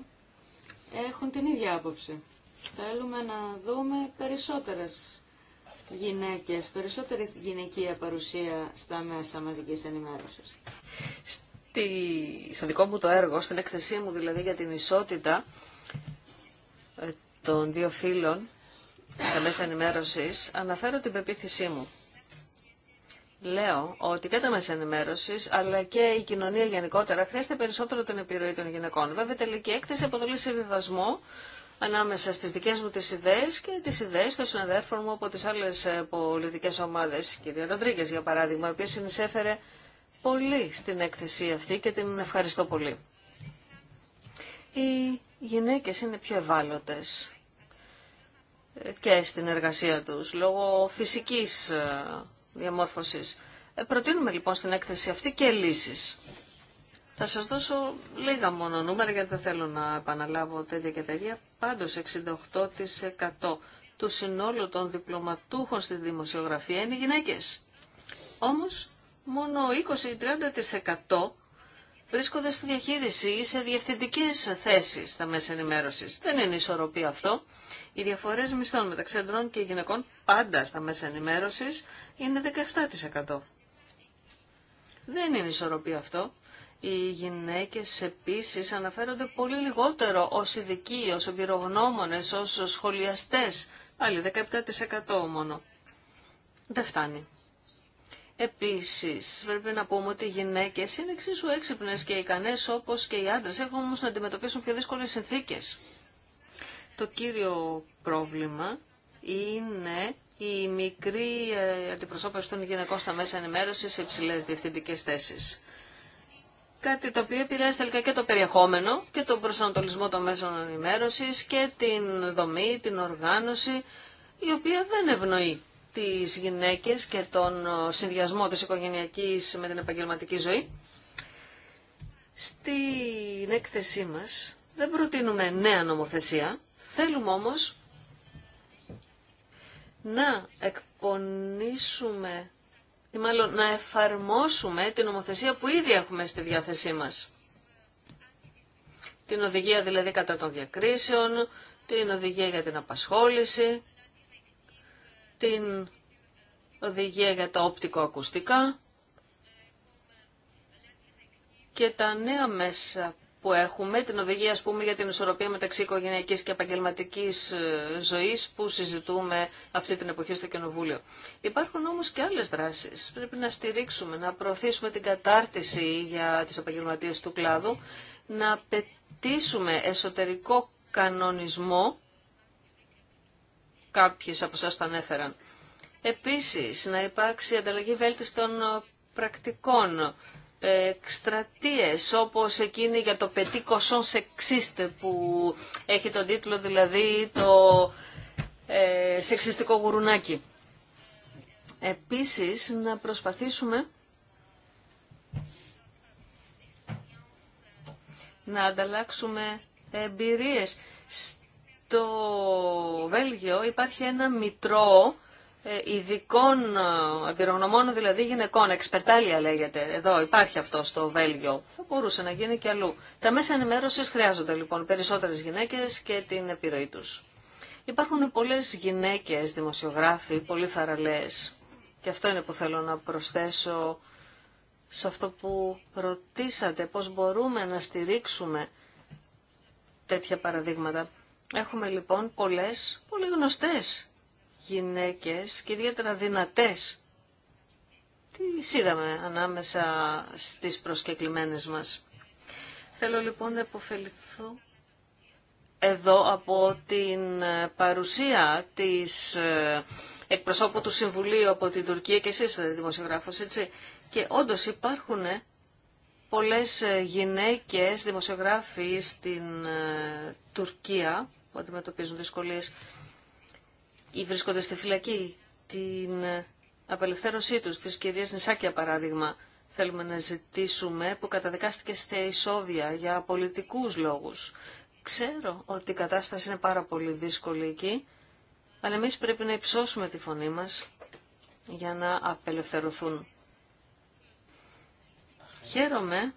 έχουν την ίδια άποψη. Θέλουμε να δούμε περισσότερες γυναίκες, περισσότερη γυναικεία παρουσία στα μέσα μαζικής ενημέρωσης. Στη... Στο δικό μου το έργο, στην εκθεσία μου δηλαδή για την ισότητα, των δύο φίλων στα μέσα ενημέρωση, αναφέρω την πεποίθησή μου. Λέω ότι και τα μέσα ενημέρωση αλλά και η κοινωνία γενικότερα χρειάζεται περισσότερο την επιρροή των γυναικών. Βέβαια, τελική έκθεση αποτελεί συμβιβασμό ανάμεσα στι δικέ μου τι ιδέε και τι ιδέε των συναδέρφων μου από τι άλλε πολιτικέ ομάδε. Κυρία Ροντρίγκε, για παράδειγμα, η οποία συνεισέφερε πολύ στην έκθεση αυτή και την ευχαριστώ πολύ. Οι γυναίκε είναι πιο ευάλωτε και στην εργασία τους λόγω φυσικής ε, διαμόρφωσης. Ε, προτείνουμε λοιπόν στην έκθεση αυτή και λύσεις. Θα σας δώσω λίγα μόνο νούμερα γιατί δεν θέλω να επαναλάβω τέτοια και τέτοια. Πάντως 68% του συνόλου των διπλωματούχων στη δημοσιογραφία είναι γυναίκες. Όμως μόνο 20-30% βρίσκονται στη διαχείριση ή σε διευθυντικέ θέσει στα μέσα ενημέρωση. Δεν είναι ισορροπή αυτό. Οι διαφορέ μισθών μεταξύ αντρών και γυναικών πάντα στα μέσα ενημέρωση είναι 17%. Δεν είναι ισορροπή αυτό. Οι γυναίκες επίσης αναφέρονται πολύ λιγότερο ως ειδικοί, ως εμπειρογνώμονε, ω σχολιαστέ, Πάλι 17% μόνο. Δεν φτάνει. Επίσης, πρέπει να πούμε ότι οι γυναίκες είναι εξίσου έξυπνες και ικανές όπως και οι άντρες. Έχουν όμως να αντιμετωπίσουν πιο δύσκολες συνθήκες. Το κύριο πρόβλημα είναι η μικρή ε, αντιπροσώπευση των γυναικών στα μέσα ενημέρωση σε υψηλέ διευθυντικέ θέσει. Κάτι το οποίο επηρεάζει τελικά και το περιεχόμενο και τον προσανατολισμό των μέσων ενημέρωση και την δομή, την οργάνωση, η οποία δεν ευνοεί τις γυναίκες και τον ε, συνδυασμό της οικογενειακής με την επαγγελματική ζωή. Στην έκθεσή μας δεν προτείνουμε νέα νομοθεσία, θέλουμε όμως να εκπονήσουμε ή μάλλον να εφαρμόσουμε την νομοθεσία που ήδη έχουμε στη διάθεσή μας. Την οδηγία δηλαδή κατά των διακρίσεων, την οδηγία για την απασχόληση, την οδηγία για τα οπτικοακουστικά και τα νέα μέσα που έχουμε, την οδηγία ας πούμε για την ισορροπία μεταξύ οικογενειακής και επαγγελματική ε, ζωής που συζητούμε αυτή την εποχή στο Κοινοβούλιο. Υπάρχουν όμως και άλλες δράσεις. Πρέπει να στηρίξουμε, να προωθήσουμε την κατάρτιση για τις επαγγελματίε του κλάδου, να πετύσουμε εσωτερικό κανονισμό Κάποιε από σας το ανέφεραν. Επίσης, να υπάρξει ανταλλαγή βέλτιστων πρακτικών, εκστρατείες όπως εκείνη για το πετή κοσόν σεξίστε που έχει τον τίτλο δηλαδή το ε, σεξιστικό γουρουνάκι. Επίσης να προσπαθήσουμε να ανταλλάξουμε εμπειρίες το Βέλγιο υπάρχει ένα μητρό ε, ειδικών ε, εμπειρογνωμών, δηλαδή γυναικών, εξπερτάλια λέγεται. Εδώ υπάρχει αυτό στο Βέλγιο. Θα μπορούσε να γίνει και αλλού. Τα μέσα ενημέρωση χρειάζονται λοιπόν περισσότερες γυναίκες και την επιρροή τους. Υπάρχουν πολλές γυναίκες δημοσιογράφοι, πολύ θαραλέες. Και αυτό είναι που θέλω να προσθέσω σε αυτό που ρωτήσατε, πώς μπορούμε να στηρίξουμε τέτοια παραδείγματα. Έχουμε λοιπόν πολλές πολύ γνωστές γυναίκες και ιδιαίτερα δυνατές. τι είδαμε ανάμεσα στις προσκεκλημένες μας. Θέλω λοιπόν να υποφεληθώ εδώ από την παρουσία της ε, εκπροσώπου του Συμβουλίου από την Τουρκία και εσείς είστε δημοσιογράφος, έτσι. Και όντως υπάρχουν πολλές ε, γυναίκες δημοσιογράφοι στην ε, Τουρκία που αντιμετωπίζουν δυσκολίε. ή βρίσκονται στη φυλακή. Την απελευθέρωσή τους, τη κυρία Νησάκια παράδειγμα, θέλουμε να ζητήσουμε που καταδικάστηκε στα ισόβια για πολιτικούς λόγους. Ξέρω ότι η κατάσταση είναι πάρα πολύ δύσκολη εκεί, αλλά εμεί πρέπει να υψώσουμε τη φωνή μας για να απελευθερωθούν. Χαίρομαι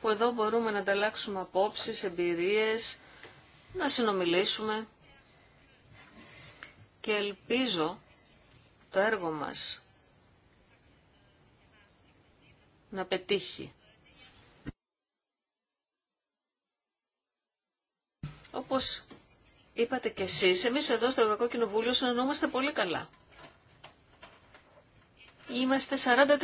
που εδώ μπορούμε να ανταλλάξουμε απόψεις, εμπειρίες, να συνομιλήσουμε και ελπίζω το έργο μας να πετύχει. Όπως είπατε κι εσείς, εμείς εδώ στο Ευρωπαϊκό Κοινοβούλιο συνεννοούμαστε πολύ καλά. Είμαστε 40%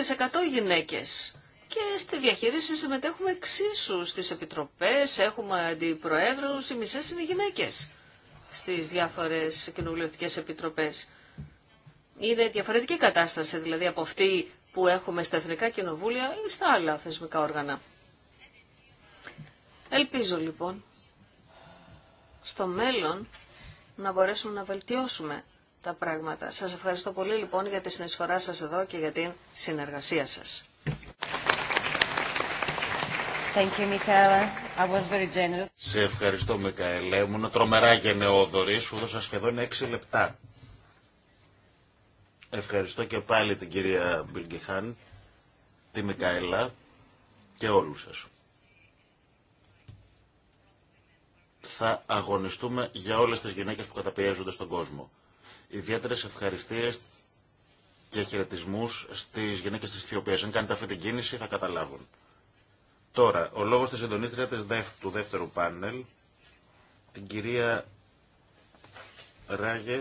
γυναίκες και στη διαχείριση συμμετέχουμε εξίσου στις επιτροπές, έχουμε αντιπροέδρους, οι μισές είναι γυναίκες στις διάφορες κοινοβουλευτικέ επιτροπές. Είναι διαφορετική κατάσταση δηλαδή από αυτή που έχουμε στα εθνικά κοινοβούλια ή στα άλλα θεσμικά όργανα. Ελπίζω λοιπόν στο μέλλον να μπορέσουμε να βελτιώσουμε τα πράγματα. Σας ευχαριστώ πολύ λοιπόν για τη συνεισφορά σας εδώ και για την συνεργασία σας. Thank you, I was very generous. Σε ευχαριστώ, Μικαέλα. Ήμουν τρομερά γενναιόδορη. Σου δώσα σχεδόν 6 λεπτά. Ευχαριστώ και πάλι την κυρία Μπιλγκεχάν, τη Μικαέλα και όλους σας. Θα αγωνιστούμε για όλες τις γυναίκες που καταπιέζονται στον κόσμο. Ιδιαίτερες ευχαριστίες και χαιρετισμού στις γυναίκες της Αιθιοπίας. Αν κάνετε αυτή την κίνηση θα καταλάβουν. Τώρα, ο λόγος της συντονίστρια του δεύτερου πάνελ, την κυρία Ράγε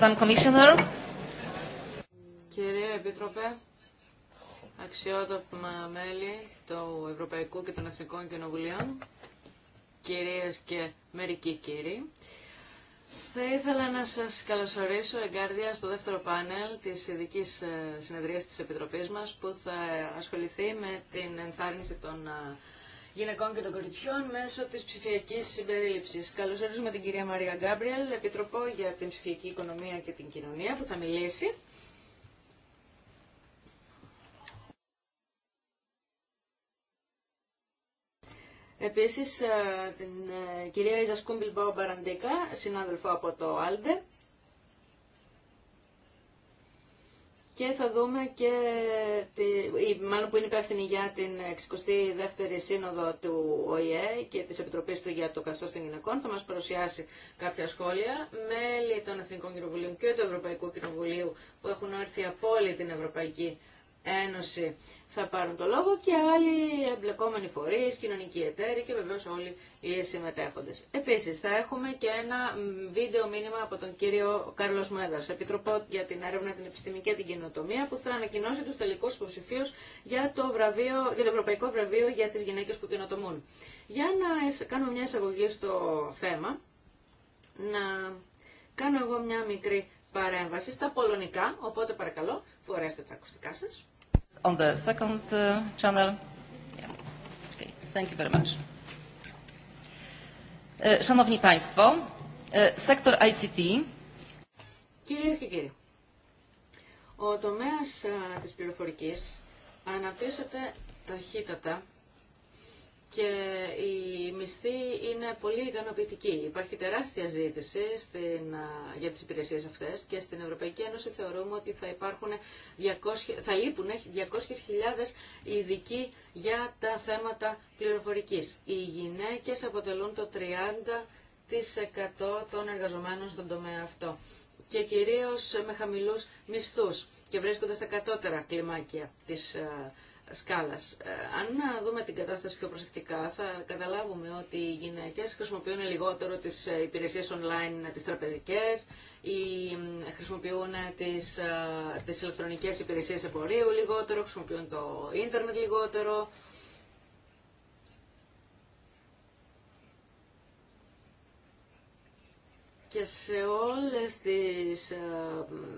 Madam Commissioner. Κύριε Επίτροπε, αξιότοπα μέλη του Ευρωπαϊκού και των Εθνικών Κοινοβουλίων, κυρίες και μερικοί κύριοι, θα ήθελα να σας καλωσορίσω εγκάρδια στο δεύτερο πάνελ της ειδική ε, συνεδρίας της Επιτροπής μας που θα ασχοληθεί με την ενθάρρυνση των ε, γυναικών και των κοριτσιών μέσω ψηφιακή συμπερίληψη. Καλώ ορίζουμε την κυρία Μαρία Γκάμπριελ, Επιτροπό για την ψηφιακή οικονομία και την κοινωνία, που θα μιλήσει. Επίση, ε, την ε, κυρία Ιζασκούμπιλ Μπαου Μπαραντίκα, συνάδελφο από το Άλντε, και θα δούμε και, τη, ή μάλλον που είναι υπεύθυνη για την 62η Σύνοδο του ΟΗΕ και της Επιτροπής του για το καστό των Γυναικών, θα μας παρουσιάσει κάποια σχόλια. Μέλη των Εθνικών Κοινοβουλίων και του Ευρωπαϊκού Κοινοβουλίου που έχουν έρθει από όλη την Ευρωπαϊκή Ένωση θα πάρουν το λόγο και άλλοι εμπλεκόμενοι φορείς, κοινωνικοί εταίροι και βεβαίως όλοι οι συμμετέχοντες. Επίσης θα έχουμε και ένα βίντεο μήνυμα από τον κύριο Κάρλος Μέδας, Επιτροπό για την Έρευνα, την Επιστημική και την Κοινοτομία, που θα ανακοινώσει τους τελικούς υποψηφίου για, το για το Ευρωπαϊκό Βραβείο για τις Γυναίκες που Κοινοτομούν. Για να κάνουμε μια εισαγωγή στο θέμα, να κάνω εγώ μια μικρή παρέμβαση στα πολωνικά, οπότε παρακαλώ φορέστε τα ακουστικά σας on the second channel. Okay. Thank you very much. Szanowni Państwo, sektor ICT. Κυρίε και κύριοι, ο τομέας της πληροφορικής αναπτύσσεται ταχύτατα και η μισθή είναι πολύ ικανοποιητική. Υπάρχει τεράστια ζήτηση για τις υπηρεσίες αυτές και στην Ευρωπαϊκή Ένωση θεωρούμε ότι θα, υπάρχουν 200, θα λείπουν 200.000 ειδικοί για τα θέματα πληροφορικής. Οι γυναίκες αποτελούν το 30% των εργαζομένων στον τομέα αυτό και κυρίως με χαμηλούς μισθούς και βρίσκονται στα κατώτερα κλιμάκια της σκάλας. Ε, αν δούμε την κατάσταση πιο προσεκτικά, θα καταλάβουμε ότι οι γυναίκες χρησιμοποιούν λιγότερο τις ε, υπηρεσίες online, τις τραπεζικές, ή χρησιμοποιούν τις, ε, τις ηλεκτρονικές υπηρεσίες εμπορίου λιγότερο, χρησιμοποιούν το ίντερνετ λιγότερο, και σε όλες τις ε,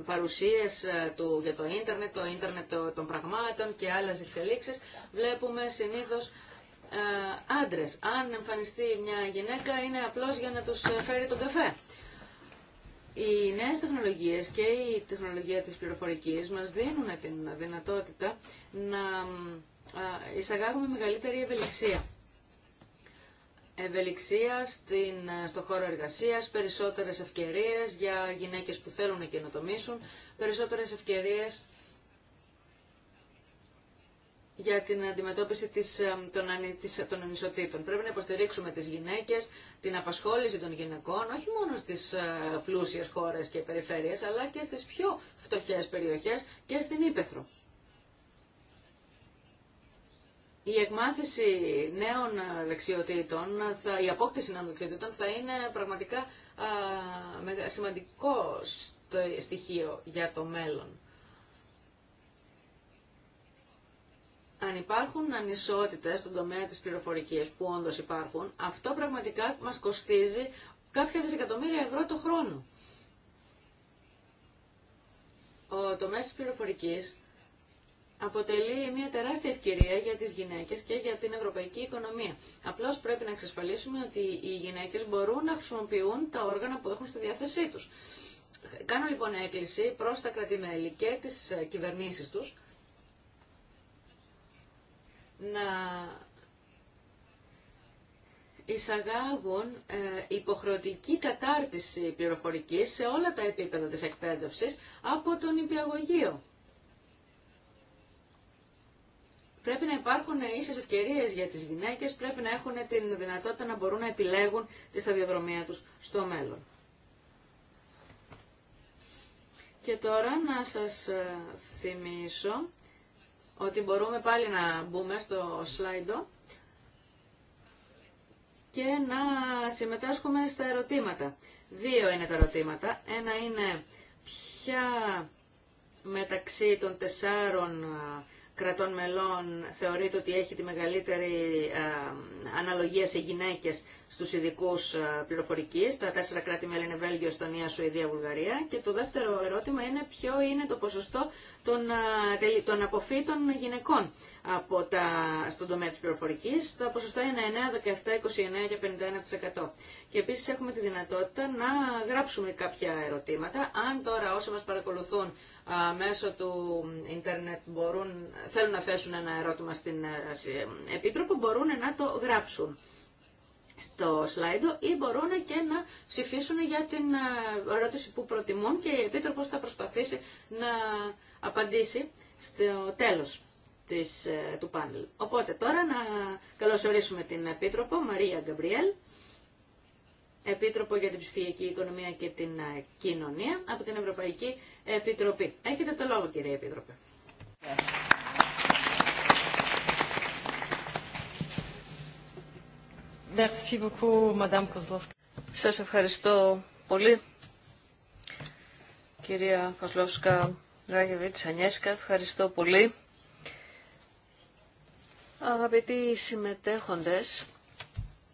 παρουσίες ε, του για το ίντερνετ, το ίντερνετ των πραγμάτων και άλλες εξελίξεις βλέπουμε συνήθως ε, άντρες. Αν εμφανιστεί μια γυναίκα είναι απλώς για να τους φέρει τον καφέ. Οι νέες τεχνολογίες και η τεχνολογία της πληροφορικής μας δίνουν την δυνατότητα να εισαγάγουμε μεγαλύτερη ευελιξία ευελιξία στην, ε, στο χώρο εργασίας, περισσότερες ευκαιρίε για γυναίκες που θέλουν να καινοτομήσουν, περισσότερες ευκαιρίε για την αντιμετώπιση της, ε, ε, των, ανισοτήτων. Πρέπει να υποστηρίξουμε τις γυναίκες, την απασχόληση των γυναικών, όχι μόνο στις πλούσιες χώρες και περιφέρειες, αλλά και στις πιο φτωχές περιοχές και στην Ήπεθρο η εκμάθηση νέων ε, δεξιοτήτων, ε, θα, η απόκτηση νέων δεξιοτήτων θα είναι πραγματικά α, σημαντικό στοιχείο για το μέλλον. Αν υπάρχουν ανισότητες στον τομέα της πληροφορικής που όντως υπάρχουν, αυτό πραγματικά μας κοστίζει κάποια δισεκατομμύρια ευρώ το χρόνο. Ο τομέας της πληροφορικής αποτελεί μια τεράστια ευκαιρία για τις γυναίκες και για την ευρωπαϊκή οικονομία. Απλώς πρέπει να εξασφαλίσουμε ότι οι γυναίκες μπορούν να χρησιμοποιούν τα όργανα που έχουν στη διάθεσή τους. Κάνω λοιπόν έκκληση προς τα κρατημέλη και τις κυβερνήσεις τους να εισαγάγουν ε, υποχρεωτική κατάρτιση πληροφορικής σε όλα τα επίπεδα της εκπαίδευσης από τον υπηαγωγείο. Πρέπει να υπάρχουν ίσες ευκαιρίες για τις γυναίκες, πρέπει να έχουν την δυνατότητα να μπορούν να επιλέγουν τη σταδιοδρομία τους στο μέλλον. Και τώρα να σας ε, θυμίσω ότι μπορούμε πάλι να μπούμε στο σλάιντο και να συμμετάσχουμε στα ερωτήματα. Δύο είναι τα ερωτήματα. Ένα είναι ποια μεταξύ των τεσσάρων ε, κρατών μελών θεωρείται ότι έχει τη μεγαλύτερη ε, αναλογία σε γυναίκες στους ειδικού ε, πληροφορικής. Τα τέσσερα κράτη-μέλη είναι Βέλγιο, Εστονία, Σουηδία, Βουλγαρία. Και το δεύτερο ερώτημα είναι ποιο είναι το ποσοστό των, ε, των αποφύτων γυναικών από τα, στον τομέα της πληροφορικής. Τα ποσοστά είναι 9, 17, 29 και 51%. Και επίσης έχουμε τη δυνατότητα να γράψουμε κάποια ερωτήματα. Αν τώρα όσοι μας παρακολουθούν μέσω του ίντερνετ μπορούν, θέλουν να θέσουν ένα ερώτημα στην ε, ε, Επίτροπο, μπορούν να το γράψουν στο σλάιντο ή μπορούν και να ψηφίσουν για την ε, ερώτηση που προτιμούν και η Επίτροπος θα προσπαθήσει να απαντήσει στο τέλος της, του πάνελ. Οπότε τώρα να καλωσορίσουμε την Επίτροπο Μαρία Γκαμπριέλ. Επίτροπο για την Ψηφιακή Οικονομία και την ε, Κοινωνία από την Ευρωπαϊκή Επιτροπή. Έχετε το λόγο κύριε Επίτροπε. Σας ευχαριστώ πολύ κυρία Κοσλόφσκα Ράγεβιτς Ανιέσκα. Ευχαριστώ πολύ. Αγαπητοί συμμετέχοντες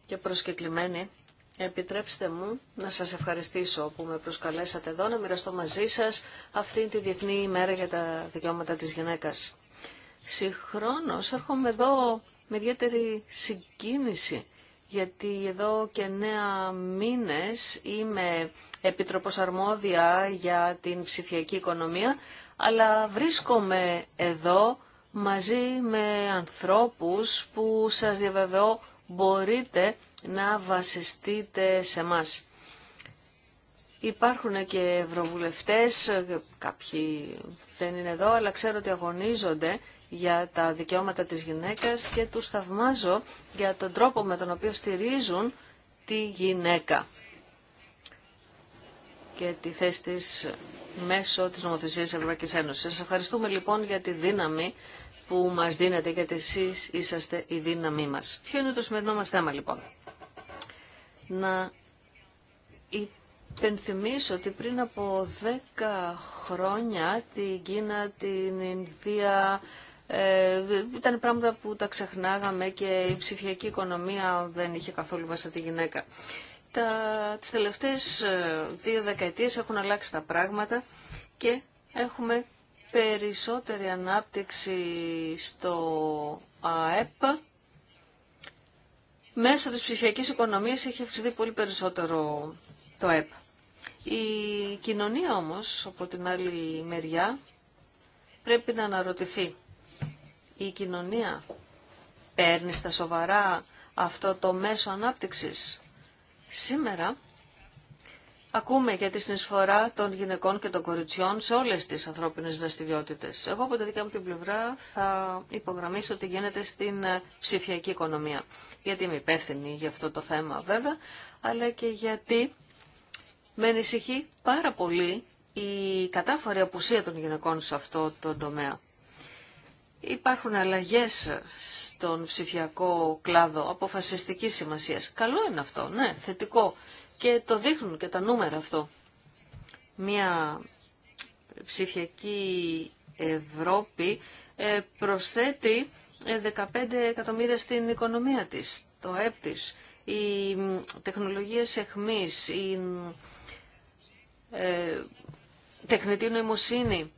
και προσκεκλημένοι, Επιτρέψτε μου να σας ευχαριστήσω που με προσκαλέσατε εδώ να μοιραστώ μαζί σας αυτή τη Διεθνή ημέρα για τα δικαιώματα της γυναίκας. Συγχρόνως έρχομαι εδώ με ιδιαίτερη συγκίνηση γιατί εδώ και νέα μήνες είμαι Επιτροπός Αρμόδια για την ψηφιακή οικονομία, αλλά βρίσκομαι εδώ μαζί με ανθρώπους που σας διαβεβαιώ μπορείτε να βασιστείτε σε εμά. Υπάρχουν και ευρωβουλευτές, κάποιοι δεν είναι εδώ, αλλά ξέρω ότι αγωνίζονται για τα δικαιώματα της γυναίκας και τους θαυμάζω για τον τρόπο με τον οποίο στηρίζουν τη γυναίκα και τη θέση της μέσω της νομοθεσίας της Ευρωπαϊκής Ένωσης. Σας ευχαριστούμε λοιπόν για τη δύναμη που μας δίνετε γιατί εσείς είσαστε η δύναμή μας. Ποιο είναι το σημερινό μας θέμα λοιπόν να υπενθυμίσω ότι πριν από δέκα χρόνια την Κίνα, την Ινδία, ε, ήταν πράγματα που τα ξεχνάγαμε και η ψηφιακή οικονομία δεν είχε καθόλου μέσα τη γυναίκα. Τα, τις τελευταίες ε, δύο δεκαετίες έχουν αλλάξει τα πράγματα και έχουμε περισσότερη ανάπτυξη στο ΑΕΠ μέσω της ψηφιακής οικονομίας έχει αυξηθεί πολύ περισσότερο το ΕΠ. Η κοινωνία όμως, από την άλλη μεριά, πρέπει να αναρωτηθεί. Η κοινωνία παίρνει στα σοβαρά αυτό το μέσο ανάπτυξης. Σήμερα ακούμε για τη συνεισφορά των γυναικών και των κοριτσιών σε όλες τις ανθρώπινες δραστηριότητες. Εγώ από τη δικιά μου την πλευρά θα υπογραμμίσω ότι γίνεται στην ε, ψηφιακή οικονομία. Γιατί είμαι υπεύθυνη για αυτό το θέμα βέβαια, αλλά και γιατί με ανησυχεί πάρα πολύ η κατάφορη απουσία των γυναικών σε αυτό το τομέα. Υπάρχουν αλλαγές στον ψηφιακό κλάδο αποφασιστικής σημασίας. Καλό είναι αυτό, ναι, θετικό και το δείχνουν και τα νούμερα αυτό. Μια ψηφιακή Ευρώπη ε, προσθέτει 15 ε, εκατομμύρια στην οικονομία της, το ΕΠ οι τεχνολογίες εχμής, η ε, τεχνητή νοημοσύνη.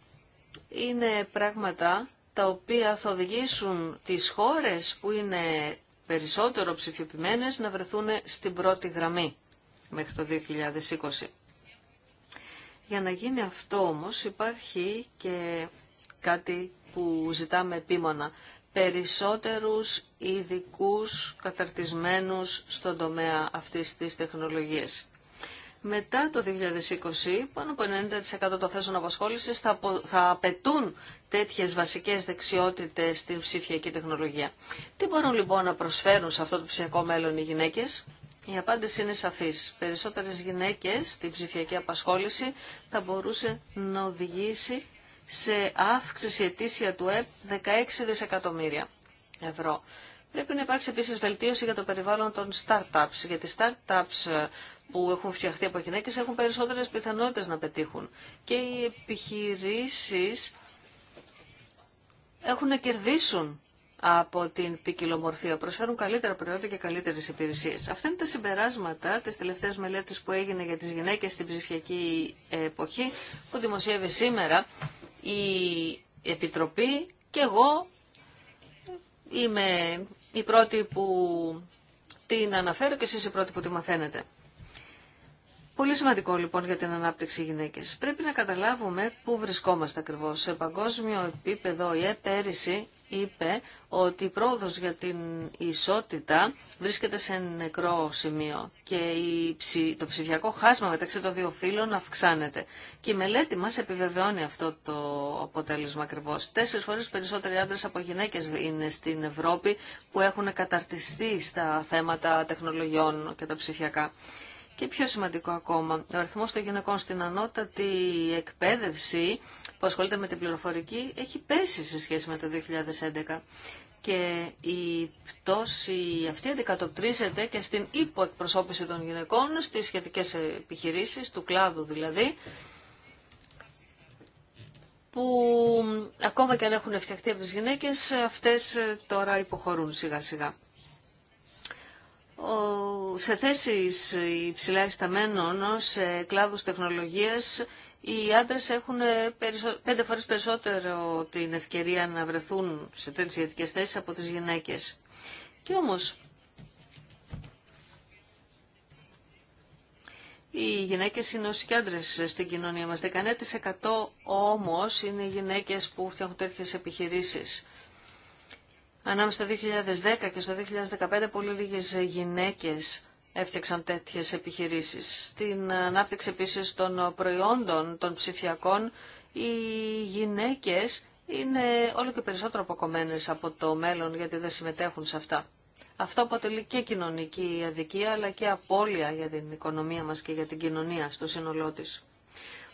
Είναι πράγματα τα οποία θα οδηγήσουν τις χώρες που είναι περισσότερο ψηφιοποιημένες να βρεθούν στην πρώτη γραμμή μέχρι το 2020. Για να γίνει αυτό όμως υπάρχει και κάτι που ζητάμε επίμονα. Περισσότερους ειδικού καταρτισμένους στον τομέα αυτής της τεχνολογίας. Μετά το 2020, πάνω από 90% των θέσεων απασχόλησης θα, θα απαιτούν τέτοιες βασικές δεξιότητες στην ψηφιακή τεχνολογία. Τι μπορούν λοιπόν να προσφέρουν σε αυτό το ψηφιακό μέλλον οι γυναίκε. Η απάντηση είναι σαφής. Περισσότερες γυναίκες στην ψηφιακή απασχόληση θα μπορούσε να οδηγήσει σε αύξηση ετήσια του ΕΠ 16 δισεκατομμύρια ευρώ. Πρέπει να υπάρξει επίσης βελτίωση για το περιβάλλον των startups, γιατί startups ε, που έχουν φτιαχτεί από γυναίκες έχουν περισσότερες πιθανότητες να πετύχουν. Και οι επιχειρήσεις έχουν να κερδίσουν από την ποικιλομορφία. Προσφέρουν καλύτερα προϊόντα και καλύτερες υπηρεσίε. Αυτά είναι τα συμπεράσματα της τελευταίας μελέτης που έγινε για τις γυναίκες στην ψηφιακή εποχή που δημοσιεύει σήμερα η Επιτροπή και εγώ είμαι η πρώτη που την αναφέρω και εσείς οι πρώτοι που τη μαθαίνετε. Πολύ σημαντικό λοιπόν για την ανάπτυξη γυναίκε. Πρέπει να καταλάβουμε πού βρισκόμαστε ακριβώ. Σε παγκόσμιο επίπεδο η ΕΠ πέρυσι είπε ότι η πρόοδο για την ισότητα βρίσκεται σε νεκρό σημείο και το ψηφιακό χάσμα μεταξύ των δύο φύλων αυξάνεται. Και η μελέτη μα επιβεβαιώνει αυτό το αποτέλεσμα ακριβώ. Τέσσερις φορέ περισσότεροι άντρε από γυναίκε είναι στην Ευρώπη που έχουν καταρτιστεί στα θέματα τεχνολογιών και τα ψηφιακά. Και πιο σημαντικό ακόμα, ο αριθμό των γυναικών στην ανώτατη εκπαίδευση που ασχολείται με την πληροφορική έχει πέσει σε σχέση με το 2011. Και η πτώση αυτή αντικατοπτρίζεται και στην υποεκπροσώπηση των γυναικών στις σχετικές επιχειρήσεις, του κλάδου δηλαδή, που ακόμα και αν έχουν φτιαχτεί από τις γυναίκες, αυτές τώρα υποχωρούν σιγά σιγά σε θέσεις υψηλά ισταμένων σε κλάδους τεχνολογίας οι άντρες έχουν ε, πέντε φορές περισσότερο την ευκαιρία να βρεθούν σε τέτοιες ηγετικές θέσεις από τις γυναίκες. Και όμως οι γυναίκες είναι όσοι και άντρες στην κοινωνία μας. 19% όμως είναι οι γυναίκες που φτιάχνουν τέτοιες επιχειρήσεις. Ανάμεσα στο 2010 και στο 2015 πολύ λίγες γυναίκες έφτιαξαν τέτοιες επιχειρήσεις. Στην ανάπτυξη επίσης των προϊόντων των ψηφιακών, οι γυναίκες είναι όλο και περισσότερο αποκομμένες από το μέλλον γιατί δεν συμμετέχουν σε αυτά. Αυτό αποτελεί και κοινωνική αδικία αλλά και απώλεια για την οικονομία μας και για την κοινωνία στο σύνολό της.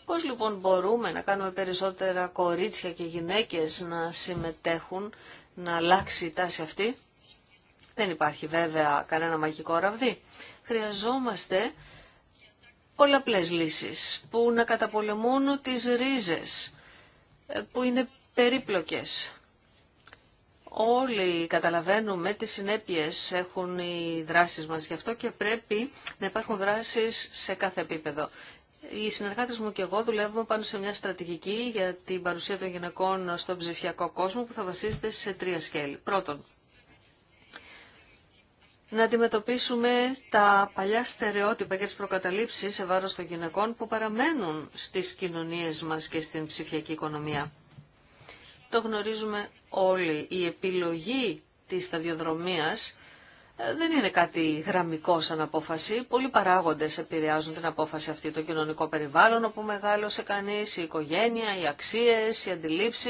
Πώς λοιπόν μπορούμε να κάνουμε περισσότερα κορίτσια και γυναίκες να συμμετέχουν να αλλάξει η τάση αυτή. Δεν υπάρχει βέβαια κανένα μαγικό ραβδί. Χρειαζόμαστε πολλαπλές λύσεις που να καταπολεμούν τις ρίζες ε, που είναι περίπλοκες. Όλοι καταλαβαίνουμε τι συνέπειες έχουν οι δράσεις μας. Γι' αυτό και πρέπει να υπάρχουν δράσεις σε κάθε επίπεδο. Οι συνεργάτε μου και εγώ δουλεύουμε πάνω σε μια στρατηγική για την παρουσία των γυναικών στον ψηφιακό κόσμο που θα βασίζεται σε τρία σκέλη. Πρώτον, να αντιμετωπίσουμε τα παλιά στερεότυπα και τις προκαταλήψεις σε βάρος των γυναικών που παραμένουν στις κοινωνίες μας και στην ψηφιακή οικονομία. Το γνωρίζουμε όλοι. Η επιλογή της σταδιοδρομίας ε, δεν είναι κάτι γραμμικό σαν απόφαση. Πολλοί παράγοντε επηρεάζουν την απόφαση αυτή. Το κοινωνικό περιβάλλον όπου μεγάλωσε κανεί, η οικογένεια, οι αξίε, οι αντιλήψει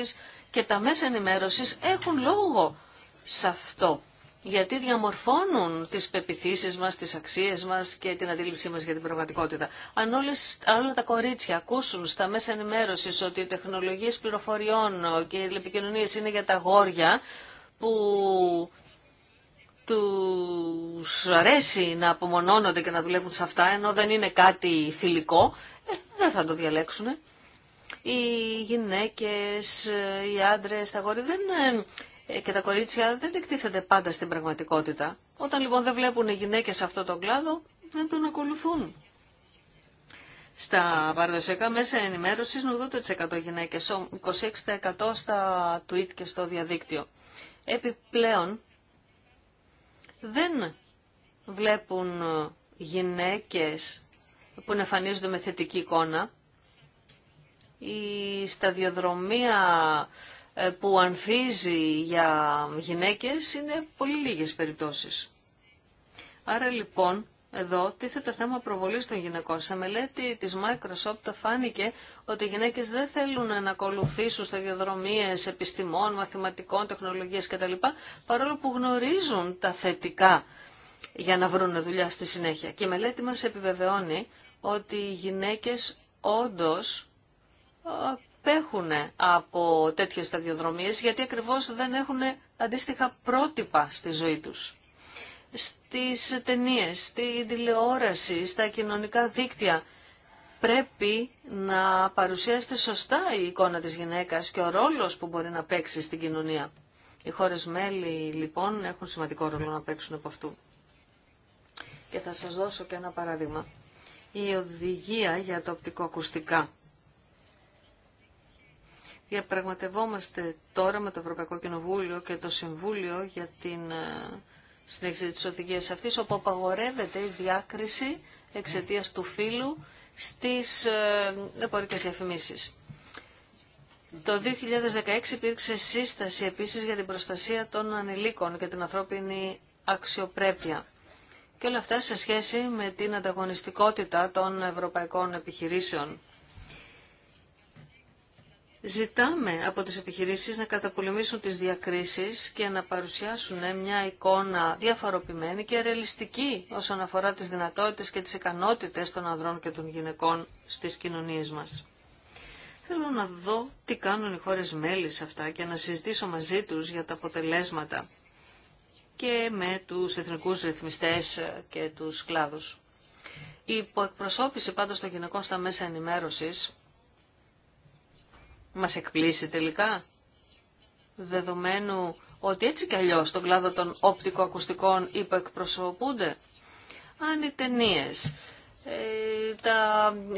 και τα μέσα ενημέρωση έχουν λόγο σε αυτό. Γιατί διαμορφώνουν τι πεπιθήσει μα, τι αξίε μα και την αντίληψή μα για την πραγματικότητα. Αν όλες, όλα τα κορίτσια ακούσουν στα μέσα ενημέρωση ότι οι τεχνολογίε πληροφοριών και οι επικοινωνίε είναι για τα γόρια, που τους αρέσει να απομονώνονται και να δουλεύουν σε αυτά, ενώ δεν είναι κάτι θηλυκό, ε, δεν θα το διαλέξουν. Οι γυναίκες, οι άντρες, τα γόρια δεν, ε, ε, και τα κορίτσια δεν εκτίθενται πάντα στην πραγματικότητα. Όταν λοιπόν δεν βλέπουν οι γυναίκες σε αυτό τον κλάδο, δεν τον ακολουθούν. Στα παραδοσιακά μέσα ενημέρωσης είναι 80% γυναίκες, 26% στα tweet και στο διαδίκτυο. Επιπλέον, δεν βλέπουν ε, γυναίκες που εμφανίζονται με θετική εικόνα. Η σταδιοδρομία ε, που ανθίζει για γυναίκες είναι πολύ λίγες περιπτώσεις. Άρα λοιπόν εδώ τίθεται θέμα προβολή των γυναικών. Σε μελέτη της Microsoft φάνηκε ότι οι γυναίκες δεν θέλουν να ακολουθήσουν σταδιοδρομίες επιστημών, μαθηματικών, τεχνολογίας κτλ. παρόλο που γνωρίζουν τα θετικά για να βρουν δουλειά στη συνέχεια. Και η μελέτη μας επιβεβαιώνει ότι οι γυναίκες όντως ε, απέχουν από τέτοιες σταδιοδρομίες γιατί ακριβώς δεν έχουν αντίστοιχα πρότυπα στη ζωή τους στις ταινίε, στη τηλεόραση, στα κοινωνικά δίκτυα. Πρέπει να παρουσιάζεται σωστά η εικόνα της γυναίκας και ο ρόλος που μπορεί να παίξει στην κοινωνία. Οι χώρες μέλη λοιπόν έχουν σημαντικό ρόλο να παίξουν από αυτού. Και θα σας δώσω και ένα παράδειγμα. Η οδηγία για το οπτικοακουστικά. Διαπραγματευόμαστε τώρα με το Ευρωπαϊκό Κοινοβούλιο και το Συμβούλιο για την ε, στην τη της οδηγίας αυτής, όπου απαγορεύεται η διάκριση εξαιτία του φύλου στις ε, εμπορικές διαφημίσεις. Το 2016 υπήρξε σύσταση επίσης για την προστασία των ανηλίκων και την ανθρώπινη αξιοπρέπεια. Και όλα αυτά σε σχέση με την ανταγωνιστικότητα των ευρωπαϊκών επιχειρήσεων Ζητάμε από τις επιχειρήσεις να καταπολεμήσουν τις διακρίσεις και να παρουσιάσουν μια εικόνα διαφοροποιημένη και ρεαλιστική όσον αφορά τις δυνατότητες και τις ικανότητες των ανδρών και των γυναικών στις κοινωνίες μας. Θέλω να δω τι κάνουν οι χώρες μέλη σε αυτά και να συζητήσω μαζί τους για τα αποτελέσματα και με τους εθνικούς ρυθμιστές και τους κλάδους. Η υποεκπροσώπηση πάντως των γυναικών στα μέσα ενημέρωσης μας εκπλήσει τελικά, δεδομένου ότι έτσι κι αλλιώς στον κλάδο των οπτικοακουστικών υποεκπροσωπούνται. Αν οι ταινίε, ε, τα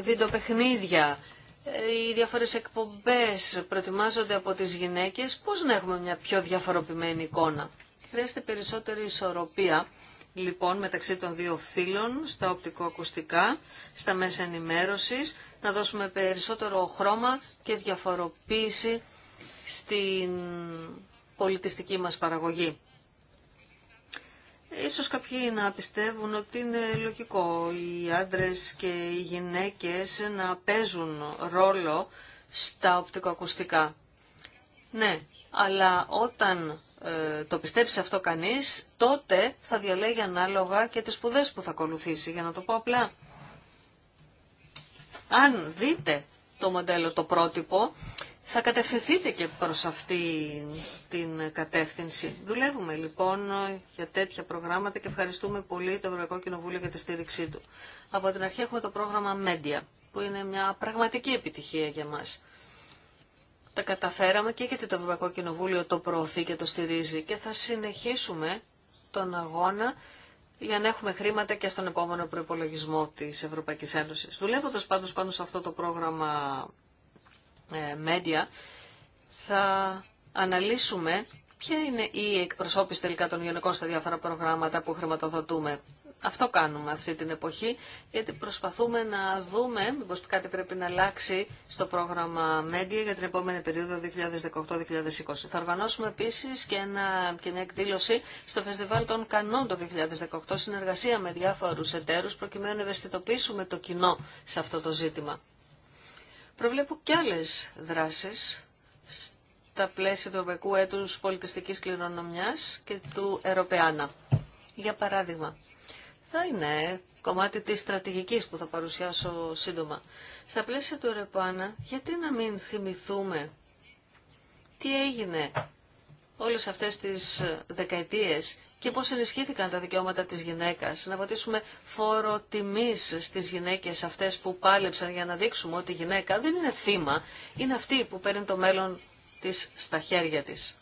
βιντεοπαιχνίδια, ε, οι διάφορες εκπομπές προετοιμάζονται από τις γυναίκες, πώς να έχουμε μια πιο διαφοροποιημένη εικόνα. Χρειάζεται περισσότερη ισορροπία λοιπόν μεταξύ των δύο φύλων στα οπτικοακουστικά, στα μέσα ενημέρωσης, να δώσουμε περισσότερο χρώμα και διαφοροποίηση στην πολιτιστική μας παραγωγή. Ίσως κάποιοι να πιστεύουν ότι είναι λογικό οι άντρες και οι γυναίκες να παίζουν ρόλο στα οπτικοακουστικά. Ναι, αλλά όταν ε, το πιστέψει αυτό κανείς, τότε θα διαλέγει ανάλογα και τις σπουδέ που θα ακολουθήσει, για να το πω απλά. Αν δείτε το μοντέλο, το πρότυπο, θα κατευθυνθείτε και προς αυτή την κατεύθυνση. Δουλεύουμε λοιπόν για τέτοια προγράμματα και ευχαριστούμε πολύ το Ευρωπαϊκό Κοινοβούλιο για τη στήριξή του. Από την αρχή έχουμε το πρόγραμμα Media, που είναι μια πραγματική επιτυχία για μας τα καταφέραμε και γιατί το Ευρωπαϊκό Κοινοβούλιο το προωθεί και το στηρίζει και θα συνεχίσουμε τον αγώνα για να έχουμε χρήματα και στον επόμενο προπολογισμό της Ευρωπαϊκής Ένωσης. Δουλεύοντας πάντως πάνω σε αυτό το πρόγραμμα ε, Media, θα αναλύσουμε ποια είναι η εκπροσώπηση τελικά των γενικών στα διάφορα προγράμματα που χρηματοδοτούμε. Αυτό κάνουμε αυτή την εποχή, γιατί προσπαθούμε να δούμε μήπως κάτι πρέπει να αλλάξει στο πρόγραμμα Media για την επόμενη περίοδο 2018-2020. Θα οργανώσουμε επίσης και, και μια εκδήλωση στο Φεστιβάλ των Κανών το 2018, συνεργασία με διάφορου εταίρους, προκειμένου να ευαισθητοποιήσουμε το κοινό σε αυτό το ζήτημα. Προβλέπω και άλλε δράσει στα πλαίσια του Ευρωπαϊκού έτου πολιτιστική κληρονομία και του Ευρωπαϊκού για παράδειγμα, θα είναι κομμάτι της στρατηγικής που θα παρουσιάσω σύντομα. Στα πλαίσια του Ρεπάνα, γιατί να μην θυμηθούμε τι έγινε όλες αυτές τις δεκαετίες και πώς ενισχύθηκαν τα δικαιώματα της γυναίκας. Να βοηθήσουμε φόρο τιμής στις γυναίκες αυτές που πάλεψαν για να δείξουμε ότι η γυναίκα δεν είναι θύμα, είναι αυτή που παίρνει το μέλλον της στα χέρια της.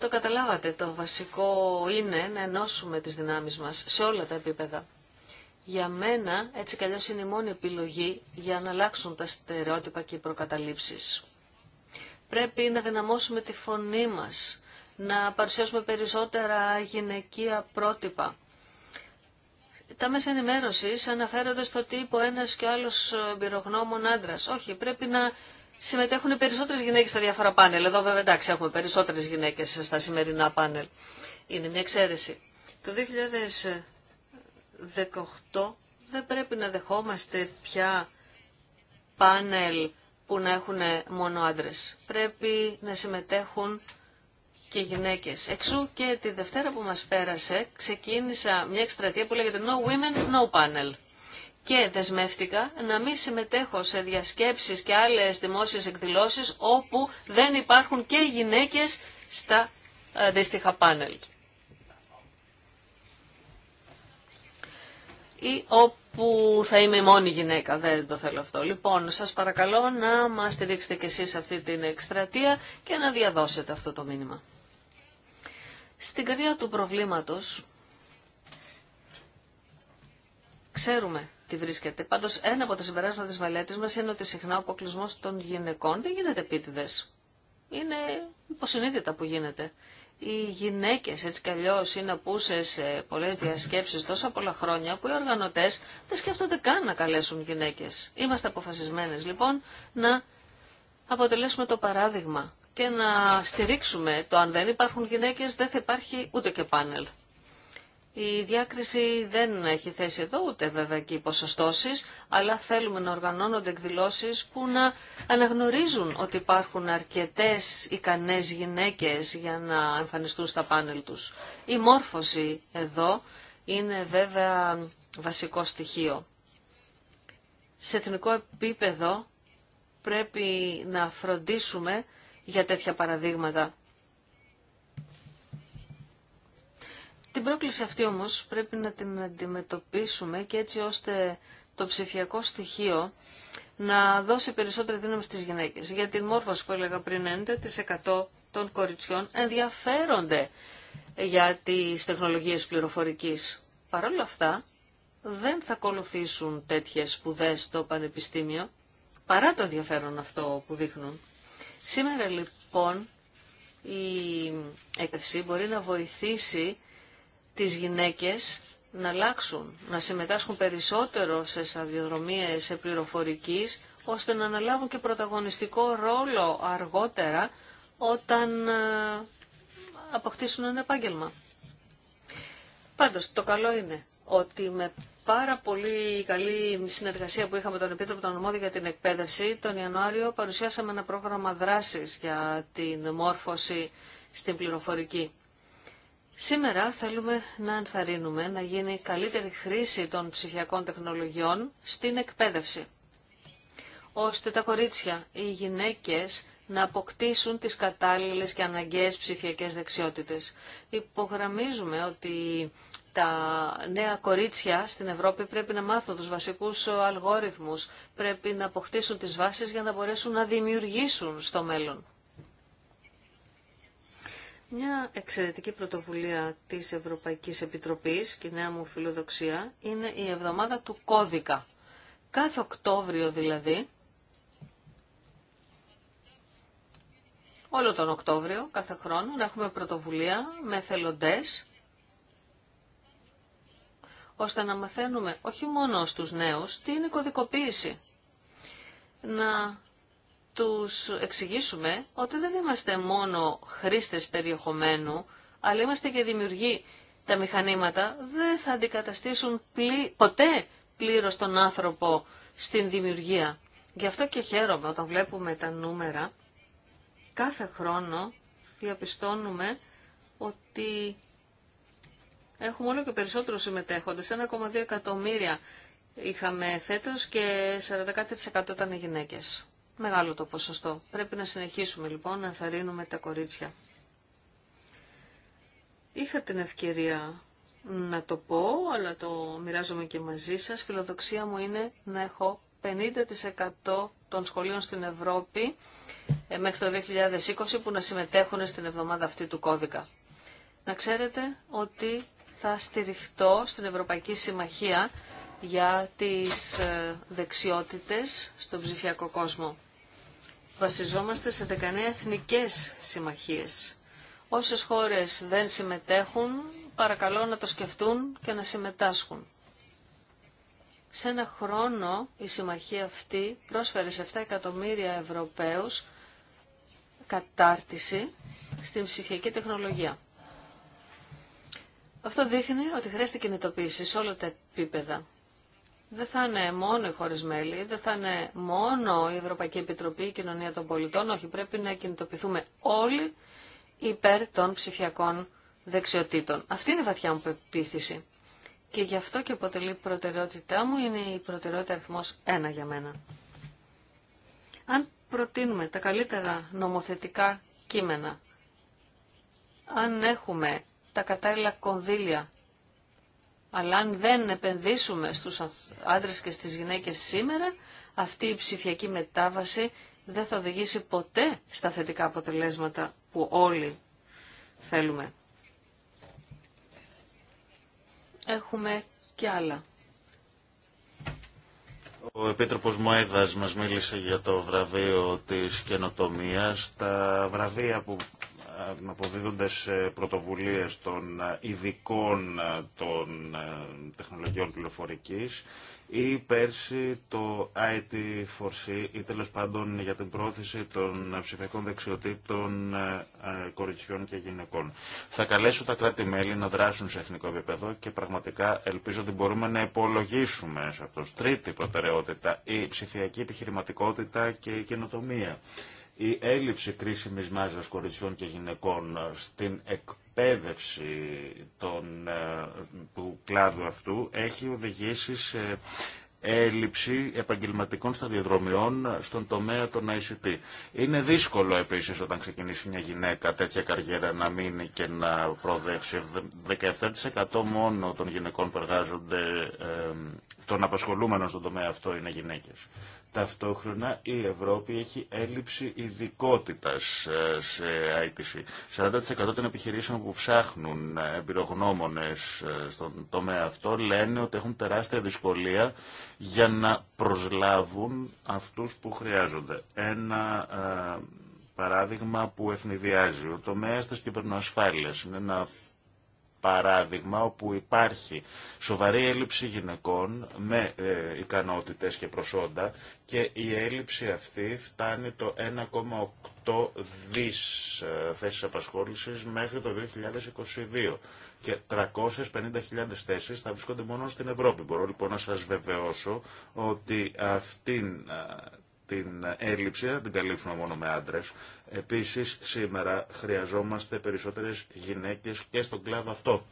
Το καταλάβατε, το βασικό είναι να ενώσουμε τις δυνάμεις μας σε όλα τα επίπεδα. Για μένα, έτσι κι αλλιώς είναι η μόνη επιλογή για να αλλάξουν τα στερεότυπα και οι προκαταλήψεις. Πρέπει να δυναμώσουμε τη φωνή μας, να παρουσιάσουμε περισσότερα γυναικεία πρότυπα. Τα μέσα ενημέρωση αναφέρονται στο τύπο ένας και άλλος πυρογνώμων άντρας. Όχι, πρέπει να συμμετέχουν περισσότερες γυναίκες στα διάφορα πάνελ. Εδώ βέβαια εντάξει έχουμε περισσότερες γυναίκες στα σημερινά πάνελ. Είναι μια εξαίρεση. Το 2018 δεν πρέπει να δεχόμαστε πια πάνελ που να έχουν μόνο άντρε. Πρέπει να συμμετέχουν και γυναίκες. Εξού και τη Δευτέρα που μας πέρασε ξεκίνησα μια εκστρατεία που λέγεται No Women, No Panel και δεσμεύτηκα να μην συμμετέχω σε διασκέψεις και άλλες δημόσιες εκδηλώσεις όπου δεν υπάρχουν και γυναίκες στα αντίστοιχα ε, πάνελ. Ή όπου θα είμαι η μόνη γυναίκα, δεν το θέλω αυτό. Λοιπόν, σας παρακαλώ να μας στηρίξετε κι εσείς αυτή την εκστρατεία και να διαδώσετε αυτό το μήνυμα. Στην καρδιά του προβλήματος, ξέρουμε τη βρίσκεται. Πάντως ένα από τα συμπεράσματα τη μελέτη μας είναι ότι συχνά ο αποκλεισμό των γυναικών δεν γίνεται επίτηδε. Είναι υποσυνείδητα που γίνεται. Οι γυναίκε έτσι κι αλλιώ είναι απούσε σε πολλέ διασκέψει τόσα πολλά χρόνια που οι οργανωτέ δεν σκέφτονται καν να καλέσουν γυναίκε. Είμαστε αποφασισμένε λοιπόν να αποτελέσουμε το παράδειγμα και να στηρίξουμε το αν δεν υπάρχουν γυναίκες δεν θα υπάρχει ούτε και πάνελ. Η διάκριση δεν έχει θέση εδώ ούτε βέβαια και οι ποσοστώσει, αλλά θέλουμε να οργανώνονται εκδηλώσει που να αναγνωρίζουν ότι υπάρχουν αρκετές ικανές γυναίκες για να εμφανιστούν στα πάνελ τους. Η μόρφωση εδώ είναι βέβαια βασικό στοιχείο. Σε εθνικό επίπεδο πρέπει να φροντίσουμε για τέτοια παραδείγματα. Την πρόκληση αυτή όμως πρέπει να την αντιμετωπίσουμε και έτσι ώστε το ψηφιακό στοιχείο να δώσει περισσότερη δύναμη στις γυναίκες. Για την μόρφωση που έλεγα πριν, 90% των κοριτσιών ενδιαφέρονται για τις τεχνολογίες πληροφορικής. Παρ' όλα αυτά, δεν θα ακολουθήσουν τέτοιες σπουδέ στο πανεπιστήμιο, παρά το ενδιαφέρον αυτό που δείχνουν. Σήμερα λοιπόν η έκθεση μπορεί να βοηθήσει τις γυναίκες να αλλάξουν, να συμμετάσχουν περισσότερο σε σαδιοδρομίες σε πληροφορικής, ώστε να αναλάβουν και πρωταγωνιστικό ρόλο αργότερα όταν ε, αποκτήσουν ένα επάγγελμα. Πάντως, το καλό είναι ότι με πάρα πολύ καλή συνεργασία που είχαμε τον Επίτροπο των Ομόδων για την εκπαίδευση, τον Ιανουάριο παρουσιάσαμε ένα πρόγραμμα δράσης για την μόρφωση στην πληροφορική. Σήμερα θέλουμε να ενθαρρύνουμε να γίνει καλύτερη χρήση των ψηφιακών τεχνολογιών στην εκπαίδευση, ώστε τα κορίτσια, οι γυναίκες, να αποκτήσουν τις κατάλληλες και αναγκαίες ψηφιακές δεξιότητες. Υπογραμμίζουμε ότι τα νέα κορίτσια στην Ευρώπη πρέπει να μάθουν τους βασικούς αλγόριθμους, πρέπει να αποκτήσουν τις βάσεις για να μπορέσουν να δημιουργήσουν στο μέλλον. Μια εξαιρετική πρωτοβουλία της Ευρωπαϊκής Επιτροπής και η νέα μου φιλοδοξία είναι η εβδομάδα του κώδικα. Κάθε Οκτώβριο δηλαδή, όλο τον Οκτώβριο, κάθε χρόνο, να έχουμε πρωτοβουλία με θελοντές, ώστε να μαθαίνουμε όχι μόνο στους νέους τι είναι κωδικοποίηση. Να τους εξηγήσουμε ότι δεν είμαστε μόνο χρήστες περιεχομένου, αλλά είμαστε και δημιουργοί. Τα μηχανήματα δεν θα αντικαταστήσουν ποτέ πλήρως τον άνθρωπο στην δημιουργία. Γι' αυτό και χαίρομαι όταν βλέπουμε τα νούμερα. Κάθε χρόνο διαπιστώνουμε ότι έχουμε όλο και περισσότερο συμμετέχοντες, 1,2 εκατομμύρια είχαμε φέτος και 40% ήταν Μεγάλο το ποσοστό. Πρέπει να συνεχίσουμε λοιπόν να ενθαρρύνουμε τα κορίτσια. Είχα την ευκαιρία να το πω, αλλά το μοιράζομαι και μαζί σας. Φιλοδοξία μου είναι να έχω 50% των σχολείων στην Ευρώπη ε, μέχρι το 2020 που να συμμετέχουν στην εβδομάδα αυτή του κώδικα. Να ξέρετε ότι θα στηριχτώ στην Ευρωπαϊκή Συμμαχία για τις ε, δεξιότητες στον ψηφιακό κόσμο βασιζόμαστε σε 19 εθνικές συμμαχίες. Όσες χώρες δεν συμμετέχουν, παρακαλώ να το σκεφτούν και να συμμετάσχουν. Σε ένα χρόνο η συμμαχία αυτή πρόσφερε σε 7 εκατομμύρια Ευρωπαίους κατάρτιση στην ψηφιακή τεχνολογία. Αυτό δείχνει ότι χρειάζεται κινητοποίηση σε όλα τα επίπεδα δεν θα είναι μόνο οι χώρε μέλη, δεν θα είναι μόνο η Ευρωπαϊκή Επιτροπή, η Κοινωνία των Πολιτών. Όχι, πρέπει να κινητοποιηθούμε όλοι υπέρ των ψηφιακών δεξιοτήτων. Αυτή είναι η βαθιά μου πεποίθηση. Και γι' αυτό και αποτελεί προτεραιότητά μου, είναι η προτεραιότητα αριθμός 1 για μένα. Αν προτείνουμε τα καλύτερα νομοθετικά κείμενα, αν έχουμε τα κατάλληλα κονδύλια αλλά αν δεν επενδύσουμε στους άντρες και στις γυναίκες σήμερα, αυτή η ψηφιακή μετάβαση δεν θα οδηγήσει ποτέ στα θετικά αποτελέσματα που όλοι θέλουμε. Έχουμε και άλλα. Ο Επίτροπος Μοέδας μας μίλησε για το βραβείο της καινοτομίας. Τα βραβεία που αποδίδονται σε πρωτοβουλίες των ειδικών ε, των ε, τεχνολογιών πληροφορικής ή πέρσι το IT4C ή τέλο πάντων για την πρόθεση των ψηφιακών δεξιοτήτων ε, κοριτσιών και γυναικών. Θα καλέσω τα κράτη-μέλη να δράσουν σε εθνικό επίπεδο και πραγματικά ελπίζω ότι μπορούμε να υπολογίσουμε σε αυτό. Τρίτη προτεραιότητα, η ψηφιακή επιχειρηματικότητα και η καινοτομία η έλλειψη κρίσιμης μάζας κοριτσιών και γυναικών στην εκπαίδευση ε, του κλάδου αυτού έχει οδηγήσει σε έλλειψη επαγγελματικών σταδιοδρομιών στον τομέα των ICT. Είναι δύσκολο επίσης όταν ξεκινήσει μια γυναίκα τέτοια καριέρα να μείνει και να προοδεύσει. 17% μόνο των γυναικών που εργάζονται, ε, των απασχολούμενων στον τομέα αυτό είναι γυναίκες. Ταυτόχρονα η Ευρώπη έχει έλλειψη ειδικότητα ε, σε ITC. 40% των επιχειρήσεων που ψάχνουν ε, εμπειρογνώμονε ε, στον τομέα αυτό λένε ότι έχουν τεράστια δυσκολία για να προσλάβουν αυτούς που χρειάζονται. Ένα παράδειγμα που ευνηδιάζει. Ο τομέα τη κυβερνοασφάλεια είναι ένα παράδειγμα όπου υπάρχει σοβαρή έλλειψη γυναικών με ε, ικανότητες και προσόντα και η έλλειψη αυτή φτάνει το 1,8 δις ε, θέσεις απασχόλησης μέχρι το 2022 και 350.000 θέσεις θα βρισκόνται μόνο στην Ευρώπη. Μπορώ λοιπόν να σας βεβαιώσω ότι αυτήν ε, την έλλειψη δεν την καλύψουμε μόνο με άντρες. Επίσης, σήμερα χρειαζόμαστε περισσότερες γυναίκες και στον κλάδο αυτό.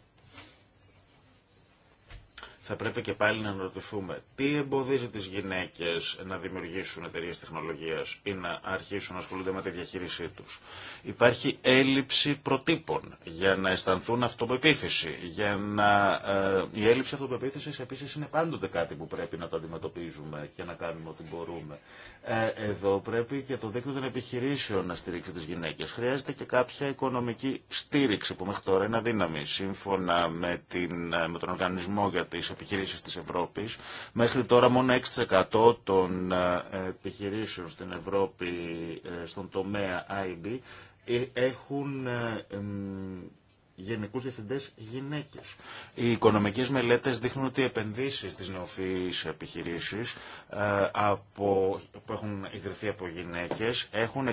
Θα πρέπει και πάλι να αναρωτηθούμε τι εμποδίζει τις γυναίκες να δημιουργήσουν εταιρείε τεχνολογίας ή να αρχίσουν να ασχολούνται με τη διαχείρισή τους. Υπάρχει έλλειψη προτύπων για να αισθανθούν αυτοπεποίθηση. Για να, ε, η έλλειψη αυτοπεποίθησης επίσης είναι πάντοτε κάτι που πρέπει να το αντιμετωπίζουμε και να κάνουμε ό,τι μπορούμε. Ε, εδώ πρέπει και το δίκτυο των επιχειρήσεων να στηρίξει τις γυναίκες. Χρειάζεται και κάποια οικονομική στήριξη που μέχρι τώρα είναι αδύναμη. Σύμφωνα με, την, ε, τον Οργανισμό για τις Επιχειρήσεις της Ευρώπης, μέχρι τώρα μόνο 6% των ε, επιχειρήσεων στην Ευρώπη στον τομέα IB έχουν γενικούς διευθυντές γυναίκες. Οι οικονομικές μελέτες δείχνουν ότι οι επενδύσεις στις νεοφυείς επιχειρήσεις ε, από, που έχουν ιδρυθεί από γυναίκες έχουν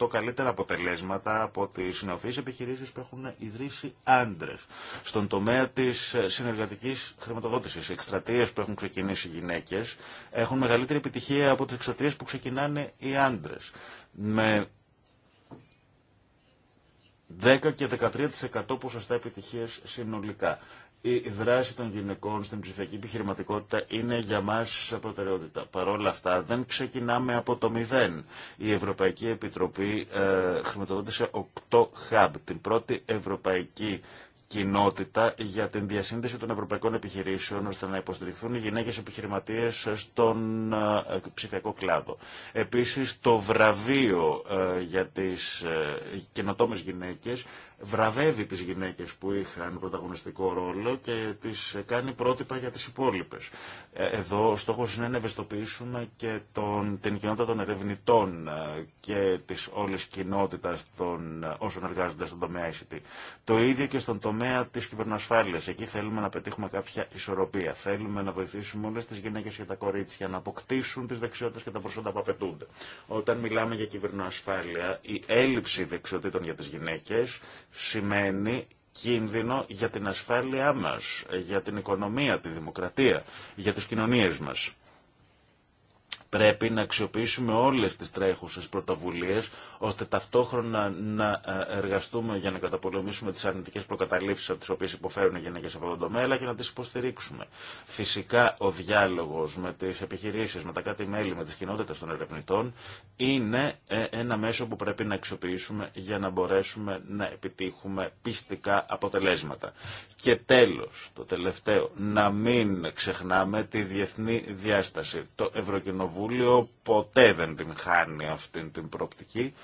63% καλύτερα αποτελέσματα από τις νεοφυείς επιχειρήσεις που έχουν ιδρύσει άντρε. Στον τομέα της συνεργατικής χρηματοδότησης, οι εκστρατείε που έχουν ξεκινήσει οι γυναίκες έχουν μεγαλύτερη επιτυχία από τις εκστρατείες που ξεκινάνε οι άντρε. Με 10 και 13% ποσοστά επιτυχίες συνολικά. Η δράση των γυναικών στην ψηφιακή επιχειρηματικότητα είναι για μα προτεραιότητα. Παρ' όλα αυτά δεν ξεκινάμε από το μηδέν. Η Ευρωπαϊκή Επιτροπή ε, χρηματοδότησε 8 hub. Την πρώτη ευρωπαϊκή κοινότητα για την διασύνδεση των ευρωπαϊκών επιχειρήσεων ώστε να υποστηριχθούν οι γυναίκες επιχειρηματίες στον ε, ψηφιακό κλάδο. Επίσης το βραβείο ε, για τις ε, καινοτόμες γυναίκες βραβεύει τις γυναίκες που είχαν πρωταγωνιστικό ρόλο και τις κάνει πρότυπα για τις υπόλοιπες. Ε, εδώ ο στόχος είναι να ευαισθητοποιήσουμε και τον, την κοινότητα των ερευνητών ε, και της όλης κοινότητας των ε, όσων εργάζονται στον τομέα ICT. Το ίδιο και στον τομέα της κυβερνοασφάλειας. Εκεί θέλουμε να πετύχουμε κάποια ισορροπία. Θέλουμε να βοηθήσουμε όλες τις γυναίκες και τα κορίτσια να αποκτήσουν τις δεξιότητες και τα προσόντα που απαιτούνται. Όταν μιλάμε για κυβερνοασφάλεια, η έλλειψη δεξιοτήτων για τις γυναίκες σημαίνει κίνδυνο για την ασφάλειά μας, για την οικονομία, τη δημοκρατία, για τις κοινωνίες μας. Πρέπει να αξιοποιήσουμε όλες τις τρέχουσες πρωτοβουλίες, ώστε ταυτόχρονα να ε, εργαστούμε για να καταπολεμήσουμε τις αρνητικές προκαταλήψεις από τις οποίες υποφέρουν οι γυναίκες από τον τομέα, αλλά και να τις υποστηρίξουμε. Φυσικά ο διάλογος με τις επιχειρήσεις, με τα κάτι μέλη, με τις κοινότητες των ερευνητών, είναι ε, ένα μέσο που πρέπει να αξιοποιήσουμε για να μπορέσουμε να επιτύχουμε πιστικά αποτελέσματα. Και τέλος, το τελευταίο, να μην ξεχνάμε τη διεθνή διάσταση. Το Κοινοβούλιο ποτέ δεν την χάνει αυτήν την προοπτική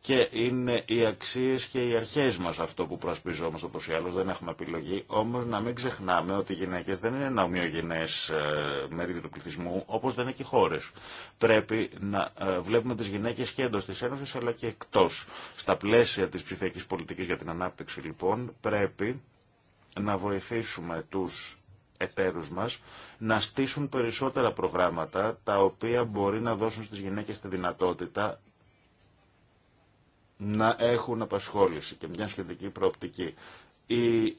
και είναι οι αξίες και οι αρχές μας αυτό που προασπιζόμαστε όπως ή άλλως, δεν έχουμε επιλογή. Όμως να μην ξεχνάμε ότι οι γυναίκες δεν είναι ένα ομοιογενές ε, μερίδιο του πληθυσμού, όπως δεν είναι και οι χώρες. Πρέπει να ε, βλέπουμε τις γυναίκες και εντός της Ένωσης αλλά και εκτός. Στα πλαίσια της ψηφιακής πολιτικής για την ανάπτυξη λοιπόν πρέπει να βοηθήσουμε τους εταίρους μας να στήσουν περισσότερα προγράμματα τα οποία μπορεί να δώσουν στις γυναίκες τη δυνατότητα να έχουν απασχόληση και μια σχετική προοπτική. Η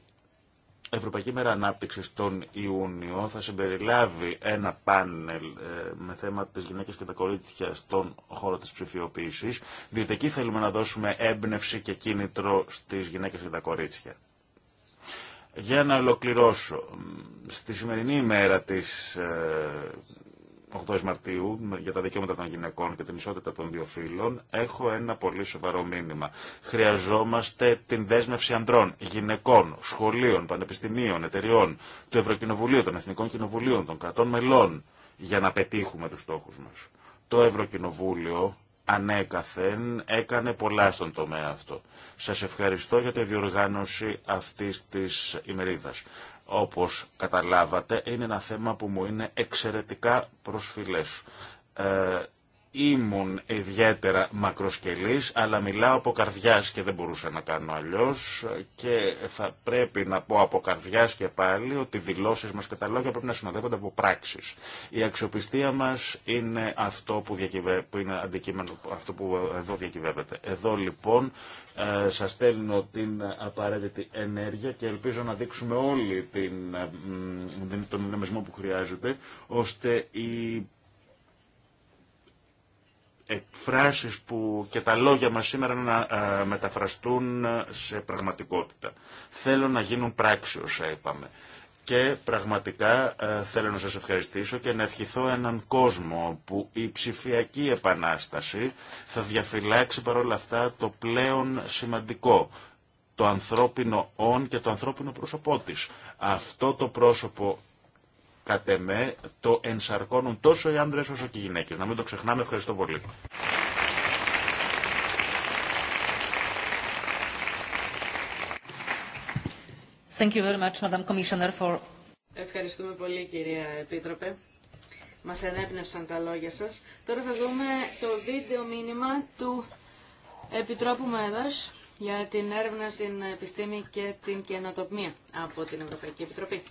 Ευρωπαϊκή Μέρα Ανάπτυξη τον Ιούνιο θα συμπεριλάβει ένα πάνελ ε, με θέμα τη γυναίκες και τα κορίτσια στον χώρο τη ψηφιοποίηση, διότι εκεί θέλουμε να δώσουμε έμπνευση και κίνητρο στι γυναίκε και τα κορίτσια. Για να ολοκληρώσω, στη σημερινή ημέρα της 8 ε, Μαρτίου για τα δικαιώματα των γυναικών και την ισότητα των δύο φύλων, έχω ένα πολύ σοβαρό μήνυμα. Χρειαζόμαστε την δέσμευση ανδρών, γυναικών, σχολείων, πανεπιστημίων, εταιριών, του Ευρωκοινοβουλίου, των Εθνικών Κοινοβουλίων, των κρατών μελών, για να πετύχουμε τους στόχους μας. Το Ευρωκοινοβούλιο ανέκαθεν ναι, έκανε πολλά στον τομέα αυτό. Σας ευχαριστώ για τη διοργάνωση αυτής της ημερίδας. Όπως καταλάβατε, είναι ένα θέμα που μου είναι εξαιρετικά προσφυλές. Ε, ήμουν ιδιαίτερα μακροσκελής, αλλά μιλάω από καρδιάς και δεν μπορούσα να κάνω αλλιώς και θα πρέπει να πω από καρδιάς και πάλι ότι δηλώσεις μας και τα λόγια πρέπει να συνοδεύονται από πράξεις. Η αξιοπιστία μας είναι αυτό που, διακυβε... αντικείμενο, αυτό που εδώ διακυβεύεται. Εδώ λοιπόν ε, σας στέλνω την απαραίτητη ενέργεια και ελπίζω να δείξουμε όλοι ε, τον δυναμισμό που χρειάζεται, ώστε η εκφράσεις που και τα λόγια μας σήμερα να ε, μεταφραστούν σε πραγματικότητα. Θέλω να γίνουν πράξη όσα είπαμε. Και πραγματικά ε, θέλω να σας ευχαριστήσω και να ευχηθώ έναν κόσμο που η ψηφιακή επανάσταση θα διαφυλάξει παρόλα αυτά το πλέον σημαντικό το ανθρώπινο «ον» και το ανθρώπινο πρόσωπό της. Αυτό το πρόσωπο κατ' εμέ, το ενσαρκώνουν τόσο οι άντρε όσο και οι γυναίκε. Να μην το ξεχνάμε. Ευχαριστώ πολύ. Thank you very much, Madam Commissioner, for... Ευχαριστούμε πολύ, κυρία Επίτροπε. Μας ενέπνευσαν τα λόγια σας. Τώρα θα δούμε το βίντεο μήνυμα του Επιτρόπου Μέδας για την έρευνα, την επιστήμη και την καινοτομία από την Ευρωπαϊκή Επιτροπή.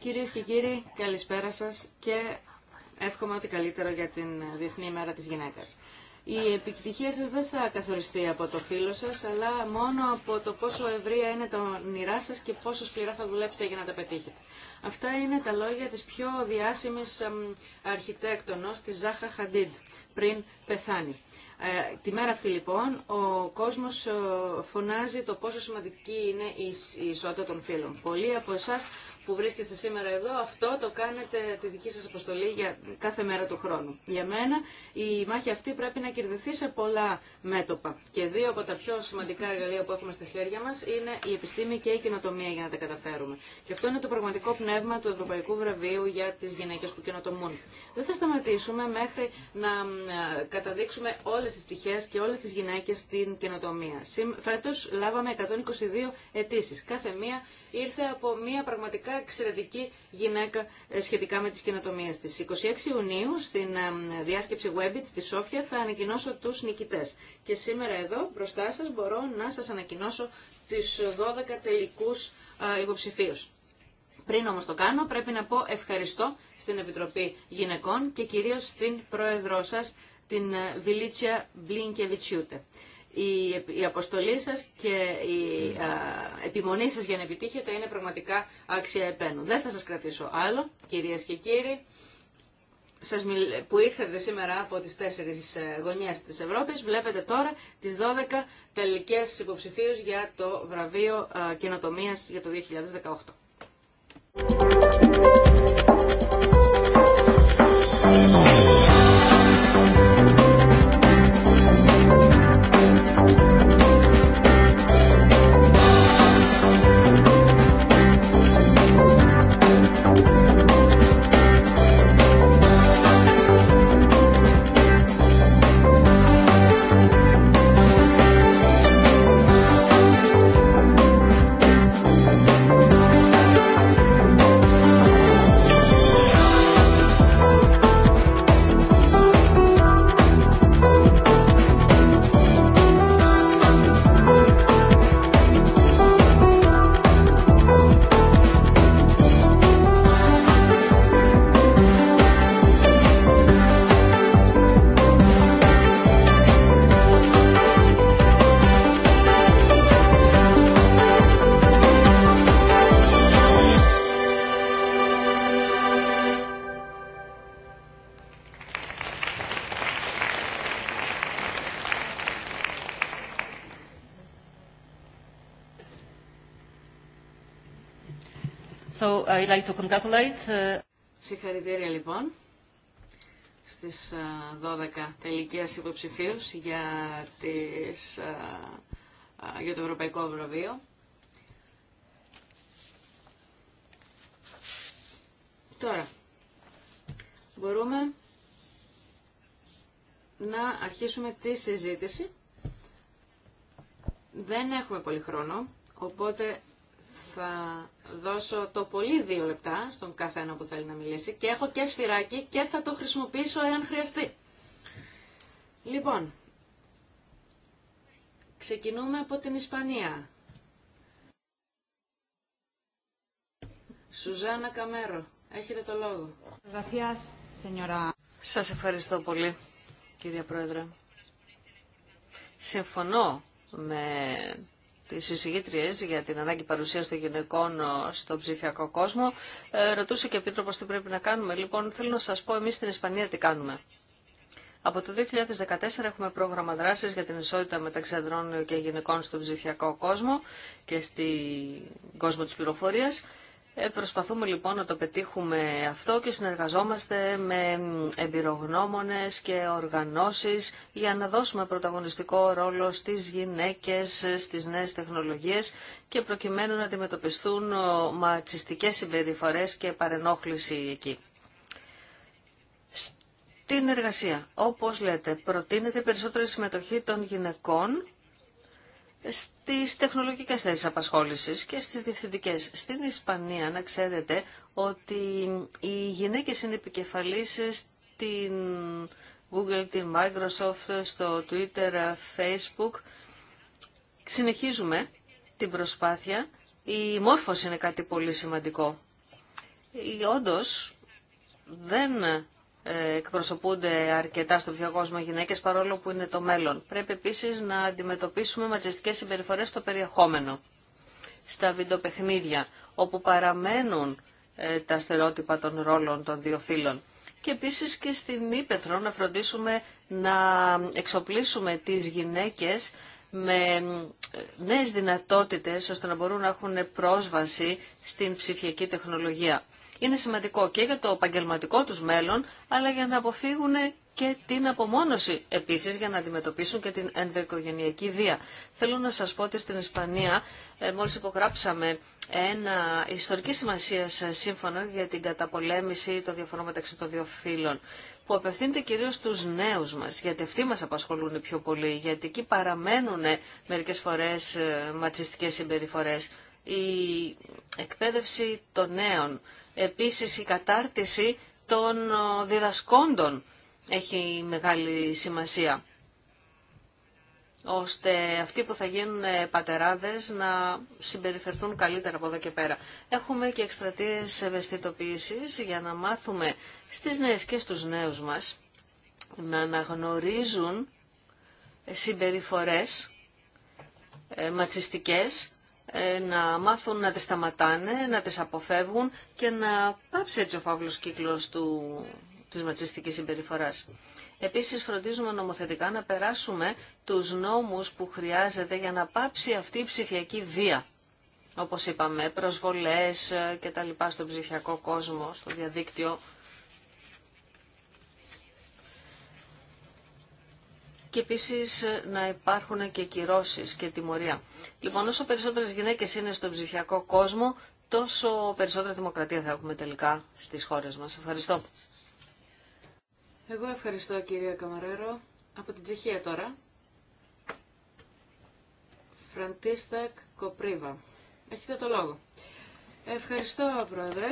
Κυρίες και κύριοι, καλησπέρα σας και εύχομαι ότι καλύτερο για την Διεθνή ημέρα της γυναίκας. Η επιτυχία σας δεν θα καθοριστεί από το φίλο σας, αλλά μόνο από το πόσο ευρεία είναι το όνειρά σας και πόσο σκληρά θα δουλέψετε για να τα πετύχετε. Αυτά είναι τα λόγια της πιο διάσημης αρχιτέκτονος, της Ζάχα Χαντίντ, πριν πεθάνει. Ε, τη μέρα αυτή λοιπόν ο κόσμος ε, φωνάζει το πόσο σημαντική είναι η ισότητα των φίλων. Πολλοί από εσάς που βρίσκεστε σήμερα εδώ, αυτό το κάνετε τη δική σας αποστολή για κάθε μέρα του χρόνου. Για μένα η μάχη αυτή πρέπει να κερδιθεί σε πολλά μέτωπα. Και δύο από τα πιο σημαντικά εργαλεία που έχουμε στα χέρια μας είναι η επιστήμη και η κοινοτομία για να τα καταφέρουμε. Και αυτό είναι το πραγματικό πνεύμα του Ευρωπαϊκού Βραβείου για τις γυναίκες που κοινοτομούν. Δεν θα σταματήσουμε μέχρι να καταδείξουμε όλες τις πτυχές και όλες τις γυναίκες στην κοινοτομία. Φέτος λάβαμε 122 αιτήσει. Κάθε μία ήρθε από μια πραγματικά εξαιρετική γυναίκα ε, σχετικά με τις καινοτομίε της. 26 Ιουνίου στην ε, διάσκεψη Webbit στη Σόφια θα ανακοινώσω τους νικητές. Και σήμερα εδώ μπροστά σας μπορώ να σας ανακοινώσω τις 12 τελικούς ε, υποψηφίους. Πριν όμως το κάνω πρέπει να πω ευχαριστώ στην Επιτροπή Γυναικών και κυρίως στην Πρόεδρό σας, την Βιλίτσια Μπλίνκεβιτσιούτε η, αποστολή σας και η επιμονή σας για να επιτύχετε είναι πραγματικά άξια επένου. Δεν θα σας κρατήσω άλλο, κυρίες και κύριοι, σας που ήρθατε σήμερα από τις τέσσερις ε, γωνιές της Ευρώπης. Βλέπετε τώρα τις 12 τελικές υποψηφίους για το βραβείο καινοτομίας για το 2018. I'd like to uh, Συγχαρητήρια λοιπόν στις 12 ε, τελικές υποψηφίους για, ε, ε, το Ευρωπαϊκό Βραβείο. Τώρα, μπορούμε να αρχίσουμε τη συζήτηση. Δεν έχουμε πολύ χρόνο, οπότε θα δώσω το πολύ δύο λεπτά στον καθένα που θέλει να μιλήσει και έχω και σφυράκι και θα το χρησιμοποιήσω εάν χρειαστεί. Λοιπόν, ξεκινούμε από την Ισπανία. Σουζάνα Καμέρο, έχετε το λόγο. Σας ευχαριστώ πολύ, κυρία Πρόεδρε. Συμφωνώ με τι εισηγήτριες για την ανάγκη παρουσίας των γυναικών ε, στον ψηφιακό κόσμο. Ε, ρωτούσε και ο Επίτροπο τι πρέπει να κάνουμε. Λοιπόν, θέλω να σας πω εμείς στην Ισπανία τι κάνουμε. Από το 2014 έχουμε πρόγραμμα δράσης για την ισότητα μεταξύ ανδρών και γυναικών στον ψηφιακό κόσμο και στην κόσμο της πληροφορίας. Ε, προσπαθούμε λοιπόν να το πετύχουμε αυτό και συνεργαζόμαστε με εμπειρογνώμονες και οργανώσεις για να δώσουμε πρωταγωνιστικό ρόλο στις γυναίκες, στις νέες τεχνολογίες και προκειμένου να αντιμετωπιστούν ματσιστικές συμπεριφορές και παρενόχληση εκεί. Στην εργασία, όπως λέτε, προτείνεται περισσότερη συμμετοχή των γυναικών στις τεχνολογικές θέσεις απασχόλησης και στις διευθυντικές. Στην Ισπανία, να ξέρετε, ότι οι γυναίκες είναι επικεφαλής στην Google, την Microsoft, στο Twitter, Facebook. Συνεχίζουμε την προσπάθεια. Η μόρφωση είναι κάτι πολύ σημαντικό. Όντως, δεν εκπροσωπούνται αρκετά στον πιο κόσμο γυναίκες παρόλο που είναι το μέλλον. Πρέπει επίση να αντιμετωπίσουμε ματζεστικές συμπεριφορέ στο περιεχόμενο, στα βιντεοπαιχνίδια, όπου παραμένουν ε, τα στερότυπα των ρόλων των δύο φύλων. Και επίση και στην ύπεθρο να φροντίσουμε να εξοπλίσουμε τι γυναίκε με ε, νέες δυνατότητες ώστε να μπορούν να έχουν πρόσβαση στην ψηφιακή τεχνολογία είναι σημαντικό και για το επαγγελματικό τους μέλλον, αλλά για να αποφύγουν και την απομόνωση επίσης για να αντιμετωπίσουν και την ενδοοικογενειακή βία. Θέλω να σας πω ότι στην Ισπανία ε, μόλις υπογράψαμε ένα ιστορική σημασία σύμφωνο για την καταπολέμηση των διαφορών μεταξύ των δύο φύλων που απευθύνεται κυρίως στους νέους μας, γιατί αυτοί μας απασχολούν πιο πολύ, γιατί εκεί παραμένουν μερικές φορές ε, ματσιστικές συμπεριφορές. Η εκπαίδευση των νέων, Επίσης η κατάρτιση των ε, διδασκόντων έχει μεγάλη σημασία ώστε αυτοί που θα γίνουν ε, πατεράδες να συμπεριφερθούν καλύτερα από εδώ και πέρα. Έχουμε και εκστρατείες ευαισθητοποίησης για να μάθουμε στις νέες και στους νέους μας να αναγνωρίζουν ε, συμπεριφορές ματσιστικές ε, να μάθουν να τις σταματάνε, να τις αποφεύγουν και να πάψει έτσι ο φαύλος κύκλος του, της ματσιστικής συμπεριφοράς. Επίσης φροντίζουμε νομοθετικά να περάσουμε τους νόμους που χρειάζεται για να πάψει αυτή η ψηφιακή βία. Όπως είπαμε, προσβολές ε, και τα λοιπά στον ψηφιακό κόσμο, στο διαδίκτυο, και επίσης ε, να υπάρχουν και κυρώσεις και τιμωρία. Λοιπόν, όσο περισσότερες γυναίκες είναι στον ψηφιακό κόσμο, τόσο περισσότερη δημοκρατία θα έχουμε τελικά στις χώρες μας. Ευχαριστώ. Εγώ ευχαριστώ κυρία Καμαρέρο. Από την Τσεχία τώρα. Φραντίστακ Κοπρίβα. Έχετε το λόγο. Ευχαριστώ, Πρόεδρε.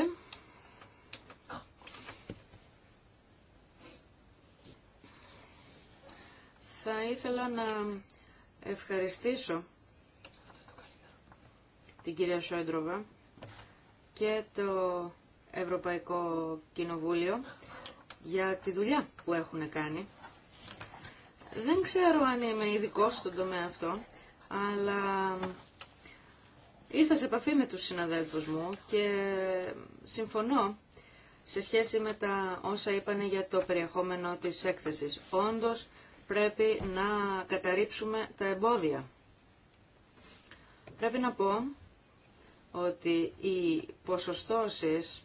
Θα ήθελα να ευχαριστήσω την κυρία Σόιντροβα και το Ευρωπαϊκό Κοινοβούλιο για τη δουλειά που έχουν κάνει. Δεν ξέρω αν είμαι ειδικό στον τομέα αυτό, αλλά ήρθα σε επαφή με τους συναδέλφους μου και συμφωνώ σε σχέση με τα όσα είπανε για το περιεχόμενο της έκθεσης. Όντως, πρέπει να καταρρύψουμε τα εμπόδια. Πρέπει να πω ότι οι ποσοστώσεις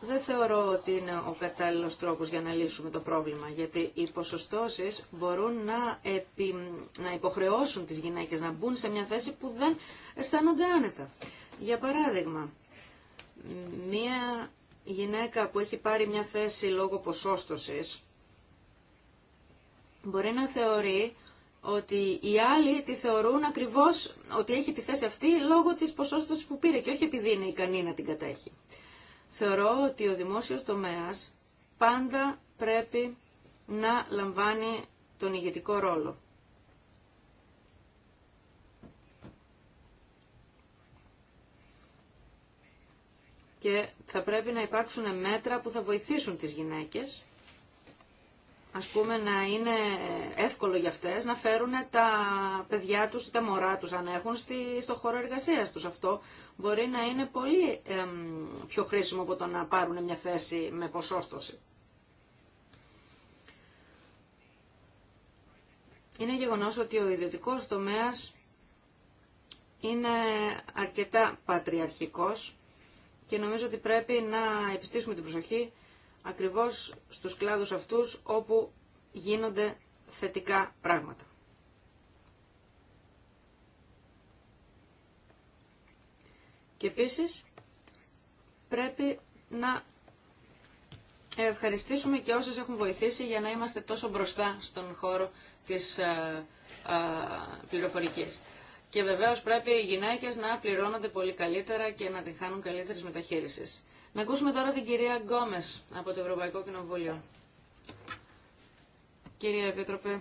δεν θεωρώ ότι είναι ο κατάλληλος τρόπος για να λύσουμε το πρόβλημα, γιατί οι ποσοστώσεις μπορούν να, επι... να υποχρεώσουν τις γυναίκες να μπουν σε μια θέση που δεν αισθάνονται άνετα. Για παράδειγμα, μια γυναίκα που έχει πάρει μια θέση λόγω ποσόστοσης, μπορεί να θεωρεί ότι οι άλλοι τη θεωρούν ακριβώς ότι έχει τη θέση αυτή λόγω της ποσότητας που πήρε και όχι επειδή είναι ικανή να την κατέχει. Θεωρώ ότι ο δημόσιος τομέας πάντα πρέπει να λαμβάνει τον ηγετικό ρόλο. Και θα πρέπει να υπάρξουν μέτρα που θα βοηθήσουν τις γυναίκες ας πούμε, να είναι εύκολο για αυτές να φέρουν τα παιδιά τους ή τα μωρά τους, αν έχουν, στη, στο χώρο εργασίας τους. Αυτό μπορεί να είναι πολύ πιο χρήσιμο από το να πάρουν μια θέση με ποσόστοση. Είναι γεγονός ότι ο ιδιωτικός τομέας είναι αρκετά πατριαρχικός και νομίζω ότι πρέπει να επιστήσουμε την προσοχή ακριβώς στους κλάδους αυτούς όπου γίνονται θετικά πράγματα. Και επίσης πρέπει να ευχαριστήσουμε και όσες έχουν βοηθήσει για να είμαστε τόσο μπροστά στον χώρο της ε, ε, πληροφορικής. Και βεβαίως πρέπει οι γυναίκες να πληρώνονται πολύ καλύτερα και να την χάνουν καλύτερης μεταχείρισης. Να ακούσουμε τώρα την κυρία Γκόμες από το Ευρωπαϊκό Κοινοβούλιο. Κυρία Επίτροπε.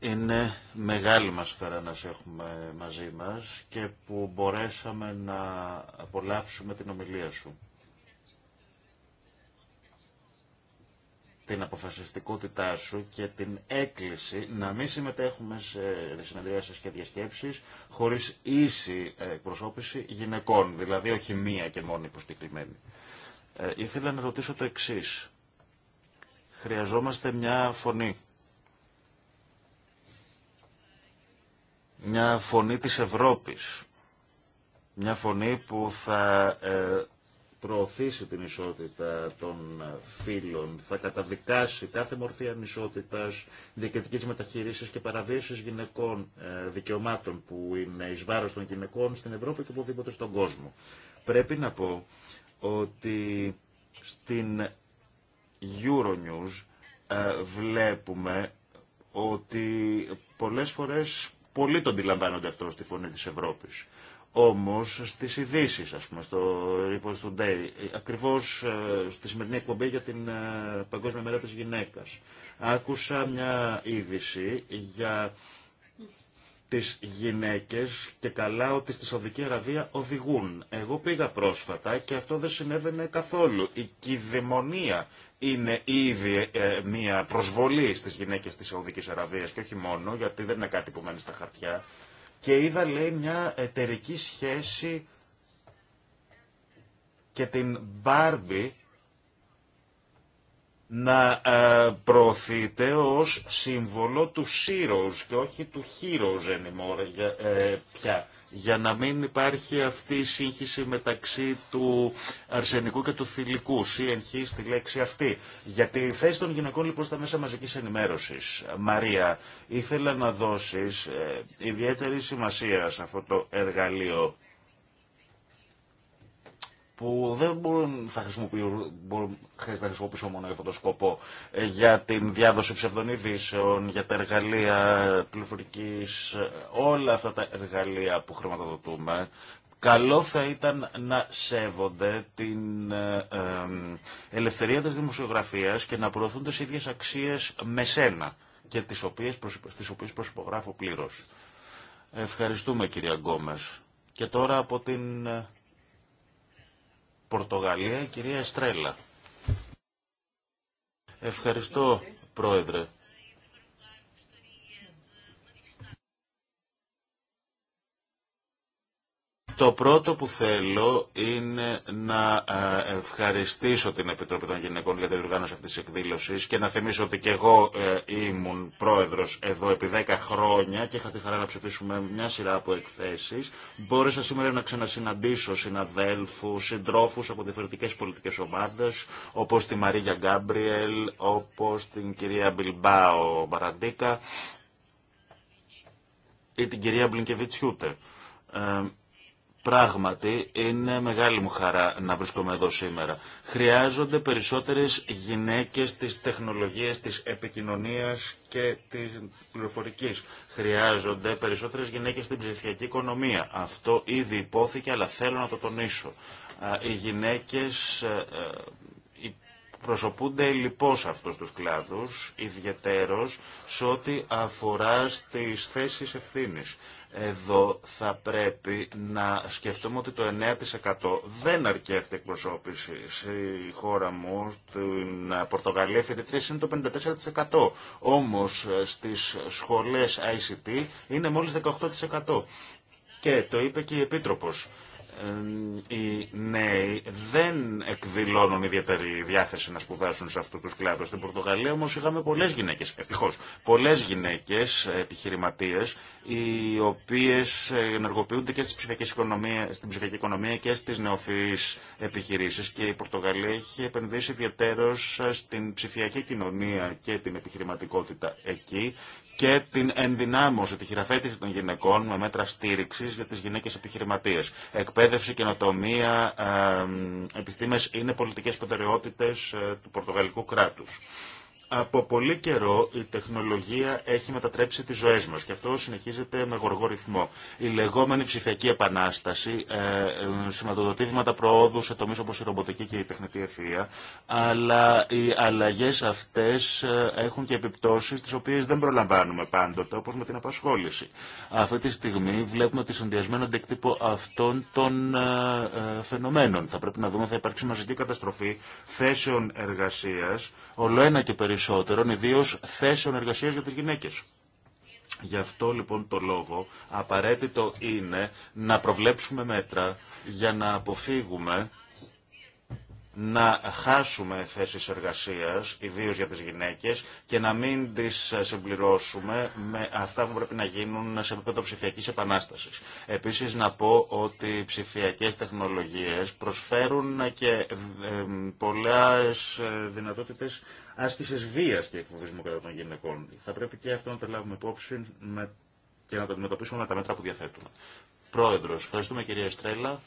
Είναι μεγάλη μας χαρά να σε έχουμε μαζί μας και που μπορέσαμε να απολαύσουμε την ομιλία σου. την αποφασιστικότητά σου και την έκκληση να μην συμμετέχουμε σε συνεδριάσεις και διασκέψεις χωρίς ίση ε, εκπροσώπηση γυναικών, δηλαδή όχι μία και μόνη προσκεκλημένη. Ε, ήθελα να ρωτήσω το εξής. Χρειαζόμαστε μια και μονη υποστηκλημενη ε ηθελα να ρωτησω το εξης χρειαζομαστε Μια φωνή της Ευρώπης. Μια φωνή που θα ε, προωθήσει την ισότητα των φύλων, θα καταδικάσει κάθε μορφή ανισότητας, διοικητικής μεταχείρισης και παραβίασης γυναικών ε, δικαιωμάτων που είναι εις βάρος των γυναικών στην Ευρώπη και οπουδήποτε στον κόσμο. Πρέπει να πω ότι στην Euronews ε, βλέπουμε ότι πολλές φορές πολλοί το αντιλαμβάνονται αυτό στη φωνή της Ευρώπης όμως στις ειδήσει, ας πούμε, στο του Today, ακριβώς ε, στη σημερινή εκπομπή για την ε, Παγκόσμια Μέρα της Γυναίκας. Άκουσα μια είδηση για τις γυναίκες και καλά ότι στη Σαουδική Αραβία οδηγούν. Εγώ πήγα πρόσφατα και αυτό δεν συνέβαινε καθόλου. Η κυδαιμονία είναι ήδη ε, μια προσβολή στις γυναίκες της Σαουδικής Αραβίας και όχι μόνο, γιατί δεν είναι κάτι που μένει στα χαρτιά. Και είδα, λέει, μια εταιρική σχέση και την Μπάρμπι να ε, προωθείται ως σύμβολο του Σύρος και όχι του Heroes anymore ε, πια για να μην υπάρχει αυτή η σύγχυση μεταξύ του αρσενικού και του θηλυκού, CNH στη λέξη αυτή. Γιατί η θέση των γυναικών λοιπόν στα μέσα μαζικής ενημέρωσης, Μαρία, ήθελα να δώσεις ε, ιδιαίτερη σημασία σε αυτό το εργαλείο που δεν μπορούν, θα να χρησιμοποιήσουμε μόνο για αυτόν τον σκοπό, ε, για την διάδοση ψευδών ειδήσεων, για τα εργαλεία πληροφορικής, ε, όλα αυτά τα εργαλεία που χρηματοδοτούμε, Καλό θα ήταν να σέβονται την ε, ελευθερία της δημοσιογραφίας και να προωθούν τις ίδιες αξίες με σένα και τις οποίες, στις οποίες προσυπογράφω πλήρως. Ευχαριστούμε κυρία Γκόμες. Και τώρα από την Πορτογαλία, η κυρία Εστρέλα. Ευχαριστώ, Πρόεδρε. Το πρώτο που θέλω είναι να ε, ευχαριστήσω την Επιτροπή των Γυναικών για την οργάνωση αυτής της εκδήλωσης και να θυμίσω ότι και εγώ ε, ήμουν πρόεδρος εδώ επί 10 χρόνια και είχα τη χαρά να ψηφίσουμε μια σειρά από εκθέσεις. Μπόρεσα σήμερα να ξανασυναντήσω συναδέλφους, συντρόφους από διαφορετικές πολιτικές ομάδες, όπως τη Μαρία Γκάμπριελ, όπως την κυρία Μπιλμπάο Μπαραντίκα ή την κυρία Μπλινκεβιτσιούτε. Ε, Πράγματι, είναι μεγάλη μου χαρά να βρίσκομαι εδώ σήμερα. Χρειάζονται περισσότερες γυναίκες της τεχνολογίας, της επικοινωνίας και της πληροφορικής. Χρειάζονται περισσότερες γυναίκες στην ψηφιακή οικονομία. Αυτό ήδη υπόθηκε, αλλά θέλω να το τονίσω. Οι γυναίκες ε, ε, προσωπούνται λοιπόν αυτούς τους κλάδους, ιδιαίτερος σε ό,τι αφορά στις θέσεις ευθύνης. Εδώ θα πρέπει να σκεφτούμε ότι το 9% δεν αρκεί αυτή η εκπροσώπηση. Στη χώρα μου, στην Πορτογαλία, η είναι το 54%. Όμως στις σχολές ICT είναι μόλις 18%. Και το είπε και η Επίτροπος. Ε, οι νέοι δεν εκδηλώνουν ιδιαίτερη διάθεση να σπουδάσουν σε αυτού του κλάδου. Στην Πορτογαλία όμω είχαμε πολλέ γυναίκε, ευτυχώ, πολλέ γυναίκε επιχειρηματίε, οι οποίε ε, ενεργοποιούνται και στην ψηφιακή οικονομία και στι νεοφυεί επιχειρήσει. Και η Πορτογαλία έχει επενδύσει ιδιαίτερω ε, στην ψηφιακή κοινωνία και την επιχειρηματικότητα εκεί και την ενδυνάμωση, τη χειραφέτηση των γυναικών με μέτρα στήριξη για τι γυναίκε επιχειρηματίε. Εκπαίδευση, καινοτομία, ε, ε, επιστήμε είναι πολιτικέ προτεραιότητε ε, του Πορτογαλικού κράτου. Από πολύ καιρό η τεχνολογία έχει μετατρέψει τις ζωές μας και αυτό συνεχίζεται με γοργό ρυθμό. Η λεγόμενη ψηφιακή επανάσταση ε, ε σηματοδοτεί βήματα προόδου σε τομείς όπως η ρομποτική και η τεχνητή ευθεία, αλλά οι αλλαγές αυτές ε, έχουν και επιπτώσεις τις οποίες δεν προλαμβάνουμε πάντοτε, όπως με την απασχόληση. Αυτή τη στιγμή βλέπουμε τη συνδυασμένη αντικτύπο αυτών των ε, φαινομένων. Θα πρέπει να δούμε, θα υπάρξει μαζική καταστροφή θέσεων εργασίας, ένα και περισσότερων, ιδίω θέσεων εργασία για τις γυναίκες. Γι' αυτό λοιπόν το λόγο απαραίτητο είναι να προβλέψουμε μέτρα για να αποφύγουμε να χάσουμε θέσεις εργασίας, ιδίως για τις γυναίκες, και να μην τις συμπληρώσουμε με αυτά που πρέπει να γίνουν σε επίπεδο ψηφιακής επανάστασης. Επίσης να πω ότι οι ψηφιακές τεχνολογίες προσφέρουν και πολλές ε, δυνατότητες άσκησης βίας και εκφοβισμού κατά των γυναικών. Θα πρέπει και αυτό να το λάβουμε υπόψη και να το αντιμετωπίσουμε με τα μέτρα που διαθέτουμε. Πρόεδρος, ευχαριστούμε κυρία Στρέλα.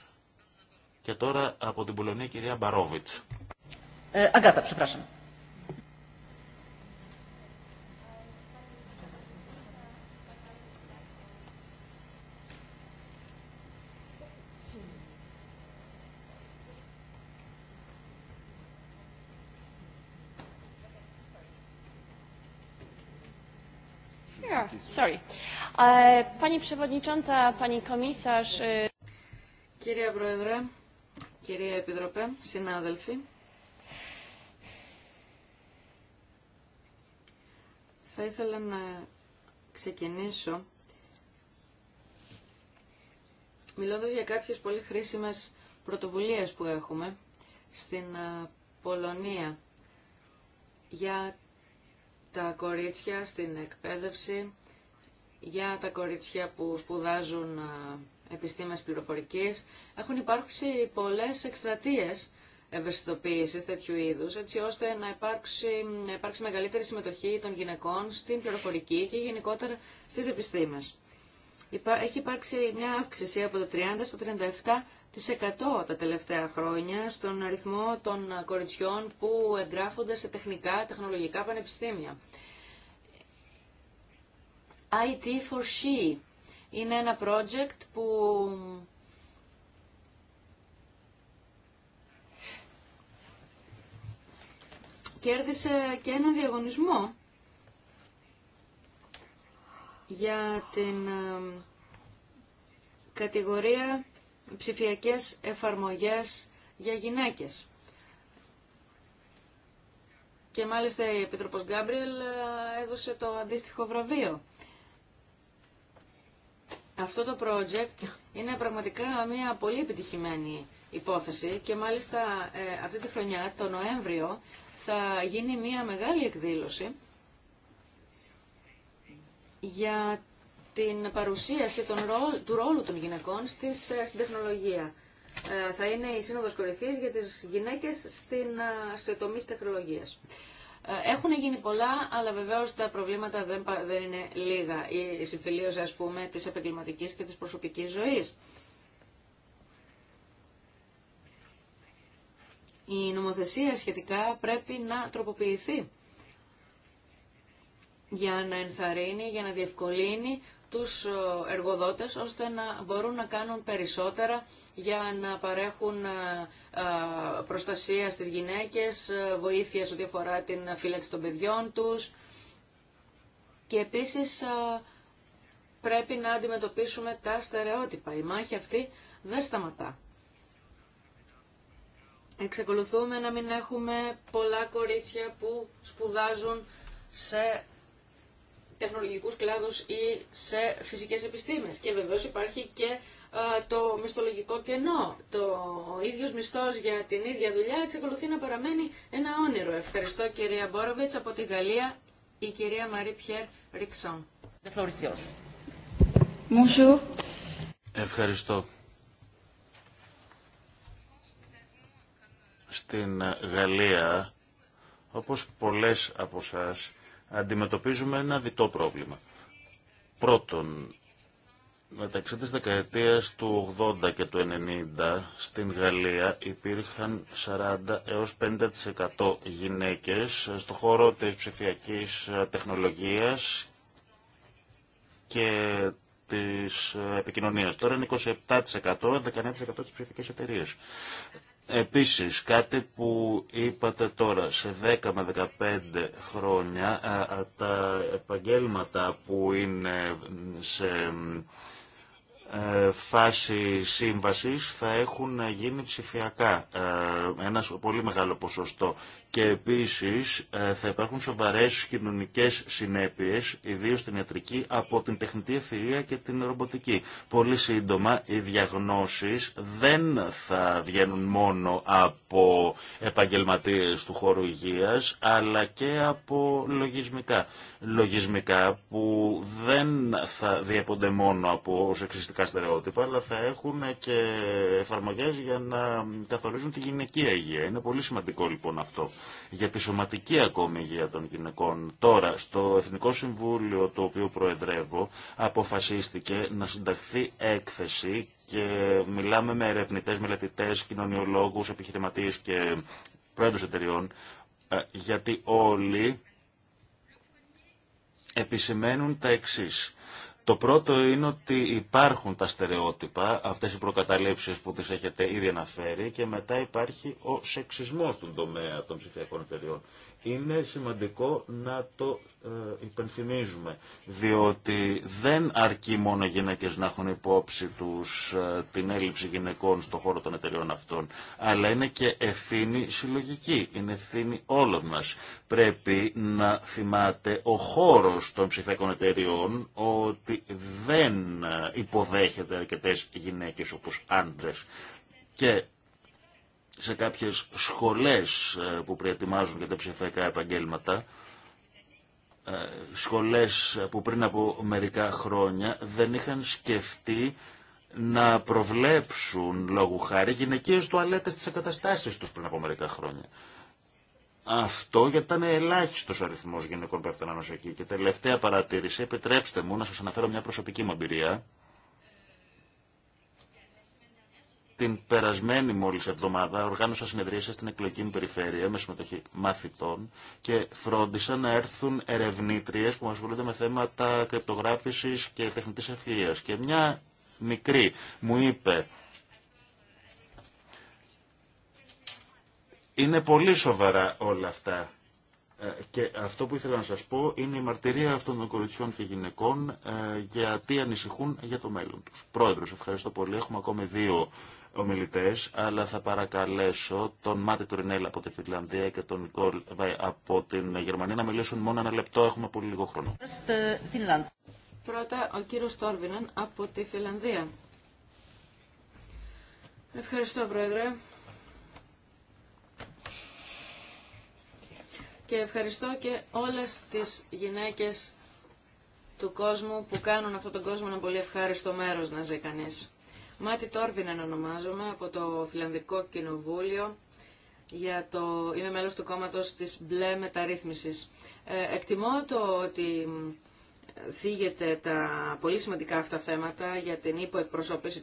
Και τώρα από την Πολωνία η κυρία Μπαρόβιτς. Ε, Αγκάτα, przepraszam. Sorry. Ε, Pani Przewodnicząca, Pani Komisarz. E- Κύριε Πρόεδρε, Κυρία Επίτροπε, συνάδελφοι, θα ήθελα να ξεκινήσω μιλώντας για κάποιες πολύ χρήσιμες πρωτοβουλίες που έχουμε στην Πολωνία για τα κορίτσια στην εκπαίδευση, για τα κορίτσια που σπουδάζουν επιστήμες πληροφορικής. Έχουν υπάρξει πολλές εκστρατείες ευαισθητοποίηση τέτοιου είδου, έτσι ώστε να υπάρξει, να υπάρξει μεγαλύτερη συμμετοχή των γυναικών στην πληροφορική και γενικότερα στι επιστήμε. Έχει υπάρξει μια αύξηση από το 30% στο 37% τα τελευταία χρόνια στον αριθμό των κοριτσιών που εγγράφονται σε τεχνικά, τεχνολογικά πανεπιστήμια. IT for She είναι ένα project που κέρδισε και ένα διαγωνισμό για την κατηγορία ψηφιακές εφαρμογές για γυναίκες. Και μάλιστα η Επίτροπος Γκάμπριελ ε, έδωσε το αντίστοιχο βραβείο. Αυτό το project είναι πραγματικά μια πολύ επιτυχημένη υπόθεση και μάλιστα ε, αυτή τη χρονιά, το Νοέμβριο, θα γίνει μια μεγάλη εκδήλωση για την παρουσίαση του ρόλου των γυναικών στις, ε, στην τεχνολογία. Ε, θα είναι η Σύνοδος Κορυφής για τις γυναίκες στην, σε τομείς τεχνολογίας. Ε, έχουν γίνει πολλά, αλλά βεβαίως τα προβλήματα δεν, δεν είναι λίγα. Η συμφιλίωση, ας πούμε, της επαγγελματική και της προσωπικής ζωής. Η νομοθεσία σχετικά πρέπει να τροποποιηθεί για να ενθαρρύνει, για να διευκολύνει τους ε, εργοδότες ώστε να μπορούν να κάνουν περισσότερα για να παρέχουν ε, ε, προστασία στις γυναίκες, βοήθεια ό,τι αφορά την φύλαξη των παιδιών τους και επίσης πρέπει να αντιμετωπίσουμε τα στερεότυπα. Η μάχη αυτή δεν σταματά. Εξεκολουθούμε να μην έχουμε πολλά κορίτσια που σπουδάζουν σε τεχνολογικούς κλάδους ή σε φυσικές επιστήμες. Και βεβαίως υπάρχει και ε, το μισθολογικό κενό. Το ίδιος μισθός για την ίδια δουλειά εξακολουθεί να παραμένει ένα όνειρο. Ευχαριστώ κυρία Μπόροβιτς από τη Γαλλία, η κυρία Μαρή Πιέρ Ριξόν. Ευχαριστώ. Στην Γαλλία, όπως πολλές από εσάς, αντιμετωπίζουμε ένα διτό πρόβλημα. Πρώτον, μεταξύ της δεκαετίας του 80 και του 90 στην Γαλλία υπήρχαν 40 έως 50% γυναίκες στο χώρο της ψηφιακής ε, τεχνολογίας και της ε, επικοινωνίας. Τώρα είναι 27%, 19% της ψηφιακής εταιρείας. Επίσης, κάτι που είπατε τώρα, σε 10 με 15 χρόνια, ε, ε, τα επαγγέλματα που είναι σε ε, φάση σύμβασης θα έχουν γίνει ψηφιακά. Ένα πολύ μεγάλο ποσοστό. Και επίσης ε, θα υπάρχουν σοβαρές κοινωνικές συνέπειες, ιδίως στην ιατρική, από την τεχνητή ευθεία και την ρομποτική. Πολύ σύντομα οι διαγνώσεις δεν θα βγαίνουν μόνο από επαγγελματίες του χώρου υγείας, αλλά και από λογισμικά. Λογισμικά που δεν θα διέπονται μόνο από σεξιστικά στερεότυπα, αλλά θα έχουν και εφαρμογές για να καθορίζουν τη γυναικεία υγεία. Είναι πολύ σημαντικό λοιπόν αυτό για τη σωματική ακόμη υγεία των γυναικών. Τώρα, στο Εθνικό Συμβούλιο το οποίο προεδρεύω, αποφασίστηκε να συνταχθεί έκθεση και μιλάμε με ερευνητές, μελετητές, κοινωνιολόγους, επιχειρηματίες και πρόεδρους εταιριών, ε, γιατί όλοι επισημαίνουν τα εξής το πρώτο είναι ότι υπάρχουν τα στερεότυπα, αυτές οι προκαταλήψεις που τις έχετε ήδη αναφέρει και μετά υπάρχει ο σεξισμός στον τομέα των ψηφιακών εταιριών είναι σημαντικό να το ε, υπενθυμίζουμε, διότι δεν αρκεί μόνο οι γυναίκες να έχουν υπόψη τους ε, την έλλειψη γυναικών στον χώρο των εταιριών αυτών, αλλά είναι και ευθύνη συλλογική, είναι ευθύνη όλων μας. Πρέπει να θυμάται ο χώρος των ψηφιακών εταιριών ότι δεν ε, υποδέχεται αρκετές γυναίκες όπως άντρες. Και σε κάποιες σχολές ε, που προετοιμάζουν για τα ψηφιακά επαγγέλματα, ε, σχολές ε, που πριν από μερικά χρόνια δεν είχαν σκεφτεί να προβλέψουν λόγου χάρη γυναικείες τουαλέτες στις εγκαταστάσεις τους πριν από μερικά χρόνια. Αυτό γιατί ήταν ελάχιστος ο αριθμός γυναικών που έφταναν ως εκεί. Και τελευταία παρατήρηση, επιτρέψτε μου να σας αναφέρω μια προσωπική μου εμπειρία. Την περασμένη μόλις εβδομάδα οργάνωσα συνεδρίαση στην εκλογική μου περιφέρεια με συμμετοχή μαθητών και φρόντισα να έρθουν ερευνήτριε που ασχολούνται με θέματα κρυπτογράφηση και τεχνητής ευφυΐας. Και μια μικρή μου είπε Είναι πολύ σοβαρά όλα αυτά. Ε, και αυτό που ήθελα να σας πω είναι η μαρτυρία αυτών των κοριτσιών και γυναικών ε, γιατί ανησυχούν για το μέλλον τους. Πρόεδρος, ευχαριστώ πολύ. Έχουμε ακόμη δύο ομιλητές, αλλά θα παρακαλέσω τον Μάτι Τουρινέλ από τη Φιλανδία και τον Νικόλ από την Γερμανία να μιλήσουν μόνο ένα λεπτό, έχουμε πολύ λίγο χρόνο. Ε, Πρώτα ο κύριο Τόρβινεν από τη Φιλανδία. Ευχαριστώ Πρόεδρε. Και ευχαριστώ και όλες τις γυναίκες του κόσμου που κάνουν αυτόν τον κόσμο ένα πολύ ευχάριστο μέρος να ζει κανείς. Μάτι Τόρβινεν ονομάζομαι από το Φιλανδικό Κοινοβούλιο. Για το... Είμαι μέλος του κόμματος της μπλε μεταρρύθμισης. Ε, εκτιμώ το ότι θίγεται τα πολύ σημαντικά αυτά θέματα για την υποεκπροσώπηση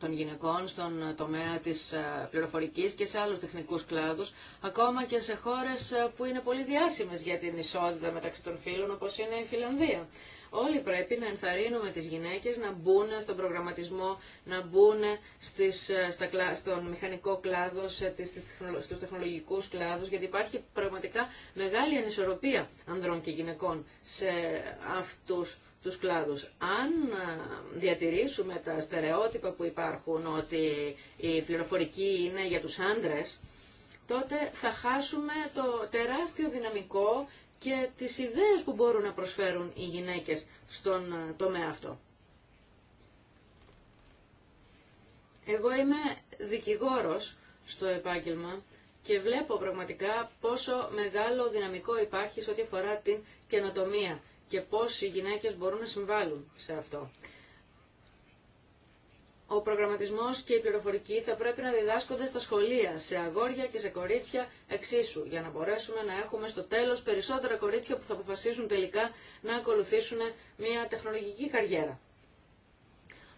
των, γυναικών στον τομέα της ε, πληροφορικής και σε άλλους τεχνικούς κλάδους, ακόμα και σε χώρες ε, που είναι πολύ διάσημες για την ισότητα μεταξύ των φίλων, όπως είναι η Φιλανδία. Όλοι πρέπει να ενθαρρύνουμε τις γυναίκες να μπουν στον προγραμματισμό, να μπουν στις, ε, στα, στον μηχανικό κλάδο, στους τεχνολογικούς κλάδους, γιατί υπάρχει πραγματικά μεγάλη ανισορροπία ανδρών και γυναικών σε αυτούς τους κλάδους. Αν ε, διατηρήσουμε τα στερεότυπα που υπάρχουν ότι η πληροφορική είναι για τους άντρες, τότε θα χάσουμε το τεράστιο δυναμικό και τις ιδέες που μπορούν να προσφέρουν οι γυναίκες στον ε, τομέα αυτό. Εγώ είμαι δικηγόρος στο επάγγελμα και βλέπω πραγματικά πόσο μεγάλο δυναμικό υπάρχει σε ό,τι αφορά την καινοτομία και πώς οι γυναίκες μπορούν να συμβάλλουν σε αυτό ο προγραμματισμός και η πληροφορική θα πρέπει να διδάσκονται στα σχολεία, σε αγόρια και σε κορίτσια εξίσου, για να μπορέσουμε να έχουμε στο τέλος περισσότερα κορίτσια που θα αποφασίσουν τελικά να ακολουθήσουν μια τεχνολογική καριέρα.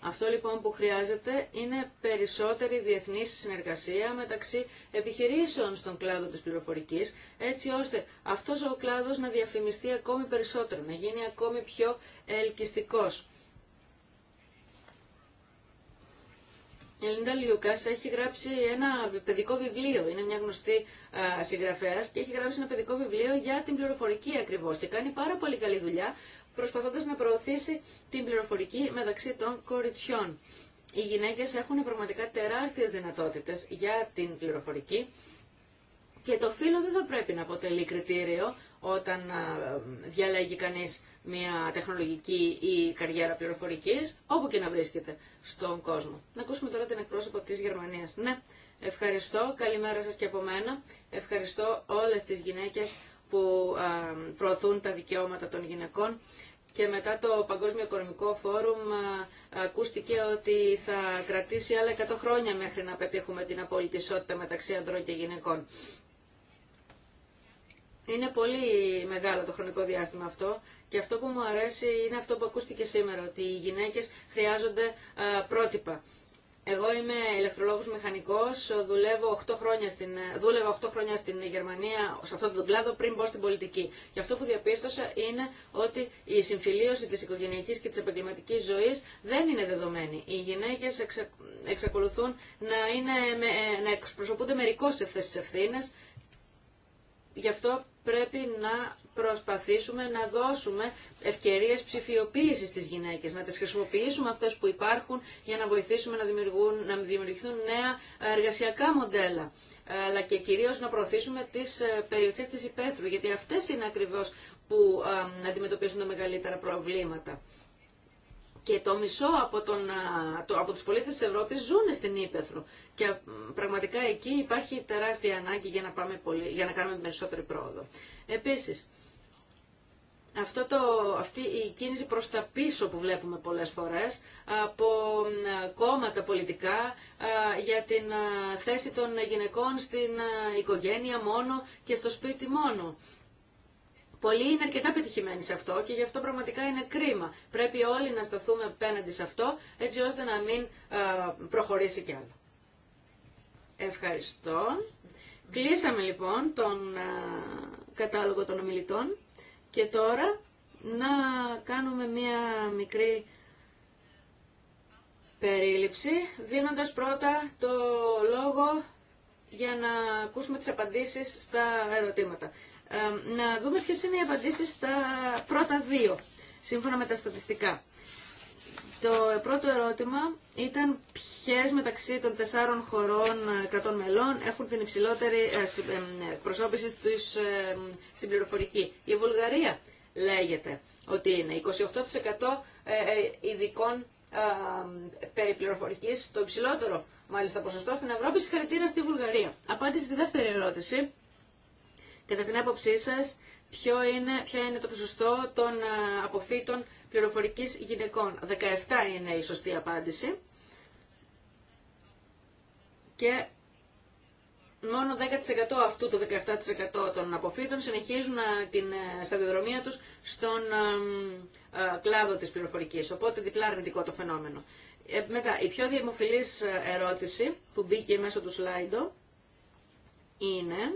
Αυτό λοιπόν που χρειάζεται είναι περισσότερη διεθνή συνεργασία μεταξύ επιχειρήσεων στον κλάδο της πληροφορικής, έτσι ώστε αυτός ο κλάδος να διαφημιστεί ακόμη περισσότερο, να γίνει ακόμη πιο ελκυστικός. Η Ελίντα Λιούκα έχει γράψει ένα παιδικό βιβλίο, είναι μια γνωστή συγγραφέα και έχει γράψει ένα παιδικό βιβλίο για την πληροφορική ακριβώ. και κάνει πάρα πολύ καλή δουλειά προσπαθώντας να προωθήσει την πληροφορική μεταξύ των κοριτσιών. Οι γυναίκες έχουν πραγματικά τεράστιες δυνατότητες για την πληροφορική και το φύλλο δεν θα πρέπει να αποτελεί κριτήριο όταν διαλέγει κανείς μια τεχνολογική ή καριέρα πληροφορικής, όπου και να βρίσκεται στον κόσμο. Να ακούσουμε τώρα την εκπρόσωπο της Γερμανίας. Ναι, ευχαριστώ. Καλημέρα σας και από μένα. Ευχαριστώ όλες τις γυναίκες που προωθούν τα δικαιώματα των γυναικών και μετά το Παγκόσμιο Οικονομικό Φόρουμ ακούστηκε ότι θα κρατήσει άλλα 100 χρόνια μέχρι να πετύχουμε την απόλυτη ισότητα μεταξύ ανδρών και γυναικών. Είναι πολύ μεγάλο το χρονικό διάστημα αυτό και αυτό που μου αρέσει είναι αυτό που ακούστηκε σήμερα, ότι οι γυναίκες χρειάζονται πρότυπα. Εγώ είμαι ηλεκτρολόγος μηχανικός, δουλεύω 8 χρόνια στην, δούλευα 8 χρόνια στην Γερμανία σε αυτόν τον κλάδο πριν μπω στην πολιτική. Και αυτό που διαπίστωσα είναι ότι η συμφιλίωση της οικογενειακής και της επαγγελματικής ζωής δεν είναι δεδομένη. Οι γυναίκες εξακολουθούν να, είναι, ε, να εκπροσωπούνται μερικώς σε θέσεις ευθύνες. Γι' αυτό πρέπει να προσπαθήσουμε να δώσουμε ευκαιρίες ψηφιοποίησης στις γυναίκες, να τις χρησιμοποιήσουμε αυτές που υπάρχουν για να βοηθήσουμε να, δημιουργούν, να δημιουργηθούν νέα εργασιακά μοντέλα αλλά και κυρίως να προωθήσουμε τις ε, περιοχές της υπαίθρου, γιατί αυτές είναι ακριβώς που ε, αντιμετωπίζουν τα μεγαλύτερα προβλήματα και το μισό από, τον, το, από τους πολίτες της Ευρώπης ζουν στην Ήπεθρο και πραγματικά εκεί υπάρχει τεράστια ανάγκη για να, πάμε πολύ, για να κάνουμε περισσότερη πρόοδο. Επίσης, αυτό το, αυτή η κίνηση προς τα πίσω που βλέπουμε πολλές φορές από κόμματα πολιτικά για την θέση των γυναικών στην οικογένεια μόνο και στο σπίτι μόνο. Πολλοί είναι αρκετά πετυχημένοι σε αυτό και γι' αυτό πραγματικά είναι κρίμα. Πρέπει όλοι να σταθούμε απέναντι σε αυτό έτσι ώστε να μην ε, προχωρήσει κι άλλο. Ευχαριστώ. Κλείσαμε λοιπόν τον ε, κατάλογο των ομιλητών και τώρα να κάνουμε μία μικρή περίληψη δίνοντας πρώτα το λόγο για να ακούσουμε τις απαντήσεις στα ερωτήματα να δούμε ποιες είναι οι απαντήσεις στα πρώτα δύο, σύμφωνα με τα στατιστικά. Το πρώτο ερώτημα ήταν ποιες μεταξύ των τεσσάρων χωρών ε, κρατών μελών έχουν την υψηλότερη ε, ε, προσώπηση στην πληροφορική. Η Βουλγαρία λέγεται ότι είναι 28% ειδικών περιπληροφορικής, το υψηλότερο μάλιστα ποσοστό στην Ευρώπη, συγχαρητήρα στη Βουλγαρία. Απάντηση στη δεύτερη ερώτηση Κατά την άποψή σας, ποιο είναι, ποια είναι το ποσοστό των ε, αποφύτων πληροφορικής γυναικών. 17 είναι η σωστή απάντηση. Και μόνο 10% αυτού του 17% των αποφύτων συνεχίζουν ε, την ε, σταδιοδρομία τους στον κλάδο της πληροφορικής. Οπότε διπλά αρνητικό το φαινόμενο. μετά, η πιο δημοφιλής ερώτηση που μπήκε μέσω του σλάιντο είναι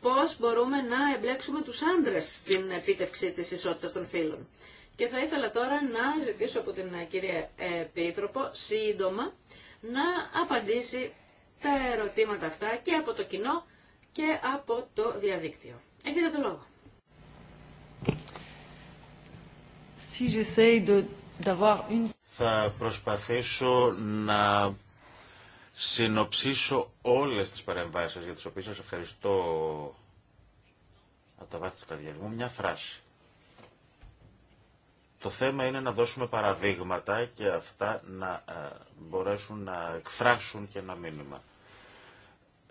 πώς μπορούμε να εμπλέξουμε τους άντρες στην επίτευξη της ισότητας των φύλων. Και θα ήθελα τώρα να ζητήσω από την κυρία Επίτροπο σύντομα να απαντήσει τα ερωτήματα αυτά και από το κοινό και από το διαδίκτυο. Έχετε το λόγο. Θα προσπαθήσω να συνοψίσω όλες τις παρεμβάσεις για τις οποίες σας ευχαριστώ από τα βάθη της καρδιάς μου μια φράση. Το θέμα είναι να δώσουμε παραδείγματα και αυτά να ε, μπορέσουν να εκφράσουν και ένα μήνυμα.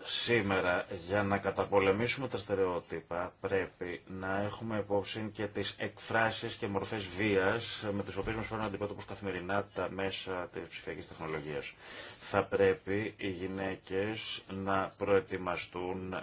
Σήμερα, για να καταπολεμήσουμε τα στερεότυπα, πρέπει να έχουμε υπόψη και τις εκφράσεις και μορφές βίας με τις οποίες μας φέρνουν αντιμέτωπους καθημερινά τα μέσα της ψηφιακής τεχνολογίας θα πρέπει οι γυναίκες να προετοιμαστούν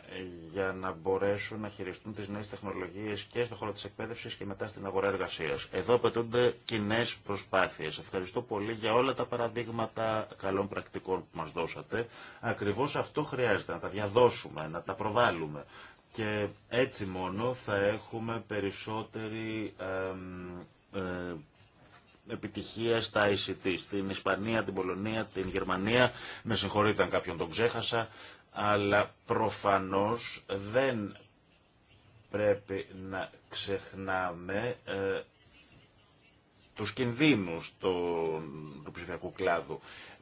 για να μπορέσουν να χειριστούν τις νέες τεχνολογίες και στον χώρο της εκπαίδευσης και μετά στην αγορά εργασίας. Εδώ απαιτούνται κοινέ προσπάθειες. Ευχαριστώ πολύ για όλα τα παραδείγματα καλών πρακτικών που μας δώσατε. Ακριβώς αυτό χρειάζεται, να τα διαδώσουμε, να τα προβάλλουμε. Και έτσι μόνο θα έχουμε περισσότερη ε, επιτυχία στα ICT, στην Ισπανία, την Πολωνία, την Γερμανία. Με συγχωρείτε αν κάποιον τον ξέχασα, αλλά προφανώς δεν πρέπει να ξεχνάμε ε, τους κινδύνους του, του ψηφιακού κλάδου.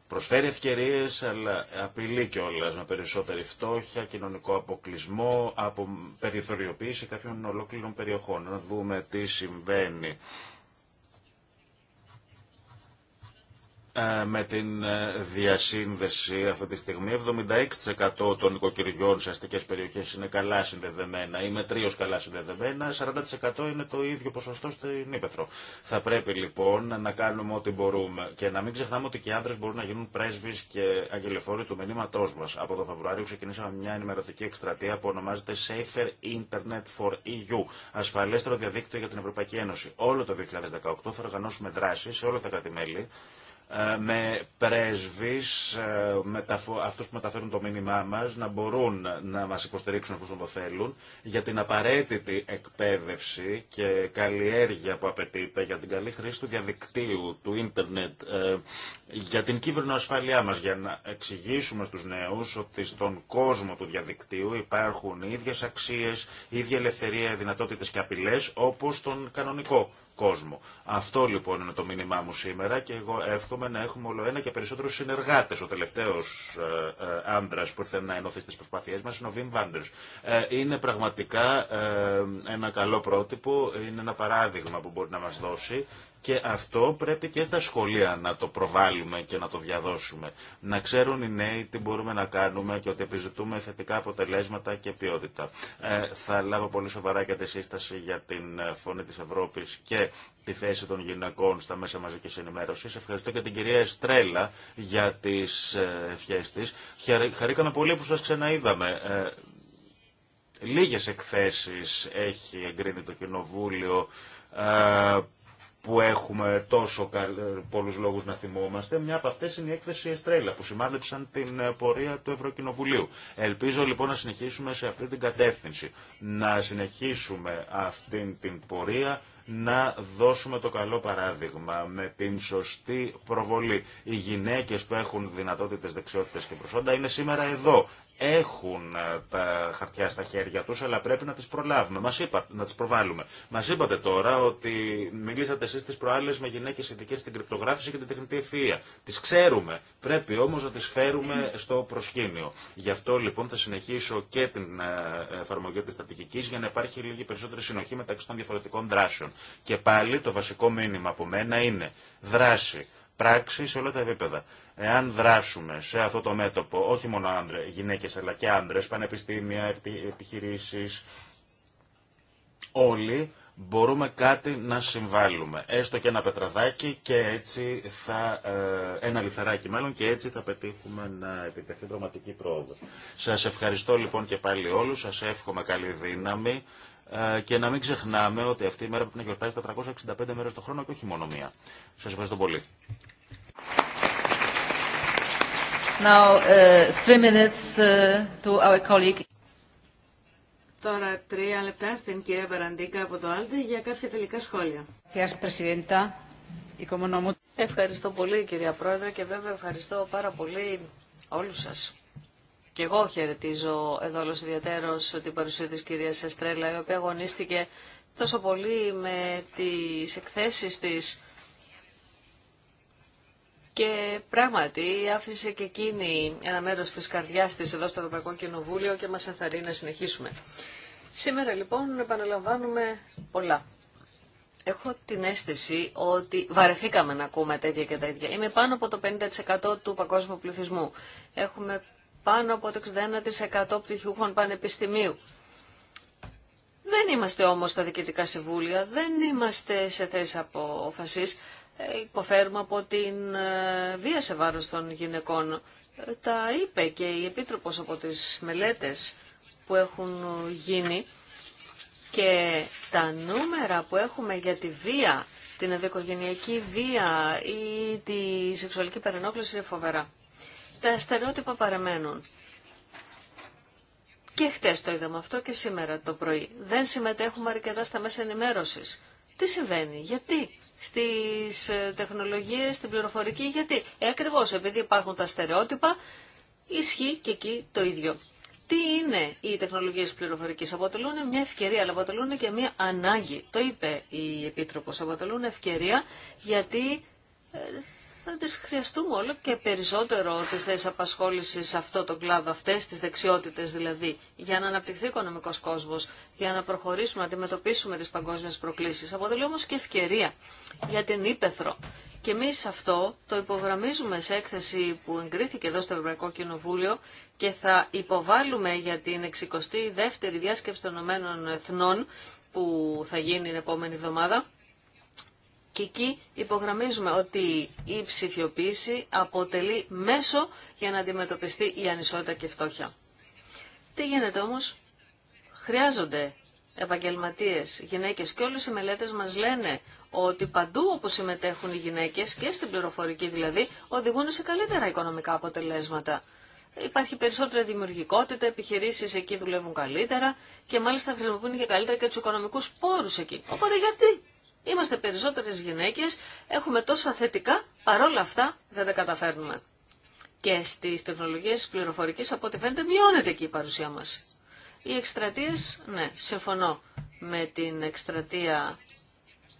Προσφέρει ευκαιρίε, αλλά απειλεί κιόλα με περισσότερη φτώχεια, κοινωνικό αποκλεισμό, από περιθωριοποίηση κάποιων ολόκληρων περιοχών. Να δούμε τι συμβαίνει Ε, με την ε, διασύνδεση αυτή τη στιγμή, 76% των οικοκυριών σε αστικέ περιοχέ είναι καλά συνδεδεμένα ή τρίω καλά συνδεδεμένα, 40% είναι το ίδιο ποσοστό στην Ήπεθρο. Θα πρέπει λοιπόν να κάνουμε ό,τι μπορούμε και να μην ξεχνάμε ότι και οι άντρε μπορούν να γίνουν πρέσβει και αγγελεφόροι του μηνύματός μα. Από τον Φεβρουάριο ξεκινήσαμε μια ενημερωτική εκστρατεία που ονομάζεται Safer Internet for EU, ασφαλέστερο διαδίκτυο για την Ευρωπαϊκή Ένωση. Όλο το 2018 θα οργανώσουμε δράσει σε όλα τα κράτη-μέλη ε, με πρέσβεις, ε, αυτούς που μεταφέρουν το μήνυμά μας, να μπορούν να μας υποστηρίξουν εφόσον το θέλουν, για την απαραίτητη εκπαίδευση και καλλιέργεια που απαιτείται, για την καλή χρήση του διαδικτύου, του ίντερνετ, ε, για την κύβερνο ασφαλειά μας, για να εξηγήσουμε στους νέους ότι στον κόσμο του διαδικτύου υπάρχουν ίδιες αξίες, ίδια ελευθερία, δυνατότητες και απειλές, όπως στον κανονικό κόσμο. Αυτό λοιπόν είναι το μήνυμά μου σήμερα και εγώ εύχομαι να έχουμε όλο ένα και περισσότερου συνεργάτε. Ο τελευταίο ε, ε άντρα που ήρθε να ενωθεί στι προσπάθειέ μα είναι ο Βιμ Βάντερ. είναι πραγματικά ε, ένα καλό πρότυπο, είναι ένα παράδειγμα που μπορεί να μα δώσει και αυτό πρέπει και στα σχολεία να το προβάλλουμε και να το διαδώσουμε. Να ξέρουν οι νέοι τι μπορούμε να κάνουμε και ότι επιζητούμε θετικά αποτελέσματα και ποιότητα. Ε, θα λάβω πολύ σοβαρά και τη σύσταση για την ε, φωνή της Ευρώπης και τη θέση των γυναικών στα μέσα μαζικής ενημέρωσης. Ευχαριστώ και την κυρία Εστρέλα για τις ε, ευχές της. Χαρήκαμε πολύ που σας ξαναείδαμε. Ε, λίγες εκθέσεις έχει εγκρίνει το Κοινοβούλιο που έχουμε τόσο πολλούς λόγους να θυμόμαστε. Μια από αυτές είναι η έκθεση Εστρέλα που σημάδεψαν την ε, πορεία του Ευρωκοινοβουλίου. Ελπίζω λοιπόν να συνεχίσουμε σε αυτή την κατεύθυνση, να συνεχίσουμε αυτή την πορεία να δώσουμε το καλό παράδειγμα με την σωστή προβολή. Οι γυναίκες που έχουν δυνατότητες, δεξιότητες και προσόντα είναι σήμερα εδώ έχουν ε, τα χαρτιά στα χέρια τους, αλλά πρέπει να τις προλάβουμε, μας είπα, να τις προβάλλουμε. Μας είπατε τώρα ότι μιλήσατε εσείς τις προάλλες με γυναίκες ειδικές στην κρυπτογράφηση και την τεχνητή ευθεία. Τις ξέρουμε, πρέπει όμως να τις φέρουμε στο προσκήνιο. Γι' αυτό λοιπόν θα συνεχίσω και την ε, εφαρμογή της στατικικής για να υπάρχει λίγη περισσότερη συνοχή μεταξύ των διαφορετικών δράσεων. Και πάλι το βασικό μήνυμα από μένα είναι δράση, πράξη σε όλα τα επίπεδα. Εάν δράσουμε σε αυτό το μέτωπο, όχι μόνο άντρε, γυναίκες αλλά και άντρες, πανεπιστήμια, επιχειρήσεις, όλοι μπορούμε κάτι να συμβάλλουμε. Έστω και ένα πετραδάκι και έτσι θα, ε, ένα λιθαράκι μάλλον και έτσι θα πετύχουμε να επιτεθεί δροματική πρόοδο. Σας ευχαριστώ λοιπόν και πάλι όλους, σας εύχομαι καλή δύναμη ε, και να μην ξεχνάμε ότι αυτή η μέρα πρέπει να γιορτάζει 365 μέρες το χρόνο και όχι μόνο μία. Σας ευχαριστώ πολύ. Uh, uh, Τώρα τρία λεπτά στην κυρία Παραντίκα από το Άλτε για κάποια τελικά σχόλια. Ευχαριστώ πολύ κυρία Πρόεδρε και βέβαια ευχαριστώ πάρα πολύ όλους σας. Και εγώ χαιρετίζω εδώ όλος ιδιαίτερος την παρουσία της κυρίας Εστρέλα η οποία αγωνίστηκε τόσο πολύ με τις εκθέσεις της και πράγματι άφησε και εκείνη ένα μέρος της καρδιάς της εδώ στο Ευρωπαϊκό Κοινοβούλιο και μας ενθαρρύνει να συνεχίσουμε. Σήμερα λοιπόν επαναλαμβάνουμε πολλά. Έχω την αίσθηση ότι βαρεθήκαμε να ακούμε τέτοια και τα ίδια. Είμαι πάνω από το 50% του παγκόσμιου πληθυσμού. Έχουμε πάνω από το 61% πτυχιούχων πανεπιστημίου. Δεν είμαστε όμως τα διοικητικά συμβούλια, δεν είμαστε σε θέση αποφασής. Ε, υποφέρουμε από την ε, βία σε βάρος των γυναικών. Ε, τα είπε και η Επίτροπος από τις μελέτες που έχουν γίνει και τα νούμερα που έχουμε για τη βία, την ενδοικογενειακή βία ή τη σεξουαλική παρενόχληση είναι φοβερά. Τα στερεότυπα παραμένουν. Και χτες το είδαμε αυτό και σήμερα το πρωί. Δεν συμμετέχουμε αρκετά στα μέσα ενημέρωσης. Τι συμβαίνει, γιατί στις ε, τεχνολογίες, στην πληροφορική, γιατί ε, ακριβώς επειδή υπάρχουν τα στερεότυπα, ισχύει και εκεί το ίδιο. Τι είναι οι τεχνολογίε πληροφορικής, αποτελούν μια ευκαιρία, αλλά αποτελούν και μια ανάγκη. Το είπε η Επίτροπος, αποτελούν ευκαιρία γιατί ε, θα τις χρειαστούμε όλο και περισσότερο τις θέσεις απασχόληση σε αυτό το κλάδο, αυτές τις δεξιότητες δηλαδή, για να αναπτυχθεί ο οικονομικός κόσμος, για να προχωρήσουμε να αντιμετωπίσουμε τις παγκόσμιες προκλήσεις. Αποτελεί όμως και ευκαιρία για την ύπεθρο. Και εμείς αυτό το υπογραμμίζουμε σε έκθεση που εγκρίθηκε εδώ στο Ευρωπαϊκό Κοινοβούλιο και θα υποβάλουμε για την 62η διάσκεψη των Ηνωμένων Εθνών που θα γίνει την επόμενη εβδομάδα και εκεί υπογραμμίζουμε ότι η ψηφιοποίηση αποτελεί μέσο για να αντιμετωπιστεί η ανισότητα και η φτώχεια. Τι γίνεται όμως, χρειάζονται επαγγελματίες, γυναίκες και όλες οι μελέτες μας λένε ότι παντού όπου συμμετέχουν οι γυναίκες και στην πληροφορική δηλαδή οδηγούν σε καλύτερα οικονομικά αποτελέσματα. Υπάρχει περισσότερη δημιουργικότητα, επιχειρήσει εκεί δουλεύουν καλύτερα και μάλιστα χρησιμοποιούν και καλύτερα και του οικονομικού πόρου εκεί. Οπότε γιατί Είμαστε περισσότερες γυναίκες, έχουμε τόσα θετικά, παρόλα αυτά δεν τα καταφέρνουμε. Και στις τεχνολογίες πληροφορικής από ό,τι φαίνεται μειώνεται και η παρουσία μας. Οι εκστρατείες, ναι, συμφωνώ με την εκστρατεία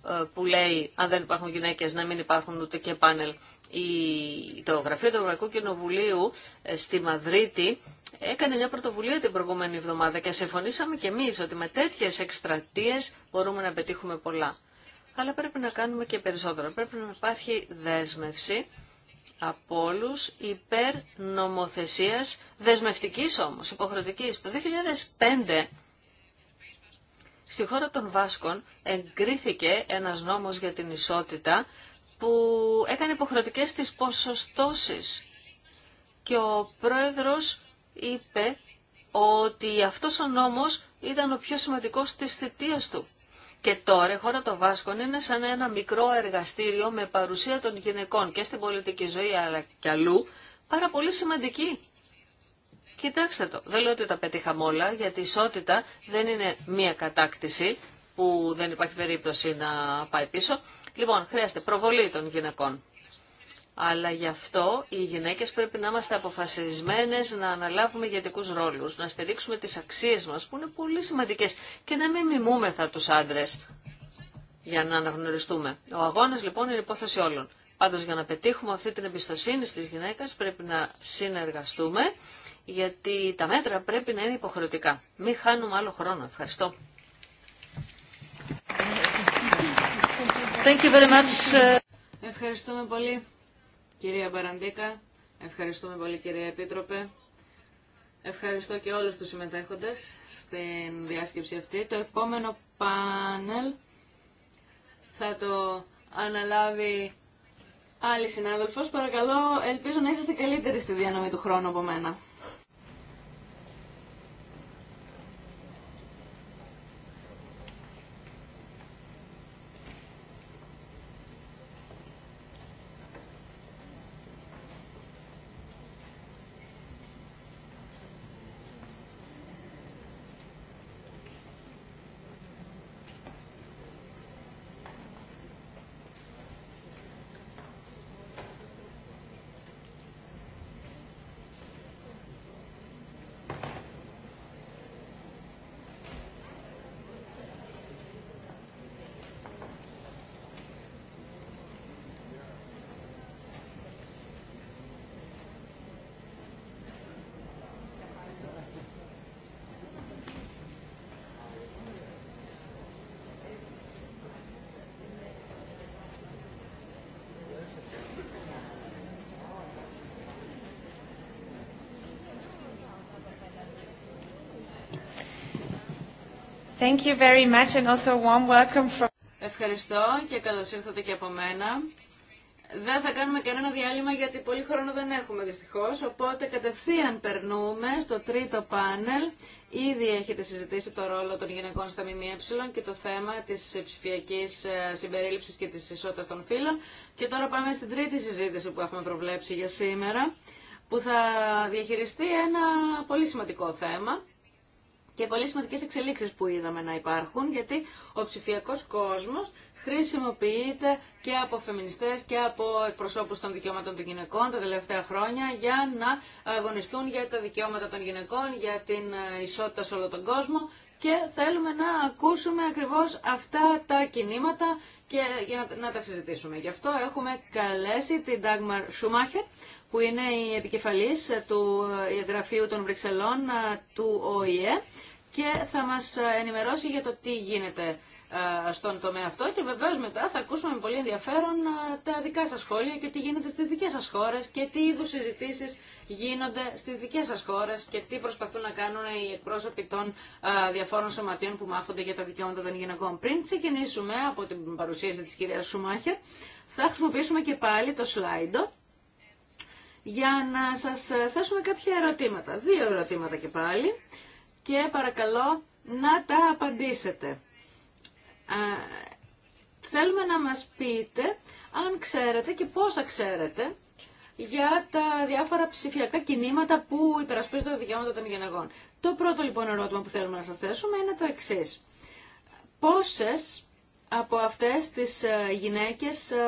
ε, που λέει αν δεν υπάρχουν γυναίκες να μην υπάρχουν ούτε και πάνελ. Η, το Γραφείο του Ευρωπαϊκού Κοινοβουλίου ε, στη Μαδρίτη έκανε μια πρωτοβουλία την προηγούμενη εβδομάδα και συμφωνήσαμε και εμείς ότι με τέτοιες εκστρατείες μπορούμε να πετύχουμε πολλά αλλά πρέπει να κάνουμε και περισσότερο. Πρέπει να υπάρχει δέσμευση από όλου υπέρ νομοθεσίας, δεσμευτικής όμως, υποχρεωτική. Το 2005 στη χώρα των Βάσκων εγκρίθηκε ένας νόμος για την ισότητα που έκανε υποχρεωτικές τις ποσοστώσεις και ο πρόεδρος είπε ότι αυτός ο νόμος ήταν ο πιο σημαντικός της θητείας του. Και τώρα η χώρα των Βάσκων είναι σαν ένα μικρό εργαστήριο με παρουσία των γυναικών και στην πολιτική ζωή αλλά και αλλού πάρα πολύ σημαντική. Κοιτάξτε το, δεν λέω ότι τα πετύχαμε όλα γιατί η ισότητα δεν είναι μία κατάκτηση που δεν υπάρχει περίπτωση να πάει πίσω. Λοιπόν, χρειάζεται προβολή των γυναικών. Αλλά γι' αυτό οι γυναίκες πρέπει να είμαστε αποφασισμένες να αναλάβουμε ηγετικούς ρόλους, να στηρίξουμε τις αξίες μας που είναι πολύ σημαντικές και να μην μιμούμεθα τους άντρες για να αναγνωριστούμε. Ο αγώνας λοιπόν είναι υπόθεση όλων. Πάντως για να πετύχουμε αυτή την εμπιστοσύνη στις γυναίκες πρέπει να συνεργαστούμε γιατί τα μέτρα πρέπει να είναι υποχρεωτικά. Μην χάνουμε άλλο χρόνο. Ευχαριστώ. Thank you very much. Ευχαριστούμε πολύ. Κυρία Μπαραντίκα, ευχαριστούμε πολύ κυρία Επίτροπε. Ευχαριστώ και όλους τους συμμετέχοντες στην διάσκεψη αυτή. Το επόμενο πάνελ θα το αναλάβει άλλη συνάδελφος. Παρακαλώ, ελπίζω να είσαστε καλύτεροι στη διανομή του χρόνου από μένα. Thank you very much and also warm welcome from... Ευχαριστώ και καλώς ήρθατε και από μένα. Δεν θα κάνουμε κανένα διάλειμμα γιατί πολύ χρόνο δεν έχουμε δυστυχώς, οπότε κατευθείαν περνούμε στο τρίτο πάνελ. Ήδη έχετε συζητήσει το ρόλο των γυναικών στα ΜΜΕ και το θέμα της ψηφιακή ε, συμπερίληψης και της ισότητας των φύλων. Και τώρα πάμε στην τρίτη συζήτηση που έχουμε προβλέψει για σήμερα, που θα διαχειριστεί ένα πολύ σημαντικό θέμα και πολύ σημαντικές εξελίξεις που είδαμε να υπάρχουν, γιατί ο ψηφιακός κόσμος χρησιμοποιείται και από φεμινιστές και από εκπροσώπους των δικαιωμάτων των γυναικών τα τελευταία χρόνια για να αγωνιστούν για τα δικαιώματα των γυναικών, για την ε, ισότητα σε όλο τον κόσμο και θέλουμε να ακούσουμε ακριβώς αυτά τα κινήματα και να τα συζητήσουμε. Γι' αυτό έχουμε καλέσει την Dagmar Schumacher, που είναι η επικεφαλής του Γραφείου των Βρυξελών του ΟΗΕ και θα μας ενημερώσει για το τι γίνεται στον τομέα αυτό και βεβαίως μετά θα ακούσουμε με πολύ ενδιαφέρον τα δικά σας σχόλια και τι γίνεται στις δικές σας χώρες και τι είδους συζητήσεις γίνονται στις δικές σας χώρες και τι προσπαθούν να κάνουν οι εκπρόσωποι των διαφόρων σωματείων που μάχονται για τα δικαιώματα των γυναικών. Πριν ξεκινήσουμε από την παρουσίαση της κυρίας Σουμάχερ θα χρησιμοποιήσουμε και πάλι το slide για να σας ε, θέσουμε κάποια ερωτήματα. Δύο ερωτήματα και πάλι και παρακαλώ να τα απαντήσετε. Θέλουμε να μας πείτε αν ξέρετε και πόσα ξέρετε για τα διάφορα ψηφιακά κινήματα που υπερασπίζονται τα δικαιώματα των γυναικών. Το πρώτο λοιπόν ερώτημα που θέλουμε να σας θέσουμε είναι το εξής. Πόσες από αυτές τις ε, γυναίκες ε,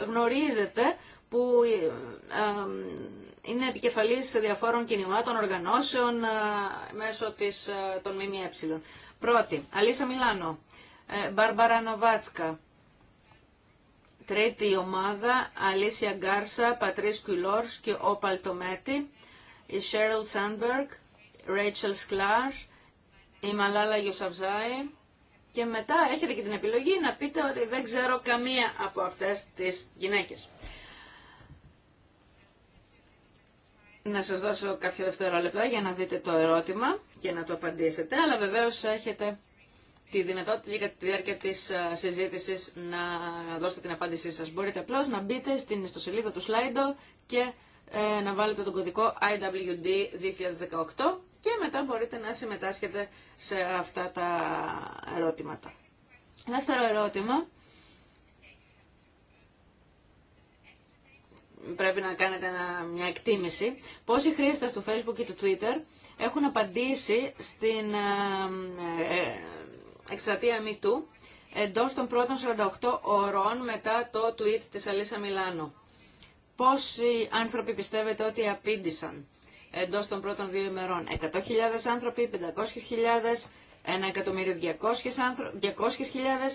γνωρίζετε που είναι επικεφαλής διαφόρων κινημάτων, οργανώσεων ε, μέσω της, ε, των ΜΜΕ. Πρώτη, Αλίσα Μιλάνο, ε, Μπάρμπαρα Νοβάτσκα. Τρίτη ομάδα, Αλίσια Γκάρσα, Πατρίς Κουλόρς και ο Παλτομέτη, Η Σέριλ Σάντμπεργκ, Ρέιτσελ Σκλάρ, η Μαλάλα Ιωσαυζάη. Και μετά έχετε και την επιλογή να πείτε ότι δεν ξέρω καμία από αυτές τις γυναίκες. να σας δώσω κάποια δευτερόλεπτα για να δείτε το ερώτημα και να το απαντήσετε, αλλά βεβαίως έχετε τη δυνατότητα για τη διάρκεια της συζήτησης να δώσετε την απάντησή σας. Μπορείτε απλώς να μπείτε στην ιστοσελίδα του Slido και ε, να βάλετε τον κωδικό IWD 2018 και μετά μπορείτε να συμμετάσχετε σε αυτά τα ερώτηματα. Δεύτερο ερώτημα πρέπει να κάνετε μια εκτίμηση. Πόσοι χρήστε του Facebook και του Twitter έχουν απαντήσει στην ε, ε, ε, εκστρατεία MeToo εντό των πρώτων 48 ώρων μετά το tweet της Αλίσσα Μιλάνο. Πόσοι άνθρωποι πιστεύετε ότι απήντησαν εντό των πρώτων δύο ημερών. 100.000 άνθρωποι, 500.000 1.200.000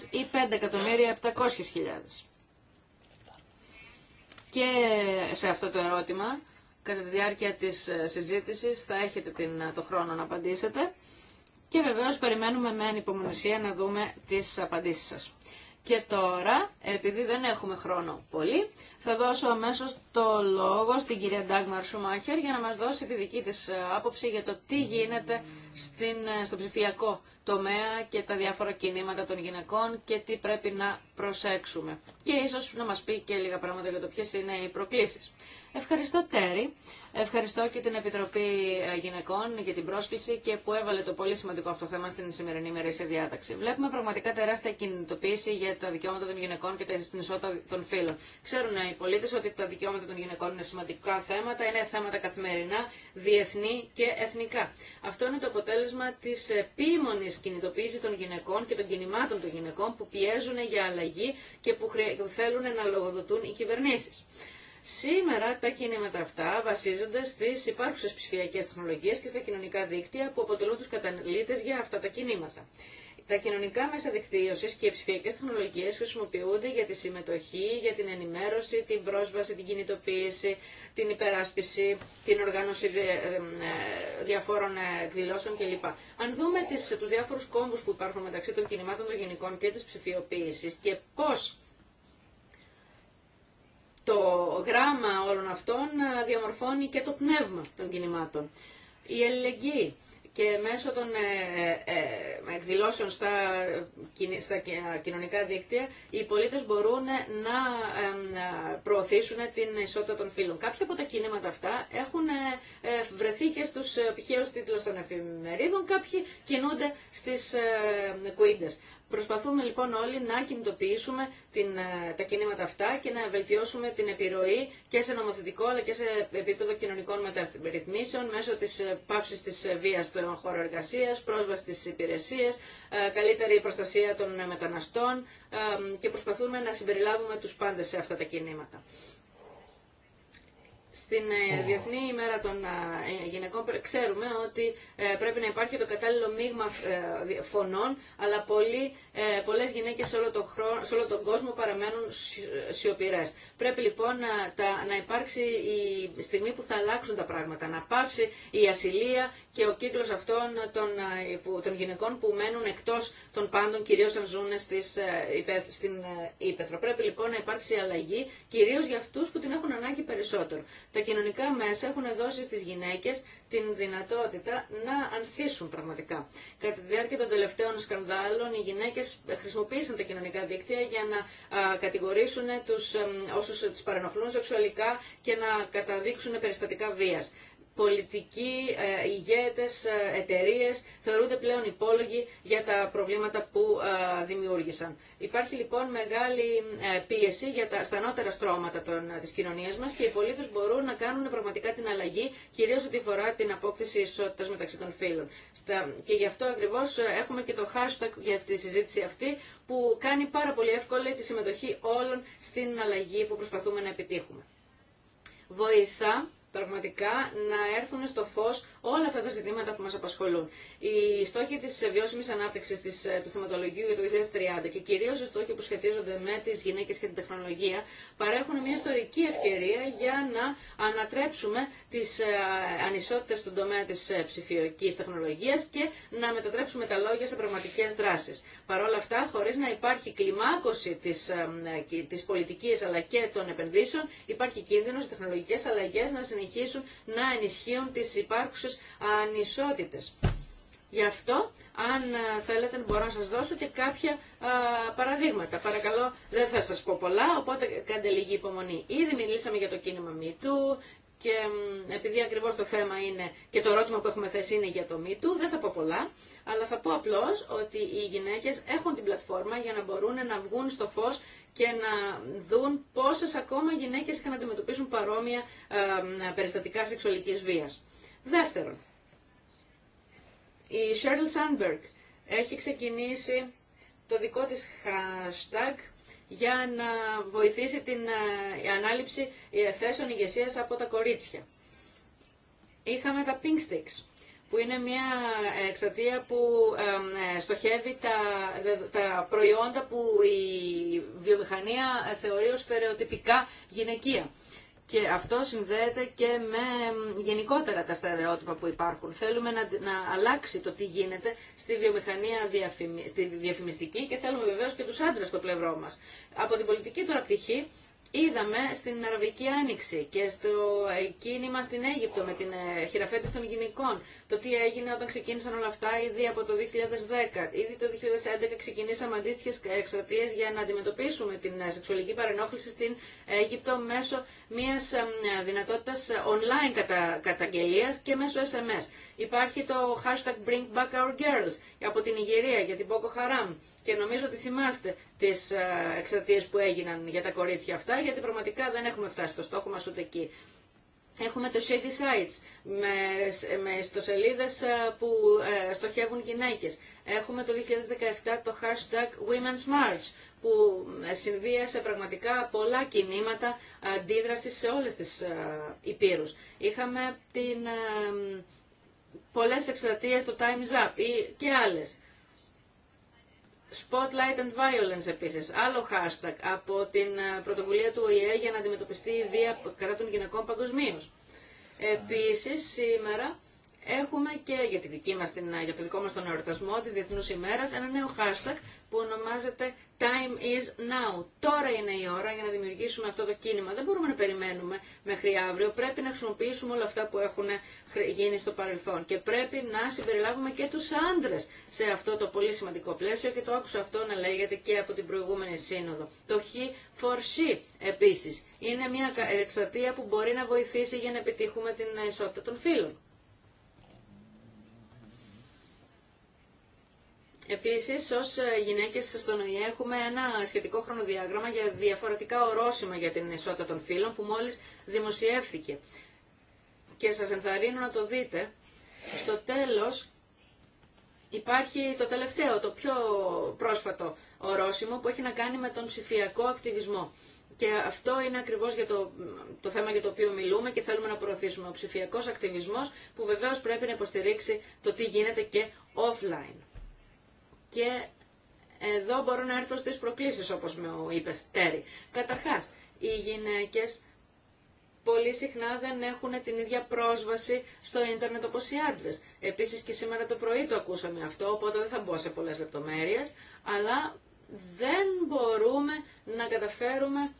ή 5.700.000 και σε αυτό το ερώτημα. Κατά τη διάρκεια της ε, συζήτησης θα έχετε την, ε, το χρόνο να απαντήσετε και βεβαίως περιμένουμε με ανυπομονησία να δούμε τις απαντήσεις σας. Και τώρα, επειδή δεν έχουμε χρόνο πολύ, θα δώσω αμέσω το λόγο στην κυρία Ντάγμαρ Σουμάχερ για να μας δώσει τη δική τη ε, άποψη για το τι γίνεται στην, ε, στο ψηφιακό τομέα και τα διάφορα κινήματα των γυναικών και τι πρέπει να προσέξουμε. Και ίσως να μας πει και λίγα πράγματα για το ποιε είναι οι προκλήσεις. Ευχαριστώ Τέρι, ευχαριστώ και την Επιτροπή ε, Γυναικών για την πρόσκληση και που έβαλε το πολύ σημαντικό αυτό θέμα στην σημερινή ημερήσια διάταξη. Βλέπουμε πραγματικά τεράστια κινητοποίηση για τα δικαιώματα των γυναικών και την ισότητα των φύλων. Ξέρουν οι πολίτε ότι τα δικαιώματα των γυναικών είναι σημαντικά θέματα, είναι θέματα καθημερινά, διεθνή και εθνικά. Αυτό είναι το αποτέλεσμα τη επίμονη κινητοποίηση των γυναικών και των κινημάτων των γυναικών που πιέζουν για αλλαγή και που θέλουν να λογοδοτούν οι κυβερνήσει. Σήμερα τα κινήματα αυτά βασίζονται στις υπάρχουσες ψηφιακές τεχνολογίες και στα κοινωνικά δίκτυα που αποτελούν τους καταλήτες για αυτά τα κινήματα. Τα κοινωνικά μέσα δικτύωσης και οι ψηφιακές τεχνολογίες χρησιμοποιούνται για τη συμμετοχή, για την ενημέρωση, την πρόσβαση, την κινητοποίηση, την υπεράσπιση, την οργάνωση ε, ε, διαφόρων ε, εκδηλώσεων κλπ. Αν δούμε τις, τους διάφορους κόμβους που υπάρχουν μεταξύ των κινημάτων των γενικών και της ψηφιοποίηση και πώς το γράμμα όλων αυτών διαμορφώνει και το πνεύμα των κινημάτων. Η ελληνική και μέσω των ε, ε, ε, εκδηλώσεων στα, κοινωνικά δίκτυα οι πολίτες μπορούν να προωθήσουν την ισότητα των φύλων. Κάποια από τα κινήματα αυτά έχουν βρεθεί και στους επιχείρους τίτλους των εφημερίδων, κάποιοι κινούνται στις κουίντες. Προσπαθούμε λοιπόν όλοι να κινητοποιήσουμε την, ε, τα κινήματα αυτά και να βελτιώσουμε την επιρροή και σε νομοθετικό αλλά και σε επίπεδο κοινωνικών μεταρρυθμίσεων μέσω της ε, πάυσης της ε, βίας στον χώρο εργασίας, πρόσβαση στις υπηρεσίες, καλύτερη προστασία των μεταναστών και προσπαθούμε να συμπεριλάβουμε τους πάντες σε αυτά τα κινήματα. Στην ε, Διεθνή ημέρα των ε, γυναικών ξέρουμε ότι ε, πρέπει να υπάρχει το κατάλληλο μείγμα φωνών, αλλά πολύ ε, πολλές γυναίκες σε όλο, τον κόσμο παραμένουν σιωπηρές. Πρέπει λοιπόν να, να υπάρξει η στιγμή που θα αλλάξουν τα πράγματα, να πάψει η ασυλία και ο κύκλος αυτών των, ε, γυναικών που μένουν εκτός των πάντων, κυρίως αν ζουν στις, ε, στην Ήπεθρο. Ε, Πρέπει λοιπόν να υπάρξει αλλαγή, κυρίως για αυτούς που την έχουν ανάγκη περισσότερο. Τα κοινωνικά μέσα έχουν δώσει στις γυναίκες την δυνατότητα να ανθίσουν πραγματικά. Κατά τη διάρκεια των τελευταίων σκανδάλων, οι γυναίκε χρησιμοποίησαν τα κοινωνικά δίκτυα για να κατηγορήσουν όσου του παρενοχλούν σεξουαλικά και να καταδείξουν περιστατικά βία πολιτικοί ε, ηγέτες, ε, εταιρείε θεωρούνται πλέον υπόλογοι για τα προβλήματα που ε, δημιούργησαν. Υπάρχει λοιπόν μεγάλη πίεση για τα στανότερα στρώματα των, της κοινωνίας μας και οι πολίτες μπορούν να κάνουν πραγματικά την αλλαγή, κυρίως ό,τι φορά την απόκτηση ισότητας μεταξύ των φίλων. Και γι' αυτό ακριβώς έχουμε και το hashtag για τη συζήτηση αυτή που κάνει πάρα πολύ εύκολη τη συμμετοχή όλων στην αλλαγή που προσπαθούμε να επιτύχουμε. Βοηθά πραγματικά να έρθουν στο φω όλα αυτά τα ζητήματα που μα απασχολούν. Οι στόχοι τη βιώσιμη ανάπτυξη τη ε, του θεματολογίου για το 2030 και κυρίω οι στόχοι που σχετίζονται με τι γυναίκε και την τεχνολογία παρέχουν μια ιστορική ευκαιρία για να ανατρέψουμε τι ε, ανισότητε στον τομέα τη ε, ψηφιακής τεχνολογία και να μετατρέψουμε τα λόγια σε πραγματικέ δράσει. Παρ' όλα αυτά, χωρί να υπάρχει κλιμάκωση τη πολιτική αλλά και των επενδύσεων, υπάρχει κίνδυνο, τεχνολογικέ αλλαγέ αλλαγές να συνεχίσουν να ενισχύουν τις υπάρχουσες ανισότητες. Γι' αυτό, αν ε, θέλετε, μπορώ να σας δώσω και κάποια α, παραδείγματα. Παρακαλώ, δεν θα σας πω πολλά, οπότε κάντε λίγη υπομονή. Ήδη μιλήσαμε για το κίνημα μητού και επειδή ακριβώς το θέμα είναι και το ερώτημα που έχουμε θέσει είναι για το μητού, δεν θα πω πολλά, αλλά θα πω απλώς ότι οι γυναίκες έχουν την πλατφόρμα για να μπορούν να βγουν στο φως και να δουν πόσες ακόμα γυναίκες είχαν να αντιμετωπίσουν παρόμοια περιστατικά σεξουαλικής βίας. Δεύτερον, η Sheryl Sandberg έχει ξεκινήσει το δικό της hashtag για να βοηθήσει την ε, ανάληψη ε, θέσεων ηγεσίας από τα κορίτσια. Είχαμε τα pink sticks που είναι μια εξατία που ε, στοχεύει τα, τα προϊόντα που η βιομηχανία θεωρεί ως στερεοτυπικά γυναικεία. Και αυτό συνδέεται και με γενικότερα τα στερεότυπα που υπάρχουν. Θέλουμε να, να αλλάξει το τι γίνεται στη βιομηχανία διαφημιστική και θέλουμε βεβαίως και τους άντρες στο πλευρό μας. Από την πολιτική του πτυχή είδαμε στην Αραβική Άνοιξη και στο κίνημα στην Αίγυπτο με την ε, χειραφέτηση των γυναικών. Το τι έγινε όταν ξεκίνησαν όλα αυτά ήδη από το 2010. Ήδη το 2011 ξεκινήσαμε αντίστοιχε εξαρτίε για να αντιμετωπίσουμε την ε, σεξουαλική παρενόχληση στην Αίγυπτο μέσω μια ε, δυνατότητα online κατα, καταγγελία και μέσω SMS. Υπάρχει το hashtag Bring Back Our Girls από την Ιγυρία για την Boko Haram και νομίζω ότι θυμάστε τι εξαρτίε που έγιναν για τα κορίτσια αυτά, γιατί πραγματικά δεν έχουμε φτάσει στο στόχο μας ούτε εκεί. Έχουμε το Shady Sites με, με ιστοσελίδες που ε, στοχεύουν γυναίκες. Έχουμε το 2017 το hashtag Women's March που ε, συνδύασε πραγματικά πολλά κινήματα αντίδρασης σε όλες τις ε, υπήρους. Είχαμε την, ε, πολλές εκστρατείες, το Time's Up και άλλες. Spotlight and Violence επίσης, άλλο hashtag από την ε, πρωτοβουλία του ΟΗΕ για να αντιμετωπιστεί η βία κατά των γυναικών παγκοσμίω. Επίσης σήμερα έχουμε και για, τη δική μας, για το δικό μας τον εορτασμό της Διεθνούς ημέρας ένα νέο hashtag που ονομάζεται Time is now. Τώρα είναι η ώρα για να δημιουργήσουμε αυτό το κίνημα. Δεν μπορούμε να περιμένουμε μέχρι αύριο. Πρέπει να χρησιμοποιήσουμε όλα αυτά που έχουν γίνει στο παρελθόν. Και πρέπει να συμπεριλάβουμε και του άντρε σε αυτό το πολύ σημαντικό πλαίσιο. Και το άκουσα αυτό να λέγεται και από την προηγούμενη σύνοδο. Το H4C επίση είναι μια εξαρτία που μπορεί να βοηθήσει για να επιτύχουμε την ισότητα των φίλων. Επίσης, ως ε, γυναίκες στον ΟΗΕ έχουμε ένα σχετικό χρονοδιάγραμμα για διαφορετικά ορόσημα για την ισότητα των φύλων που μόλις δημοσιεύθηκε. Και σας ενθαρρύνω να το δείτε. Στο τέλος υπάρχει το τελευταίο, το πιο πρόσφατο ορόσημο που έχει να κάνει με τον ψηφιακό ακτιβισμό. Και αυτό είναι ακριβώς για το, το θέμα για το οποίο μιλούμε και θέλουμε να προωθήσουμε. Ο ψηφιακός ακτιβισμός που βεβαίως πρέπει να υποστηρίξει το τι γίνεται και offline. Και εδώ μπορώ να έρθω στις προκλήσεις όπως με είπε Τέρι. Καταρχάς, οι γυναίκες πολύ συχνά δεν έχουν την ίδια πρόσβαση στο ίντερνετ όπως οι άντρες. Επίσης και σήμερα το πρωί το ακούσαμε αυτό, οπότε δεν θα μπω σε πολλές λεπτομέρειες, αλλά δεν μπορούμε να καταφέρουμε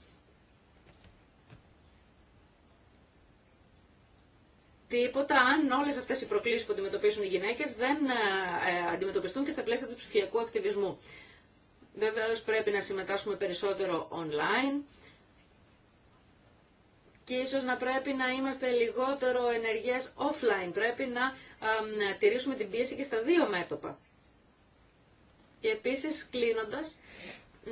τίποτα αν όλε αυτέ οι προκλήσει που αντιμετωπίζουν οι γυναίκε δεν ε, ε, αντιμετωπιστούν και στα πλαίσια του ψηφιακού ακτιβισμού. Βεβαίω πρέπει να συμμετάσχουμε περισσότερο online και ίσως να πρέπει να είμαστε λιγότερο ενεργές offline. Πρέπει να, να τηρήσουμε την πίεση και στα δύο μέτωπα. Και επίσης κλείνοντας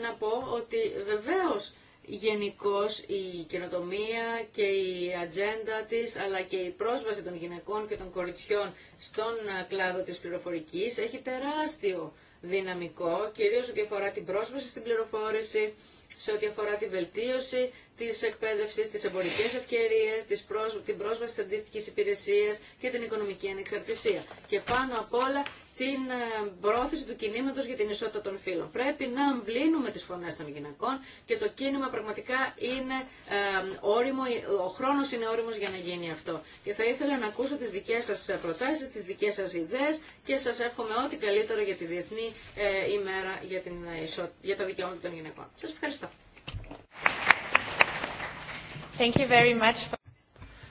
να πω ότι βεβαίως γενικώ η καινοτομία και η ατζέντα της, αλλά και η πρόσβαση των γυναικών και των κοριτσιών στον ε, κλάδο της πληροφορικής έχει τεράστιο δυναμικό, κυρίως ό,τι αφορά την πρόσβαση στην πληροφόρηση, σε ό,τι αφορά τη βελτίωση της εκπαίδευση, τι εμπορικέ ευκαιρίε, την πρόσβαση τη αντίστοιχη υπηρεσίας και την οικονομική ανεξαρτησία. Και πάνω απ' όλα την ε, πρόθεση του κινήματο για την ισότητα των φύλων. Πρέπει να αμβλύνουμε τι φωνέ των γυναικών και το κίνημα πραγματικά είναι ε, όριμο, ο χρόνο είναι όριμο για να γίνει αυτό. Και θα ήθελα να ακούσω τι δικέ σα προτάσει, τι δικέ σα ιδέε και σα εύχομαι ό,τι καλύτερο για τη Διεθνή ε, ημέρα για, την για τα δικαιώματα των γυναικών. Σα ευχαριστώ. Thank you very much.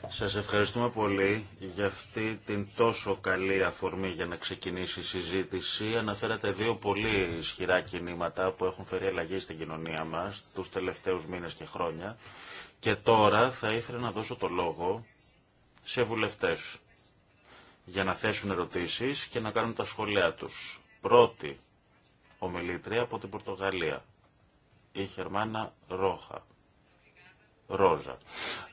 Σας ευχαριστούμε πολύ για αυτή την τόσο καλή αφορμή για να ξεκινήσει η συζήτηση. Αναφέρατε δύο πολύ ισχυρά κινήματα που έχουν φέρει αλλαγή στην κοινωνία μας τους τελευταίους μήνες και χρόνια. Και τώρα θα ήθελα να δώσω το λόγο σε βουλευτές για να θέσουν ερωτήσεις και να κάνουν τα σχολεία τους. Πρώτη ομιλήτρια από την Πορτογαλία, η Χερμάνα Ρόχα. Ρόζα.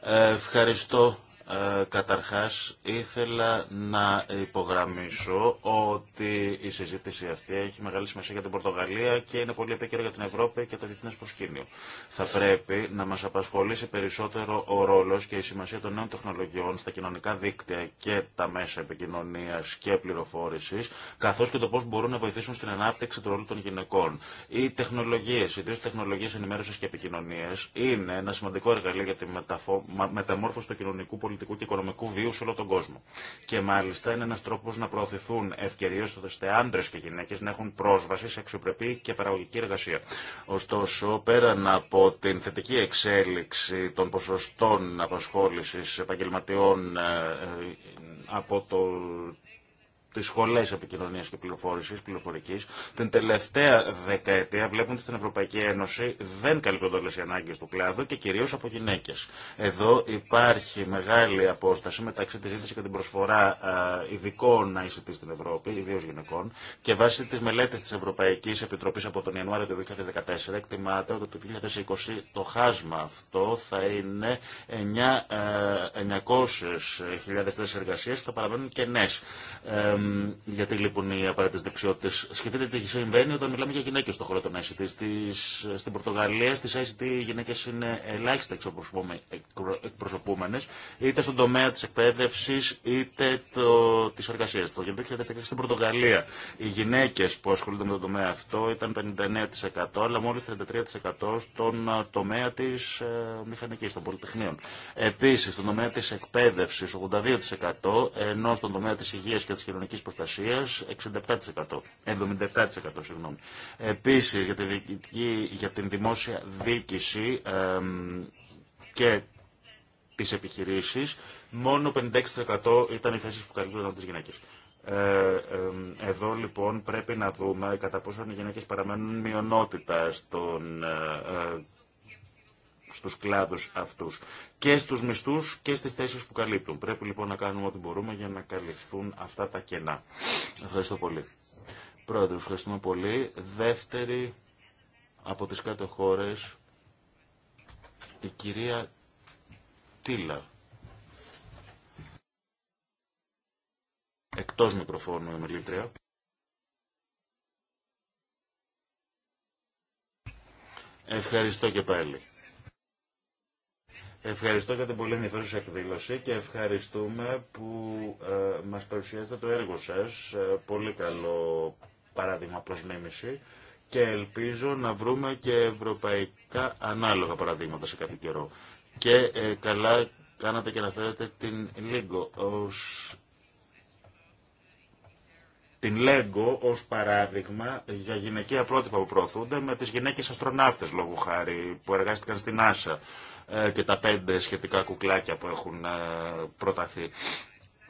Ε, ευχαριστώ ε, καταρχάς ήθελα να υπογραμμίσω ότι η συζήτηση αυτή έχει μεγάλη σημασία για την Πορτογαλία και είναι πολύ επίκαιρο για την Ευρώπη και το διεθνές προσκήνιο. Θα πρέπει να μας απασχολήσει περισσότερο ο ρόλος και η σημασία των νέων τεχνολογιών στα κοινωνικά δίκτυα και τα μέσα επικοινωνίας και πληροφόρησης, καθώς και το πώς μπορούν να βοηθήσουν στην ανάπτυξη του ρόλου των γυναικών. Οι τεχνολογίες, ιδίως οι τεχνολογίες ενημέρωσης και επικοινωνίας, είναι ένα σημαντικό εργαλείο για τη μεταμόρφωση του κοινωνικού πολιτισμού πολιτικού και οικονομικού βίου σε όλο τον κόσμο. Και μάλιστα είναι ένα τρόπο να προωθηθούν ευκαιρίε ώστε άντρε και γυναίκε να έχουν πρόσβαση σε αξιοπρεπή και παραγωγική εργασία. Ωστόσο, πέραν από την θετική εξέλιξη των ποσοστών απασχόληση επαγγελματιών ε, ε, από το τι σχολές επικοινωνίας και πληροφόρησης, πληροφορική. την τελευταία δεκαετία βλέπουν ότι στην Ευρωπαϊκή Ένωση δεν καλύπτονται όλες οι ανάγκες του κλάδου και κυρίως από γυναίκες. Εδώ υπάρχει μεγάλη απόσταση μεταξύ της ζήτηση και την προσφορά ειδικών ICT στην Ευρώπη, ιδίω γυναικών, και βάσει της μελέτης της Ευρωπαϊκής Επιτροπής από τον Ιανουάριο του 2014 εκτιμάται ότι το 2020 το χάσμα αυτό θα είναι 900.000 ε, θέσεις και θα παραμένουν κενές. Ε, γιατί λείπουν οι απαραίτητε δεξιότητε. Σκεφτείτε τι συμβαίνει όταν μιλάμε για γυναίκε στον χώρο των ICT. Στις, στην Πορτογαλία στι ICT οι γυναίκε είναι ελάχιστα εκπροσωπούμενε, είτε στον τομέα τη εκπαίδευση είτε τη εργασία. Το 2016 στην Πορτογαλία οι γυναίκε που ασχολούνται με τον τομέα αυτό ήταν 59%, αλλά μόλι 33% ε, ε, στον τομέα τη μηχανική, των πολυτεχνείων. Επίση, στον τομέα τη εκπαίδευση 82%, ενώ στον τομέα τη υγεία και τη κοινωνική κοινωνική προστασία 67%. 77% συγγνώμη. Επίση για, τη για την δημόσια διοίκηση και τι επιχειρήσει, μόνο 56% ήταν οι θέσει που καλύπτονταν από τι γυναίκε. Ε, εδώ λοιπόν πρέπει να δούμε κατά πόσο οι γυναίκες παραμένουν μειονότητα στον ε, ε, στους κλάδους αυτούς και στους μισθούς και στις θέσεις που καλύπτουν. Πρέπει λοιπόν να κάνουμε ό,τι μπορούμε για να καλυφθούν αυτά τα κενά. Ευχαριστώ πολύ. Πρόεδρε, ευχαριστούμε πολύ. Δεύτερη από τις κάτω χώρες, η κυρία Τίλα. Εκτός μικροφώνου η Ευχαριστώ και πάλι. Ευχαριστώ για την πολύ ενδιαφέρουσα εκδήλωση και ευχαριστούμε που ε, μας παρουσιάζετε το έργο σας. Ε, πολύ καλό παράδειγμα προς μίμηση και ελπίζω να βρούμε και ευρωπαϊκά ανάλογα παραδείγματα σε κάποιο καιρό. Και ε, καλά κάνατε και αναφέρατε την Λίγκο ως την Λέγκο ως παράδειγμα για γυναικεία πρότυπα που προωθούνται με τις γυναίκες αστροναύτες λόγου χάρη που εργάστηκαν στην Άσα. Ε, και τα πέντε σχετικά κουκλάκια που έχουν ε, προταθεί.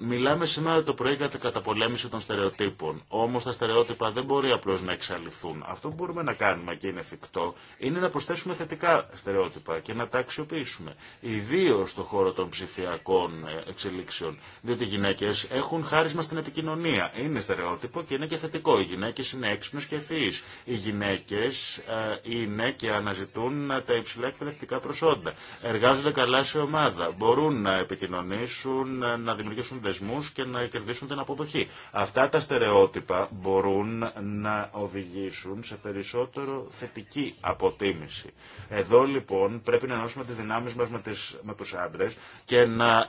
Μιλάμε σήμερα το πρωί για την καταπολέμηση των στερεοτύπων. Όμω τα στερεότυπα δεν μπορεί απλώ να εξαλειφθούν. Αυτό που μπορούμε να κάνουμε και είναι εφικτό είναι να προσθέσουμε θετικά στερεότυπα και να τα αξιοποιήσουμε. Ιδίω στον χώρο των ψηφιακών ε, εξελίξεων. Διότι οι γυναίκε έχουν χάρισμα στην επικοινωνία. Είναι στερεότυπο και είναι και θετικό. Οι γυναίκε είναι έξυπνε και ευθύ. Οι γυναίκε ε, είναι και αναζητούν τα υψηλά εκπαιδευτικά προσόντα. Εργάζονται καλά σε ομάδα. Μπορούν να επικοινωνήσουν, ε, να δημιουργήσουν και να κερδίσουν την αποδοχή. Αυτά τα στερεότυπα μπορούν να οδηγήσουν σε περισσότερο θετική αποτίμηση. Εδώ λοιπόν πρέπει να ενώσουμε τις δυνάμεις μας με, με τους άντρες και να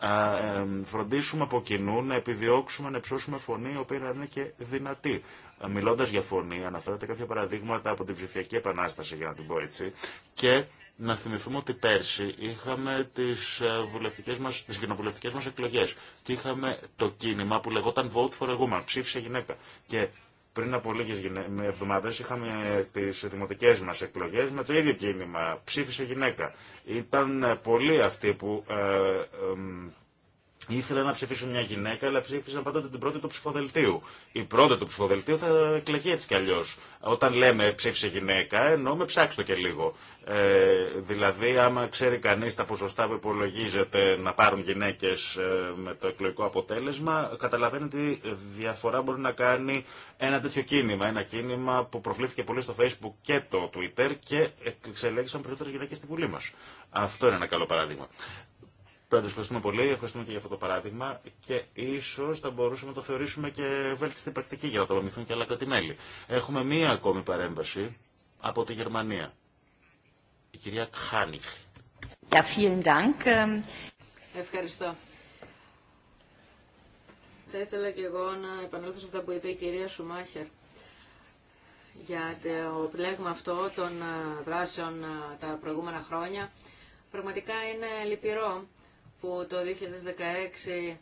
φροντίσουμε από κοινού να επιδιώξουμε να ψώσουμε φωνή η οποία είναι και δυνατή. Μιλώντας για φωνή, αναφέρατε κάποια παραδείγματα από την ψηφιακή επανάσταση για να την πω έτσι και να θυμηθούμε ότι πέρσι είχαμε τις, ε, βουλευτικές μας, τις κοινοβουλευτικές μας εκλογές και είχαμε το κίνημα που λεγόταν Vote for a Woman, ψήφισε γυναίκα. Και πριν από λίγες εβδομάδες είχαμε ε, τις δημοτικές μας εκλογές με το ίδιο κίνημα, ψήφισε γυναίκα. Ήταν ε, πολλοί αυτοί που ήθελαν να ψηφίσουν μια γυναίκα, αλλά ψήφισαν πάντοτε την πρώτη του ψηφοδελτίου. Η πρώτη του ψηφοδελτίου θα εκλεγεί έτσι κι αλλιώ. Όταν λέμε ψήφισε γυναίκα, εννοούμε ψάξτε και λίγο. Ε, δηλαδή, άμα ξέρει κανεί τα ποσοστά που υπολογίζεται να πάρουν γυναίκε ε, με το εκλογικό αποτέλεσμα, καταλαβαίνει τι διαφορά μπορεί να κάνει ένα τέτοιο κίνημα. Ένα κίνημα που προβλήθηκε πολύ στο Facebook και το Twitter και εξελέγησαν περισσότερε γυναίκε στη Βουλή μα. Αυτό είναι ένα καλό παράδειγμα ευχαριστούμε πολύ. Ευχαριστούμε και για αυτό το παράδειγμα. Και ίσω θα μπορούσαμε να το θεωρήσουμε και βέλτιστη πρακτική για να το λαμβάνουν και άλλα κρατημέλη. Έχουμε μία ακόμη παρέμβαση από τη Γερμανία. Η κυρία Κχάνιχ. Ähm, Ευχαριστώ. Θα ήθελα και εγώ να επανέλθω σε αυτά που είπε η κυρία Σουμάχερ για το πλέγμα αυτό των ε, δράσεων ε, τα προηγούμενα χρόνια. Πραγματικά είναι λυπηρό που το 2016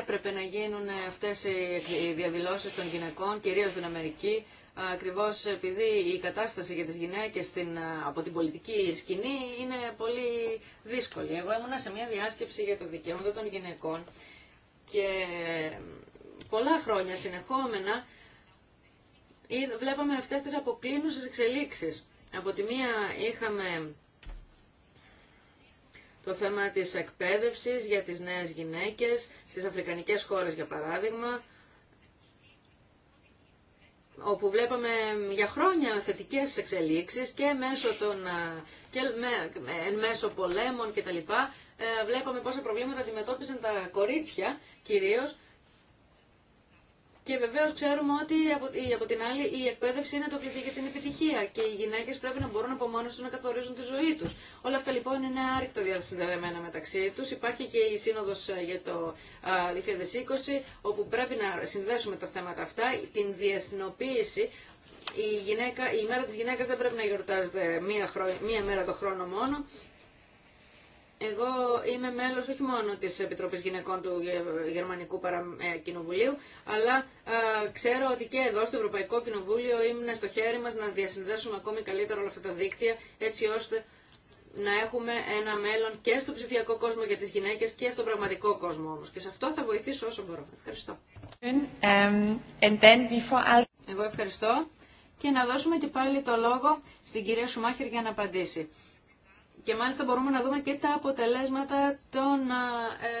έπρεπε να γίνουν αυτές οι διαδηλώσεις των γυναικών, κυρίως στην Αμερική, ακριβώς επειδή η κατάσταση για τις γυναίκες στην, από την πολιτική σκηνή είναι πολύ δύσκολη. Εγώ ήμουνα σε μια διάσκεψη για το δικαίωμα των γυναικών και πολλά χρόνια συνεχόμενα βλέπαμε αυτές τις αποκλίνουσες εξελίξεις. Από τη μία είχαμε το θέμα της εκπαίδευσης για τις νέες γυναίκες στις αφρικανικές χώρες για παράδειγμα όπου βλέπαμε για χρόνια θετικές εξελίξεις και μέσω των εν μέσω πολέμων κτλ. Ε, βλέπαμε πόσα προβλήματα αντιμετώπιζαν τα κορίτσια κυρίως και βεβαίω ξέρουμε ότι από την άλλη η εκπαίδευση είναι το κλειδί για την επιτυχία και οι γυναίκε πρέπει να μπορούν από μόνε του να καθορίζουν τη ζωή του. Όλα αυτά λοιπόν είναι άρρηκτα διασυνδεδεμένα μεταξύ του. Υπάρχει και η Σύνοδο ε, για το 2020, όπου πρέπει να συνδέσουμε τα θέματα αυτά, την διεθνοποίηση. Η, γυναίκα, η μέρα της γυναίκας δεν πρέπει να γιορτάζεται μία, μία μέρα το χρόνο μόνο. Εγώ είμαι μέλος όχι μόνο της Επιτροπής Γυναικών του Γερμανικού ε, Κοινοβουλίου, αλλά ξέρω ότι και εδώ στο Ευρωπαϊκό Κοινοβούλιο ήμουν στο χέρι μας να διασυνδέσουμε ακόμη καλύτερα όλα αυτά τα δίκτυα, έτσι ώστε να έχουμε ένα μέλλον και στο ψηφιακό κόσμο για τις γυναίκες και στον πραγματικό κόσμο όμως. Και σε αυτό θα βοηθήσω όσο μπορώ. Ευχαριστώ. Εγώ ευχαριστώ. Και να δώσουμε και πάλι το λόγο στην κυρία Σουμάχερ για να απαντήσει. Και μάλιστα μπορούμε να δούμε και τα αποτελέσματα των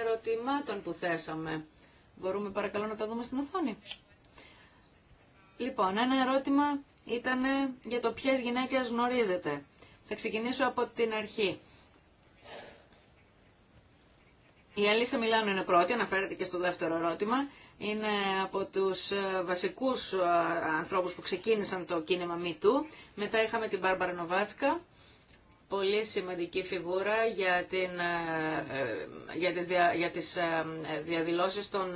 ερωτημάτων που θέσαμε. Μπορούμε παρακαλώ να τα δούμε στην οθόνη. Λοιπόν, ένα ερώτημα ήταν για το ποιες γυναίκες γνωρίζετε. Θα ξεκινήσω από την αρχή. Η Αλίσσα Μιλάνου είναι πρώτη, αναφέρεται και στο δεύτερο ερώτημα. Είναι από τους ε, βασικούς ανθρώπους που ξεκίνησαν το κίνημα Me Μετά είχαμε την Μπάρμπαρα Νοβάτσκα, πολύ σημαντική φιγούρα για, την, ε, ε, για τις, για τις ε, διαδηλώσεις των,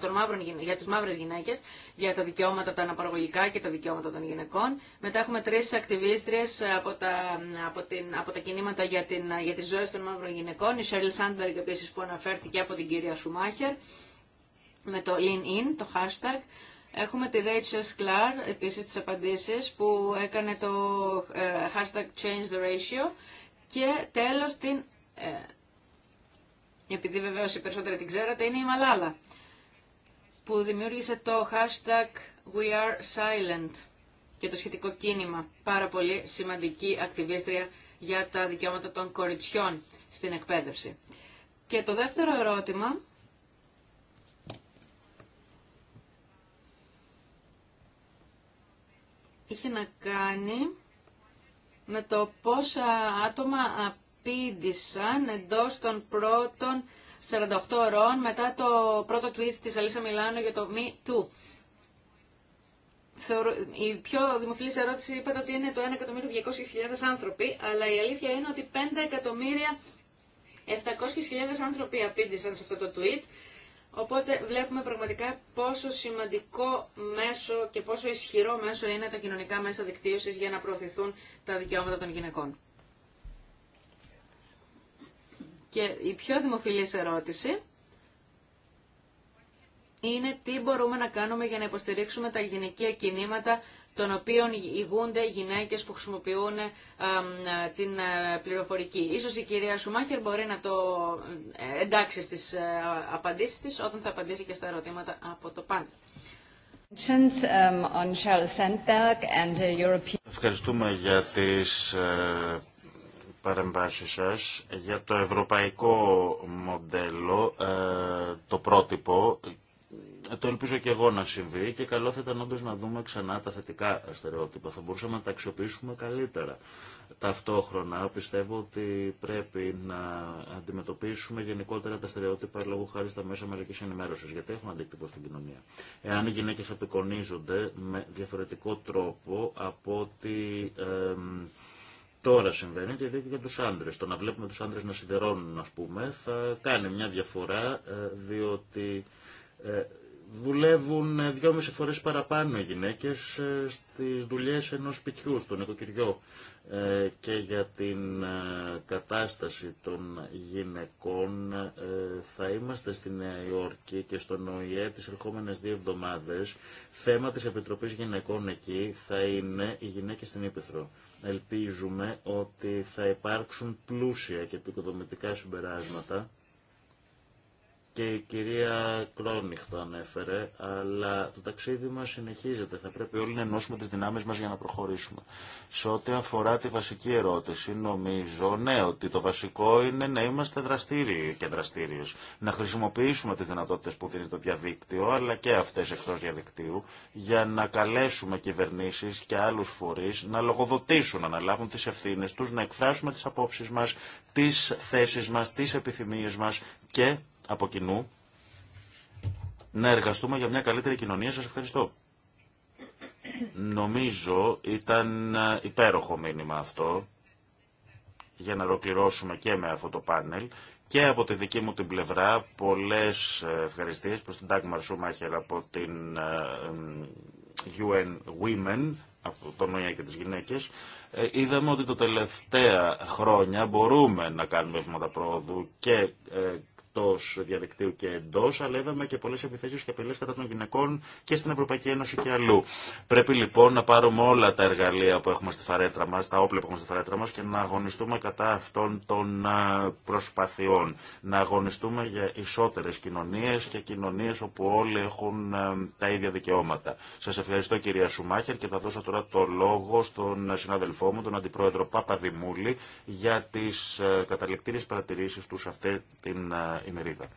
των μαύρων, για τις μαύρες γυναίκες, για τα δικαιώματα τα αναπαραγωγικά και τα δικαιώματα των γυναικών. Μετά έχουμε τρεις ακτιβίστριες από τα, από την, από τα κινήματα για, την, για τις ζωές των μαύρων γυναικών, η Σέρλ Σάντμπεργκ επίσης που αναφέρθηκε από την κυρία Σουμάχερ, με το Lean In, το hashtag, Έχουμε τη Rachel Sklar, επίσης τις απαντήσεις, που έκανε το ε, hashtag change the ratio και τέλος την, ε, επειδή βεβαίως οι περισσότεροι την ξέρατε, είναι η Μαλάλα, που δημιούργησε το hashtag we are silent και το σχετικό κίνημα. Πάρα πολύ σημαντική ακτιβίστρια για τα δικαιώματα των κοριτσιών στην εκπαίδευση. Και το δεύτερο ερώτημα είχε να κάνει με το πόσα άτομα απήντησαν εντός των πρώτων 48 ώρων μετά το πρώτο tweet της Αλίσσα Μιλάνο για το Me Too. Η πιο δημοφιλής ερώτηση είπατε ότι είναι το 1.200.000 άνθρωποι, αλλά η αλήθεια είναι ότι 5.700.000 άνθρωποι απήντησαν σε αυτό το tweet Οπότε βλέπουμε πραγματικά πόσο σημαντικό μέσο και πόσο ισχυρό μέσο είναι τα κοινωνικά μέσα δικτύωσης για να προωθηθούν τα δικαιώματα των γυναικών. Και η πιο δημοφιλής ερώτηση είναι τι μπορούμε να κάνουμε για να υποστηρίξουμε τα γυναικεία κινήματα των οποίων ηγούνται γυναίκες που χρησιμοποιούν την ε, πληροφορική. Ίσως η κυρία Σουμάχερ μπορεί να το ε, εντάξει στις ε, απαντήσεις της όταν θα απαντήσει και στα ερωτήματα από το πάνελ. Um, uh, Ευχαριστούμε για τις παρεμβάσεις σας για το ευρωπαϊκό μοντέλο, το πρότυπο το ελπίζω και εγώ να συμβεί και καλό θα ήταν όντω να δούμε ξανά τα θετικά στερεότυπα. Θα μπορούσαμε να τα αξιοποιήσουμε καλύτερα. Ταυτόχρονα πιστεύω ότι πρέπει να αντιμετωπίσουμε γενικότερα τα στερεότυπα λόγω χάρη στα μέσα μαζική ενημέρωση, γιατί έχουν αντίκτυπο στην κοινωνία. Εάν οι γυναίκε απεικονίζονται με διαφορετικό τρόπο από ότι. Ε, τώρα συμβαίνει και για τους άντρες. Το να βλέπουμε τους άντρες να σιδερώνουν, ας πούμε, θα κάνει μια διαφορά, ε, διότι ε, δουλεύουν ε, δυόμιση φορές παραπάνω οι γυναίκες ε, στις δουλειές ενός σπιτιού, στον οικοκυριό και για την κατάσταση των γυναικών θα είμαστε στη Νέα Υόρκη και στον ΟΗΕ τις ερχόμενες δύο εβδομάδες θέμα της Επιτροπής Γυναικών εκεί θα είναι οι γυναίκες στην Ήπεθρο. Ελπίζουμε ότι θα υπάρξουν πλούσια και επικοδομητικά συμπεράσματα και η κυρία Κρόνιχ το ανέφερε, αλλά το ταξίδι μας συνεχίζεται. Θα πρέπει όλοι να ενώσουμε τις δυνάμεις μας για να προχωρήσουμε. Σε ό,τι αφορά τη βασική ερώτηση, νομίζω, ναι, ότι το βασικό είναι να είμαστε δραστήριοι και δραστήριες. Να χρησιμοποιήσουμε τις δυνατότητες που δίνει το διαδίκτυο, αλλά και αυτές εκτός διαδικτύου, για να καλέσουμε κυβερνήσεις και άλλους φορείς να λογοδοτήσουν, να αναλάβουν τις ευθύνες τους, να εκφράσουμε τις απόψεις μας, τις θέσεις μας, τις επιθυμίες μας και από κοινού να εργαστούμε για μια καλύτερη κοινωνία. Σας ευχαριστώ. Νομίζω ήταν ε, υπέροχο μήνυμα αυτό για να ολοκληρώσουμε και με αυτό το πάνελ και από τη δική μου την πλευρά πολλές ε, ευχαριστίες προς την Dagmar Schumacher από την UN ε, Women από το Νοιά και τις γυναίκες, είδαμε ότι τα τελευταία χρόνια μπορούμε να κάνουμε βήματα πρόοδου και εκτό διαδικτύου και εντό, αλλά είδαμε και πολλέ επιθέσει και απειλέ κατά των γυναικών και στην Ευρωπαϊκή Ένωση και αλλού. Πρέπει λοιπόν να πάρουμε όλα τα εργαλεία που έχουμε στη φαρέτρα μα, τα όπλα που έχουμε στη φαρέτρα μα, και να αγωνιστούμε κατά αυτών των προσπαθειών. Να αγωνιστούμε για ισότερε κοινωνίε και κοινωνίε όπου όλοι έχουν τα ίδια δικαιώματα. Σα ευχαριστώ κυρία Σουμάχερ και θα δώσω τώρα το λόγο στον συνάδελφό μου, τον Αντιπρόεδρο Παπαδημούλη, για τι καταληκτήριε παρατηρήσει του σε αυτή την ημερίδα.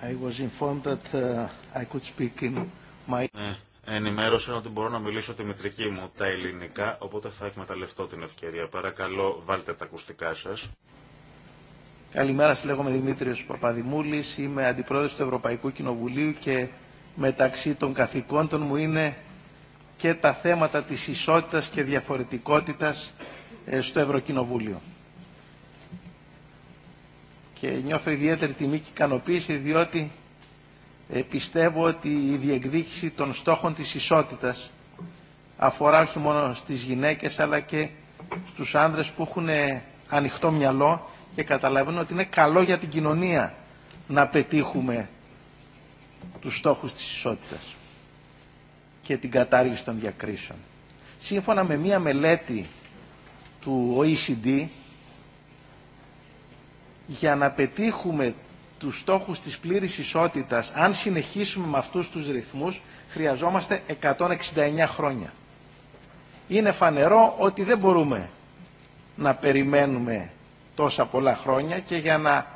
I ότι μπορώ να μιλήσω τη μητρική μου, τα ελληνικά, οπότε θα εκμεταλλευτώ την ευκαιρία. Παρακαλώ, βάλτε τα ακουστικά σας. Καλημέρα, σας λέγομαι Δημήτριος Παπαδημούλης, είμαι αντιπρόεδρος του Ευρωπαϊκού Κοινοβουλίου και μεταξύ των καθηκόντων μου είναι και τα θέματα της ισότητας και διαφορετικότητα ε, στο Ευρωκοινοβούλιο και νιώθω ιδιαίτερη τιμή και ικανοποίηση διότι ε, πιστεύω ότι η διεκδίκηση των στόχων της ισότητας αφορά όχι μόνο στις γυναίκες αλλά και στους άνδρες που έχουν ε, ανοιχτό μυαλό και καταλαβαίνουν ότι είναι καλό για την κοινωνία να πετύχουμε τους στόχους της ισότητας και την κατάργηση των διακρίσεων. Σύμφωνα με μία μελέτη του OECD για να πετύχουμε τους στόχους της πλήρης ισότητας, αν συνεχίσουμε με αυτούς τους ρυθμούς, χρειαζόμαστε 169 χρόνια. Είναι φανερό ότι δεν μπορούμε να περιμένουμε τόσα πολλά χρόνια και για να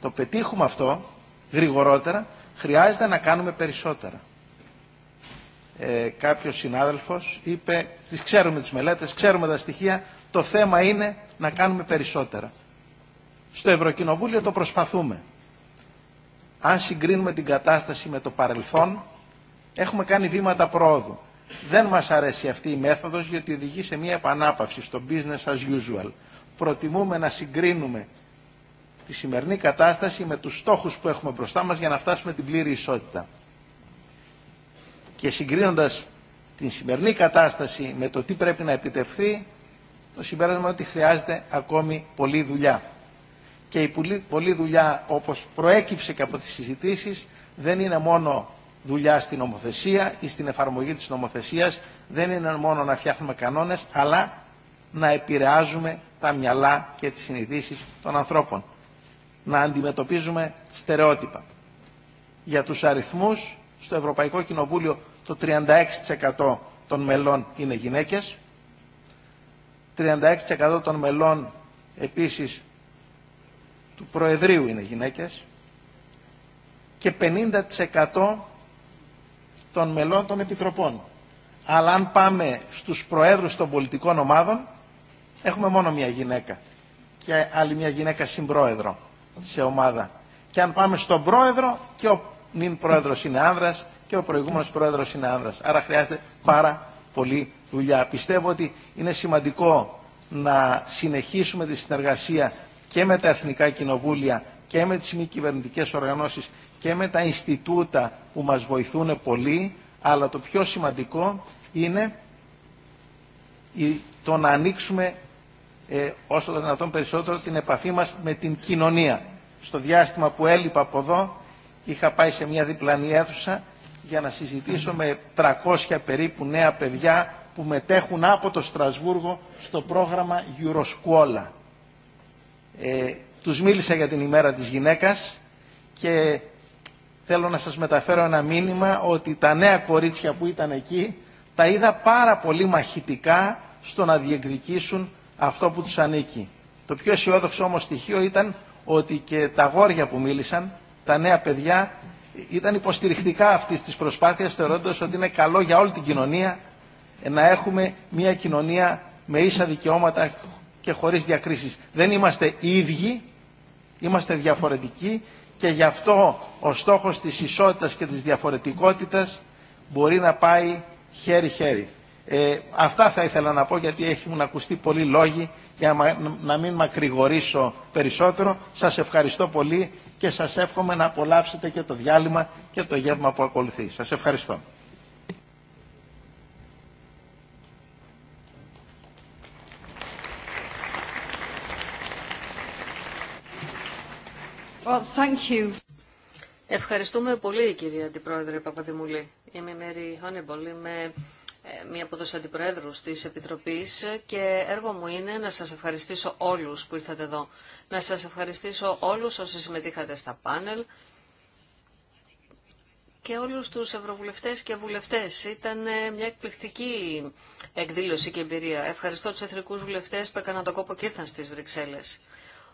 το πετύχουμε αυτό γρηγορότερα χρειάζεται να κάνουμε περισσότερα. Ε, κάποιος συνάδελφος είπε, ξέρουμε τις μελέτες, ξέρουμε τα στοιχεία, το θέμα είναι να κάνουμε περισσότερα. Στο Ευρωκοινοβούλιο το προσπαθούμε. Αν συγκρίνουμε την κατάσταση με το παρελθόν, έχουμε κάνει βήματα πρόοδου. Δεν μας αρέσει αυτή η μέθοδος γιατί οδηγεί σε μια επανάπαυση στο business as usual. Προτιμούμε να συγκρίνουμε τη σημερινή κατάσταση με τους στόχους που έχουμε μπροστά μας για να φτάσουμε την πλήρη ισότητα. Και συγκρίνοντας την σημερινή κατάσταση με το τι πρέπει να επιτευχθεί, το συμπέρασμα ότι χρειάζεται ακόμη πολλή δουλειά. Και η πολλή δουλειά, όπως προέκυψε και από τις συζητήσεις, δεν είναι μόνο δουλειά στην νομοθεσία ή στην εφαρμογή της νομοθεσίας, δεν είναι μόνο να φτιάχνουμε κανόνες, αλλά να επηρεάζουμε τα μυαλά και τις συνειδήσεις των ανθρώπων. Να αντιμετωπίζουμε στερεότυπα. Για τους αριθμούς, στο Ευρωπαϊκό Κοινοβούλιο το 36% των μελών είναι γυναίκες, 36% των μελών επίσης του Προεδρείου είναι γυναίκες και 50% των μελών των Επιτροπών. Αλλά αν πάμε στους Προέδρους των πολιτικών ομάδων έχουμε μόνο μια γυναίκα και άλλη μια γυναίκα συμπρόεδρο σε ομάδα. Και αν πάμε στον Πρόεδρο και ο νυν Πρόεδρος είναι άνδρας και ο προηγούμενος Πρόεδρος είναι άνδρας. Άρα χρειάζεται πάρα πολύ δουλειά. Πιστεύω ότι είναι σημαντικό να συνεχίσουμε τη συνεργασία και με τα εθνικά κοινοβούλια και με τις μη κυβερνητικέ οργανώσεις και με τα Ινστιτούτα που μας βοηθούν πολύ, αλλά το πιο σημαντικό είναι το να ανοίξουμε ε, όσο το δυνατόν περισσότερο την επαφή μας με την κοινωνία. Στο διάστημα που έλειπα από εδώ, είχα πάει σε μια διπλανή αίθουσα για να συζητήσω με 300 περίπου νέα παιδιά που μετέχουν από το Στρασβούργο στο πρόγραμμα Euroscuola. Ε, τους μίλησα για την ημέρα της γυναίκας και θέλω να σας μεταφέρω ένα μήνυμα ότι τα νέα κορίτσια που ήταν εκεί τα είδα πάρα πολύ μαχητικά στο να διεκδικήσουν αυτό που τους ανήκει. Το πιο αισιόδοξο όμως στοιχείο ήταν ότι και τα γόρια που μίλησαν, τα νέα παιδιά, ήταν υποστηρικτικά αυτής της προσπάθειας θεωρώντας ότι είναι καλό για όλη την κοινωνία ε, να έχουμε μια κοινωνία με ίσα δικαιώματα και χωρίς διακρίσεις. Δεν είμαστε ίδιοι, είμαστε διαφορετικοί και γι' αυτό ο στόχος της ισότητας και της διαφορετικότητας μπορεί να πάει χέρι-χέρι. Ε, αυτά θα ήθελα να πω γιατί έχουν ακουστεί πολλοί λόγοι για να μην μακρηγορήσω περισσότερο. Σας ευχαριστώ πολύ και σας εύχομαι να απολαύσετε και το διάλειμμα και το γεύμα που ακολουθεί. Σας ευχαριστώ. Ευχαριστούμε πολύ κυρία Αντιπρόεδρε Παπαδημουλή. Είμαι η Μέρη Χόνιμπολ, είμαι ε, μία από τους αντιπροέδρους της Επιτροπής και έργο μου είναι να σας ευχαριστήσω όλους που ήρθατε εδώ. Να σας ευχαριστήσω όλους όσοι συμμετείχατε στα πάνελ και όλους τους ευρωβουλευτές και βουλευτές. Ήταν ε, μια εκπληκτική εκδήλωση και εμπειρία. Ευχαριστώ τους εθνικούς βουλευτές που έκαναν το κόπο και ήρθαν στις Βρυξέλλες.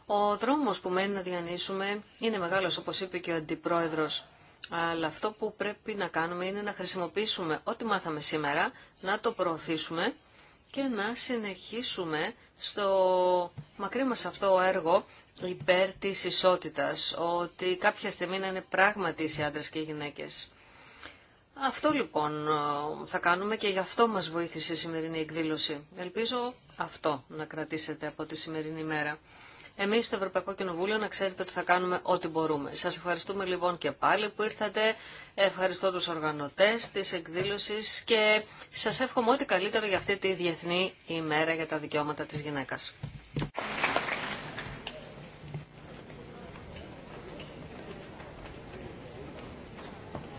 Ο δρόμος που μένει να διανύσουμε είναι μεγάλος, όπως είπε και ο Αντιπρόεδρος. Αλλά αυτό που πρέπει να κάνουμε είναι να χρησιμοποιήσουμε ό,τι μάθαμε σήμερα, να το προωθήσουμε και να συνεχίσουμε στο μακρύ μας αυτό έργο υπέρ της ισότητας, ότι κάποια στιγμή να είναι πράγματι οι άντρες και οι γυναίκες. Αυτό λοιπόν θα κάνουμε και γι' αυτό μας βοήθησε η σημερινή εκδήλωση. Ελπίζω αυτό να κρατήσετε από τη σημερινή μέρα. Εμείς στο Ευρωπαϊκό Κοινοβούλιο να ξέρετε ότι θα κάνουμε ό,τι μπορούμε. Σας ευχαριστούμε λοιπόν και πάλι που ήρθατε. Ευχαριστώ τους οργανωτές της εκδήλωση και σας εύχομαι ό,τι καλύτερο για αυτή τη Διεθνή ημέρα για τα δικαιώματα της γυναίκας.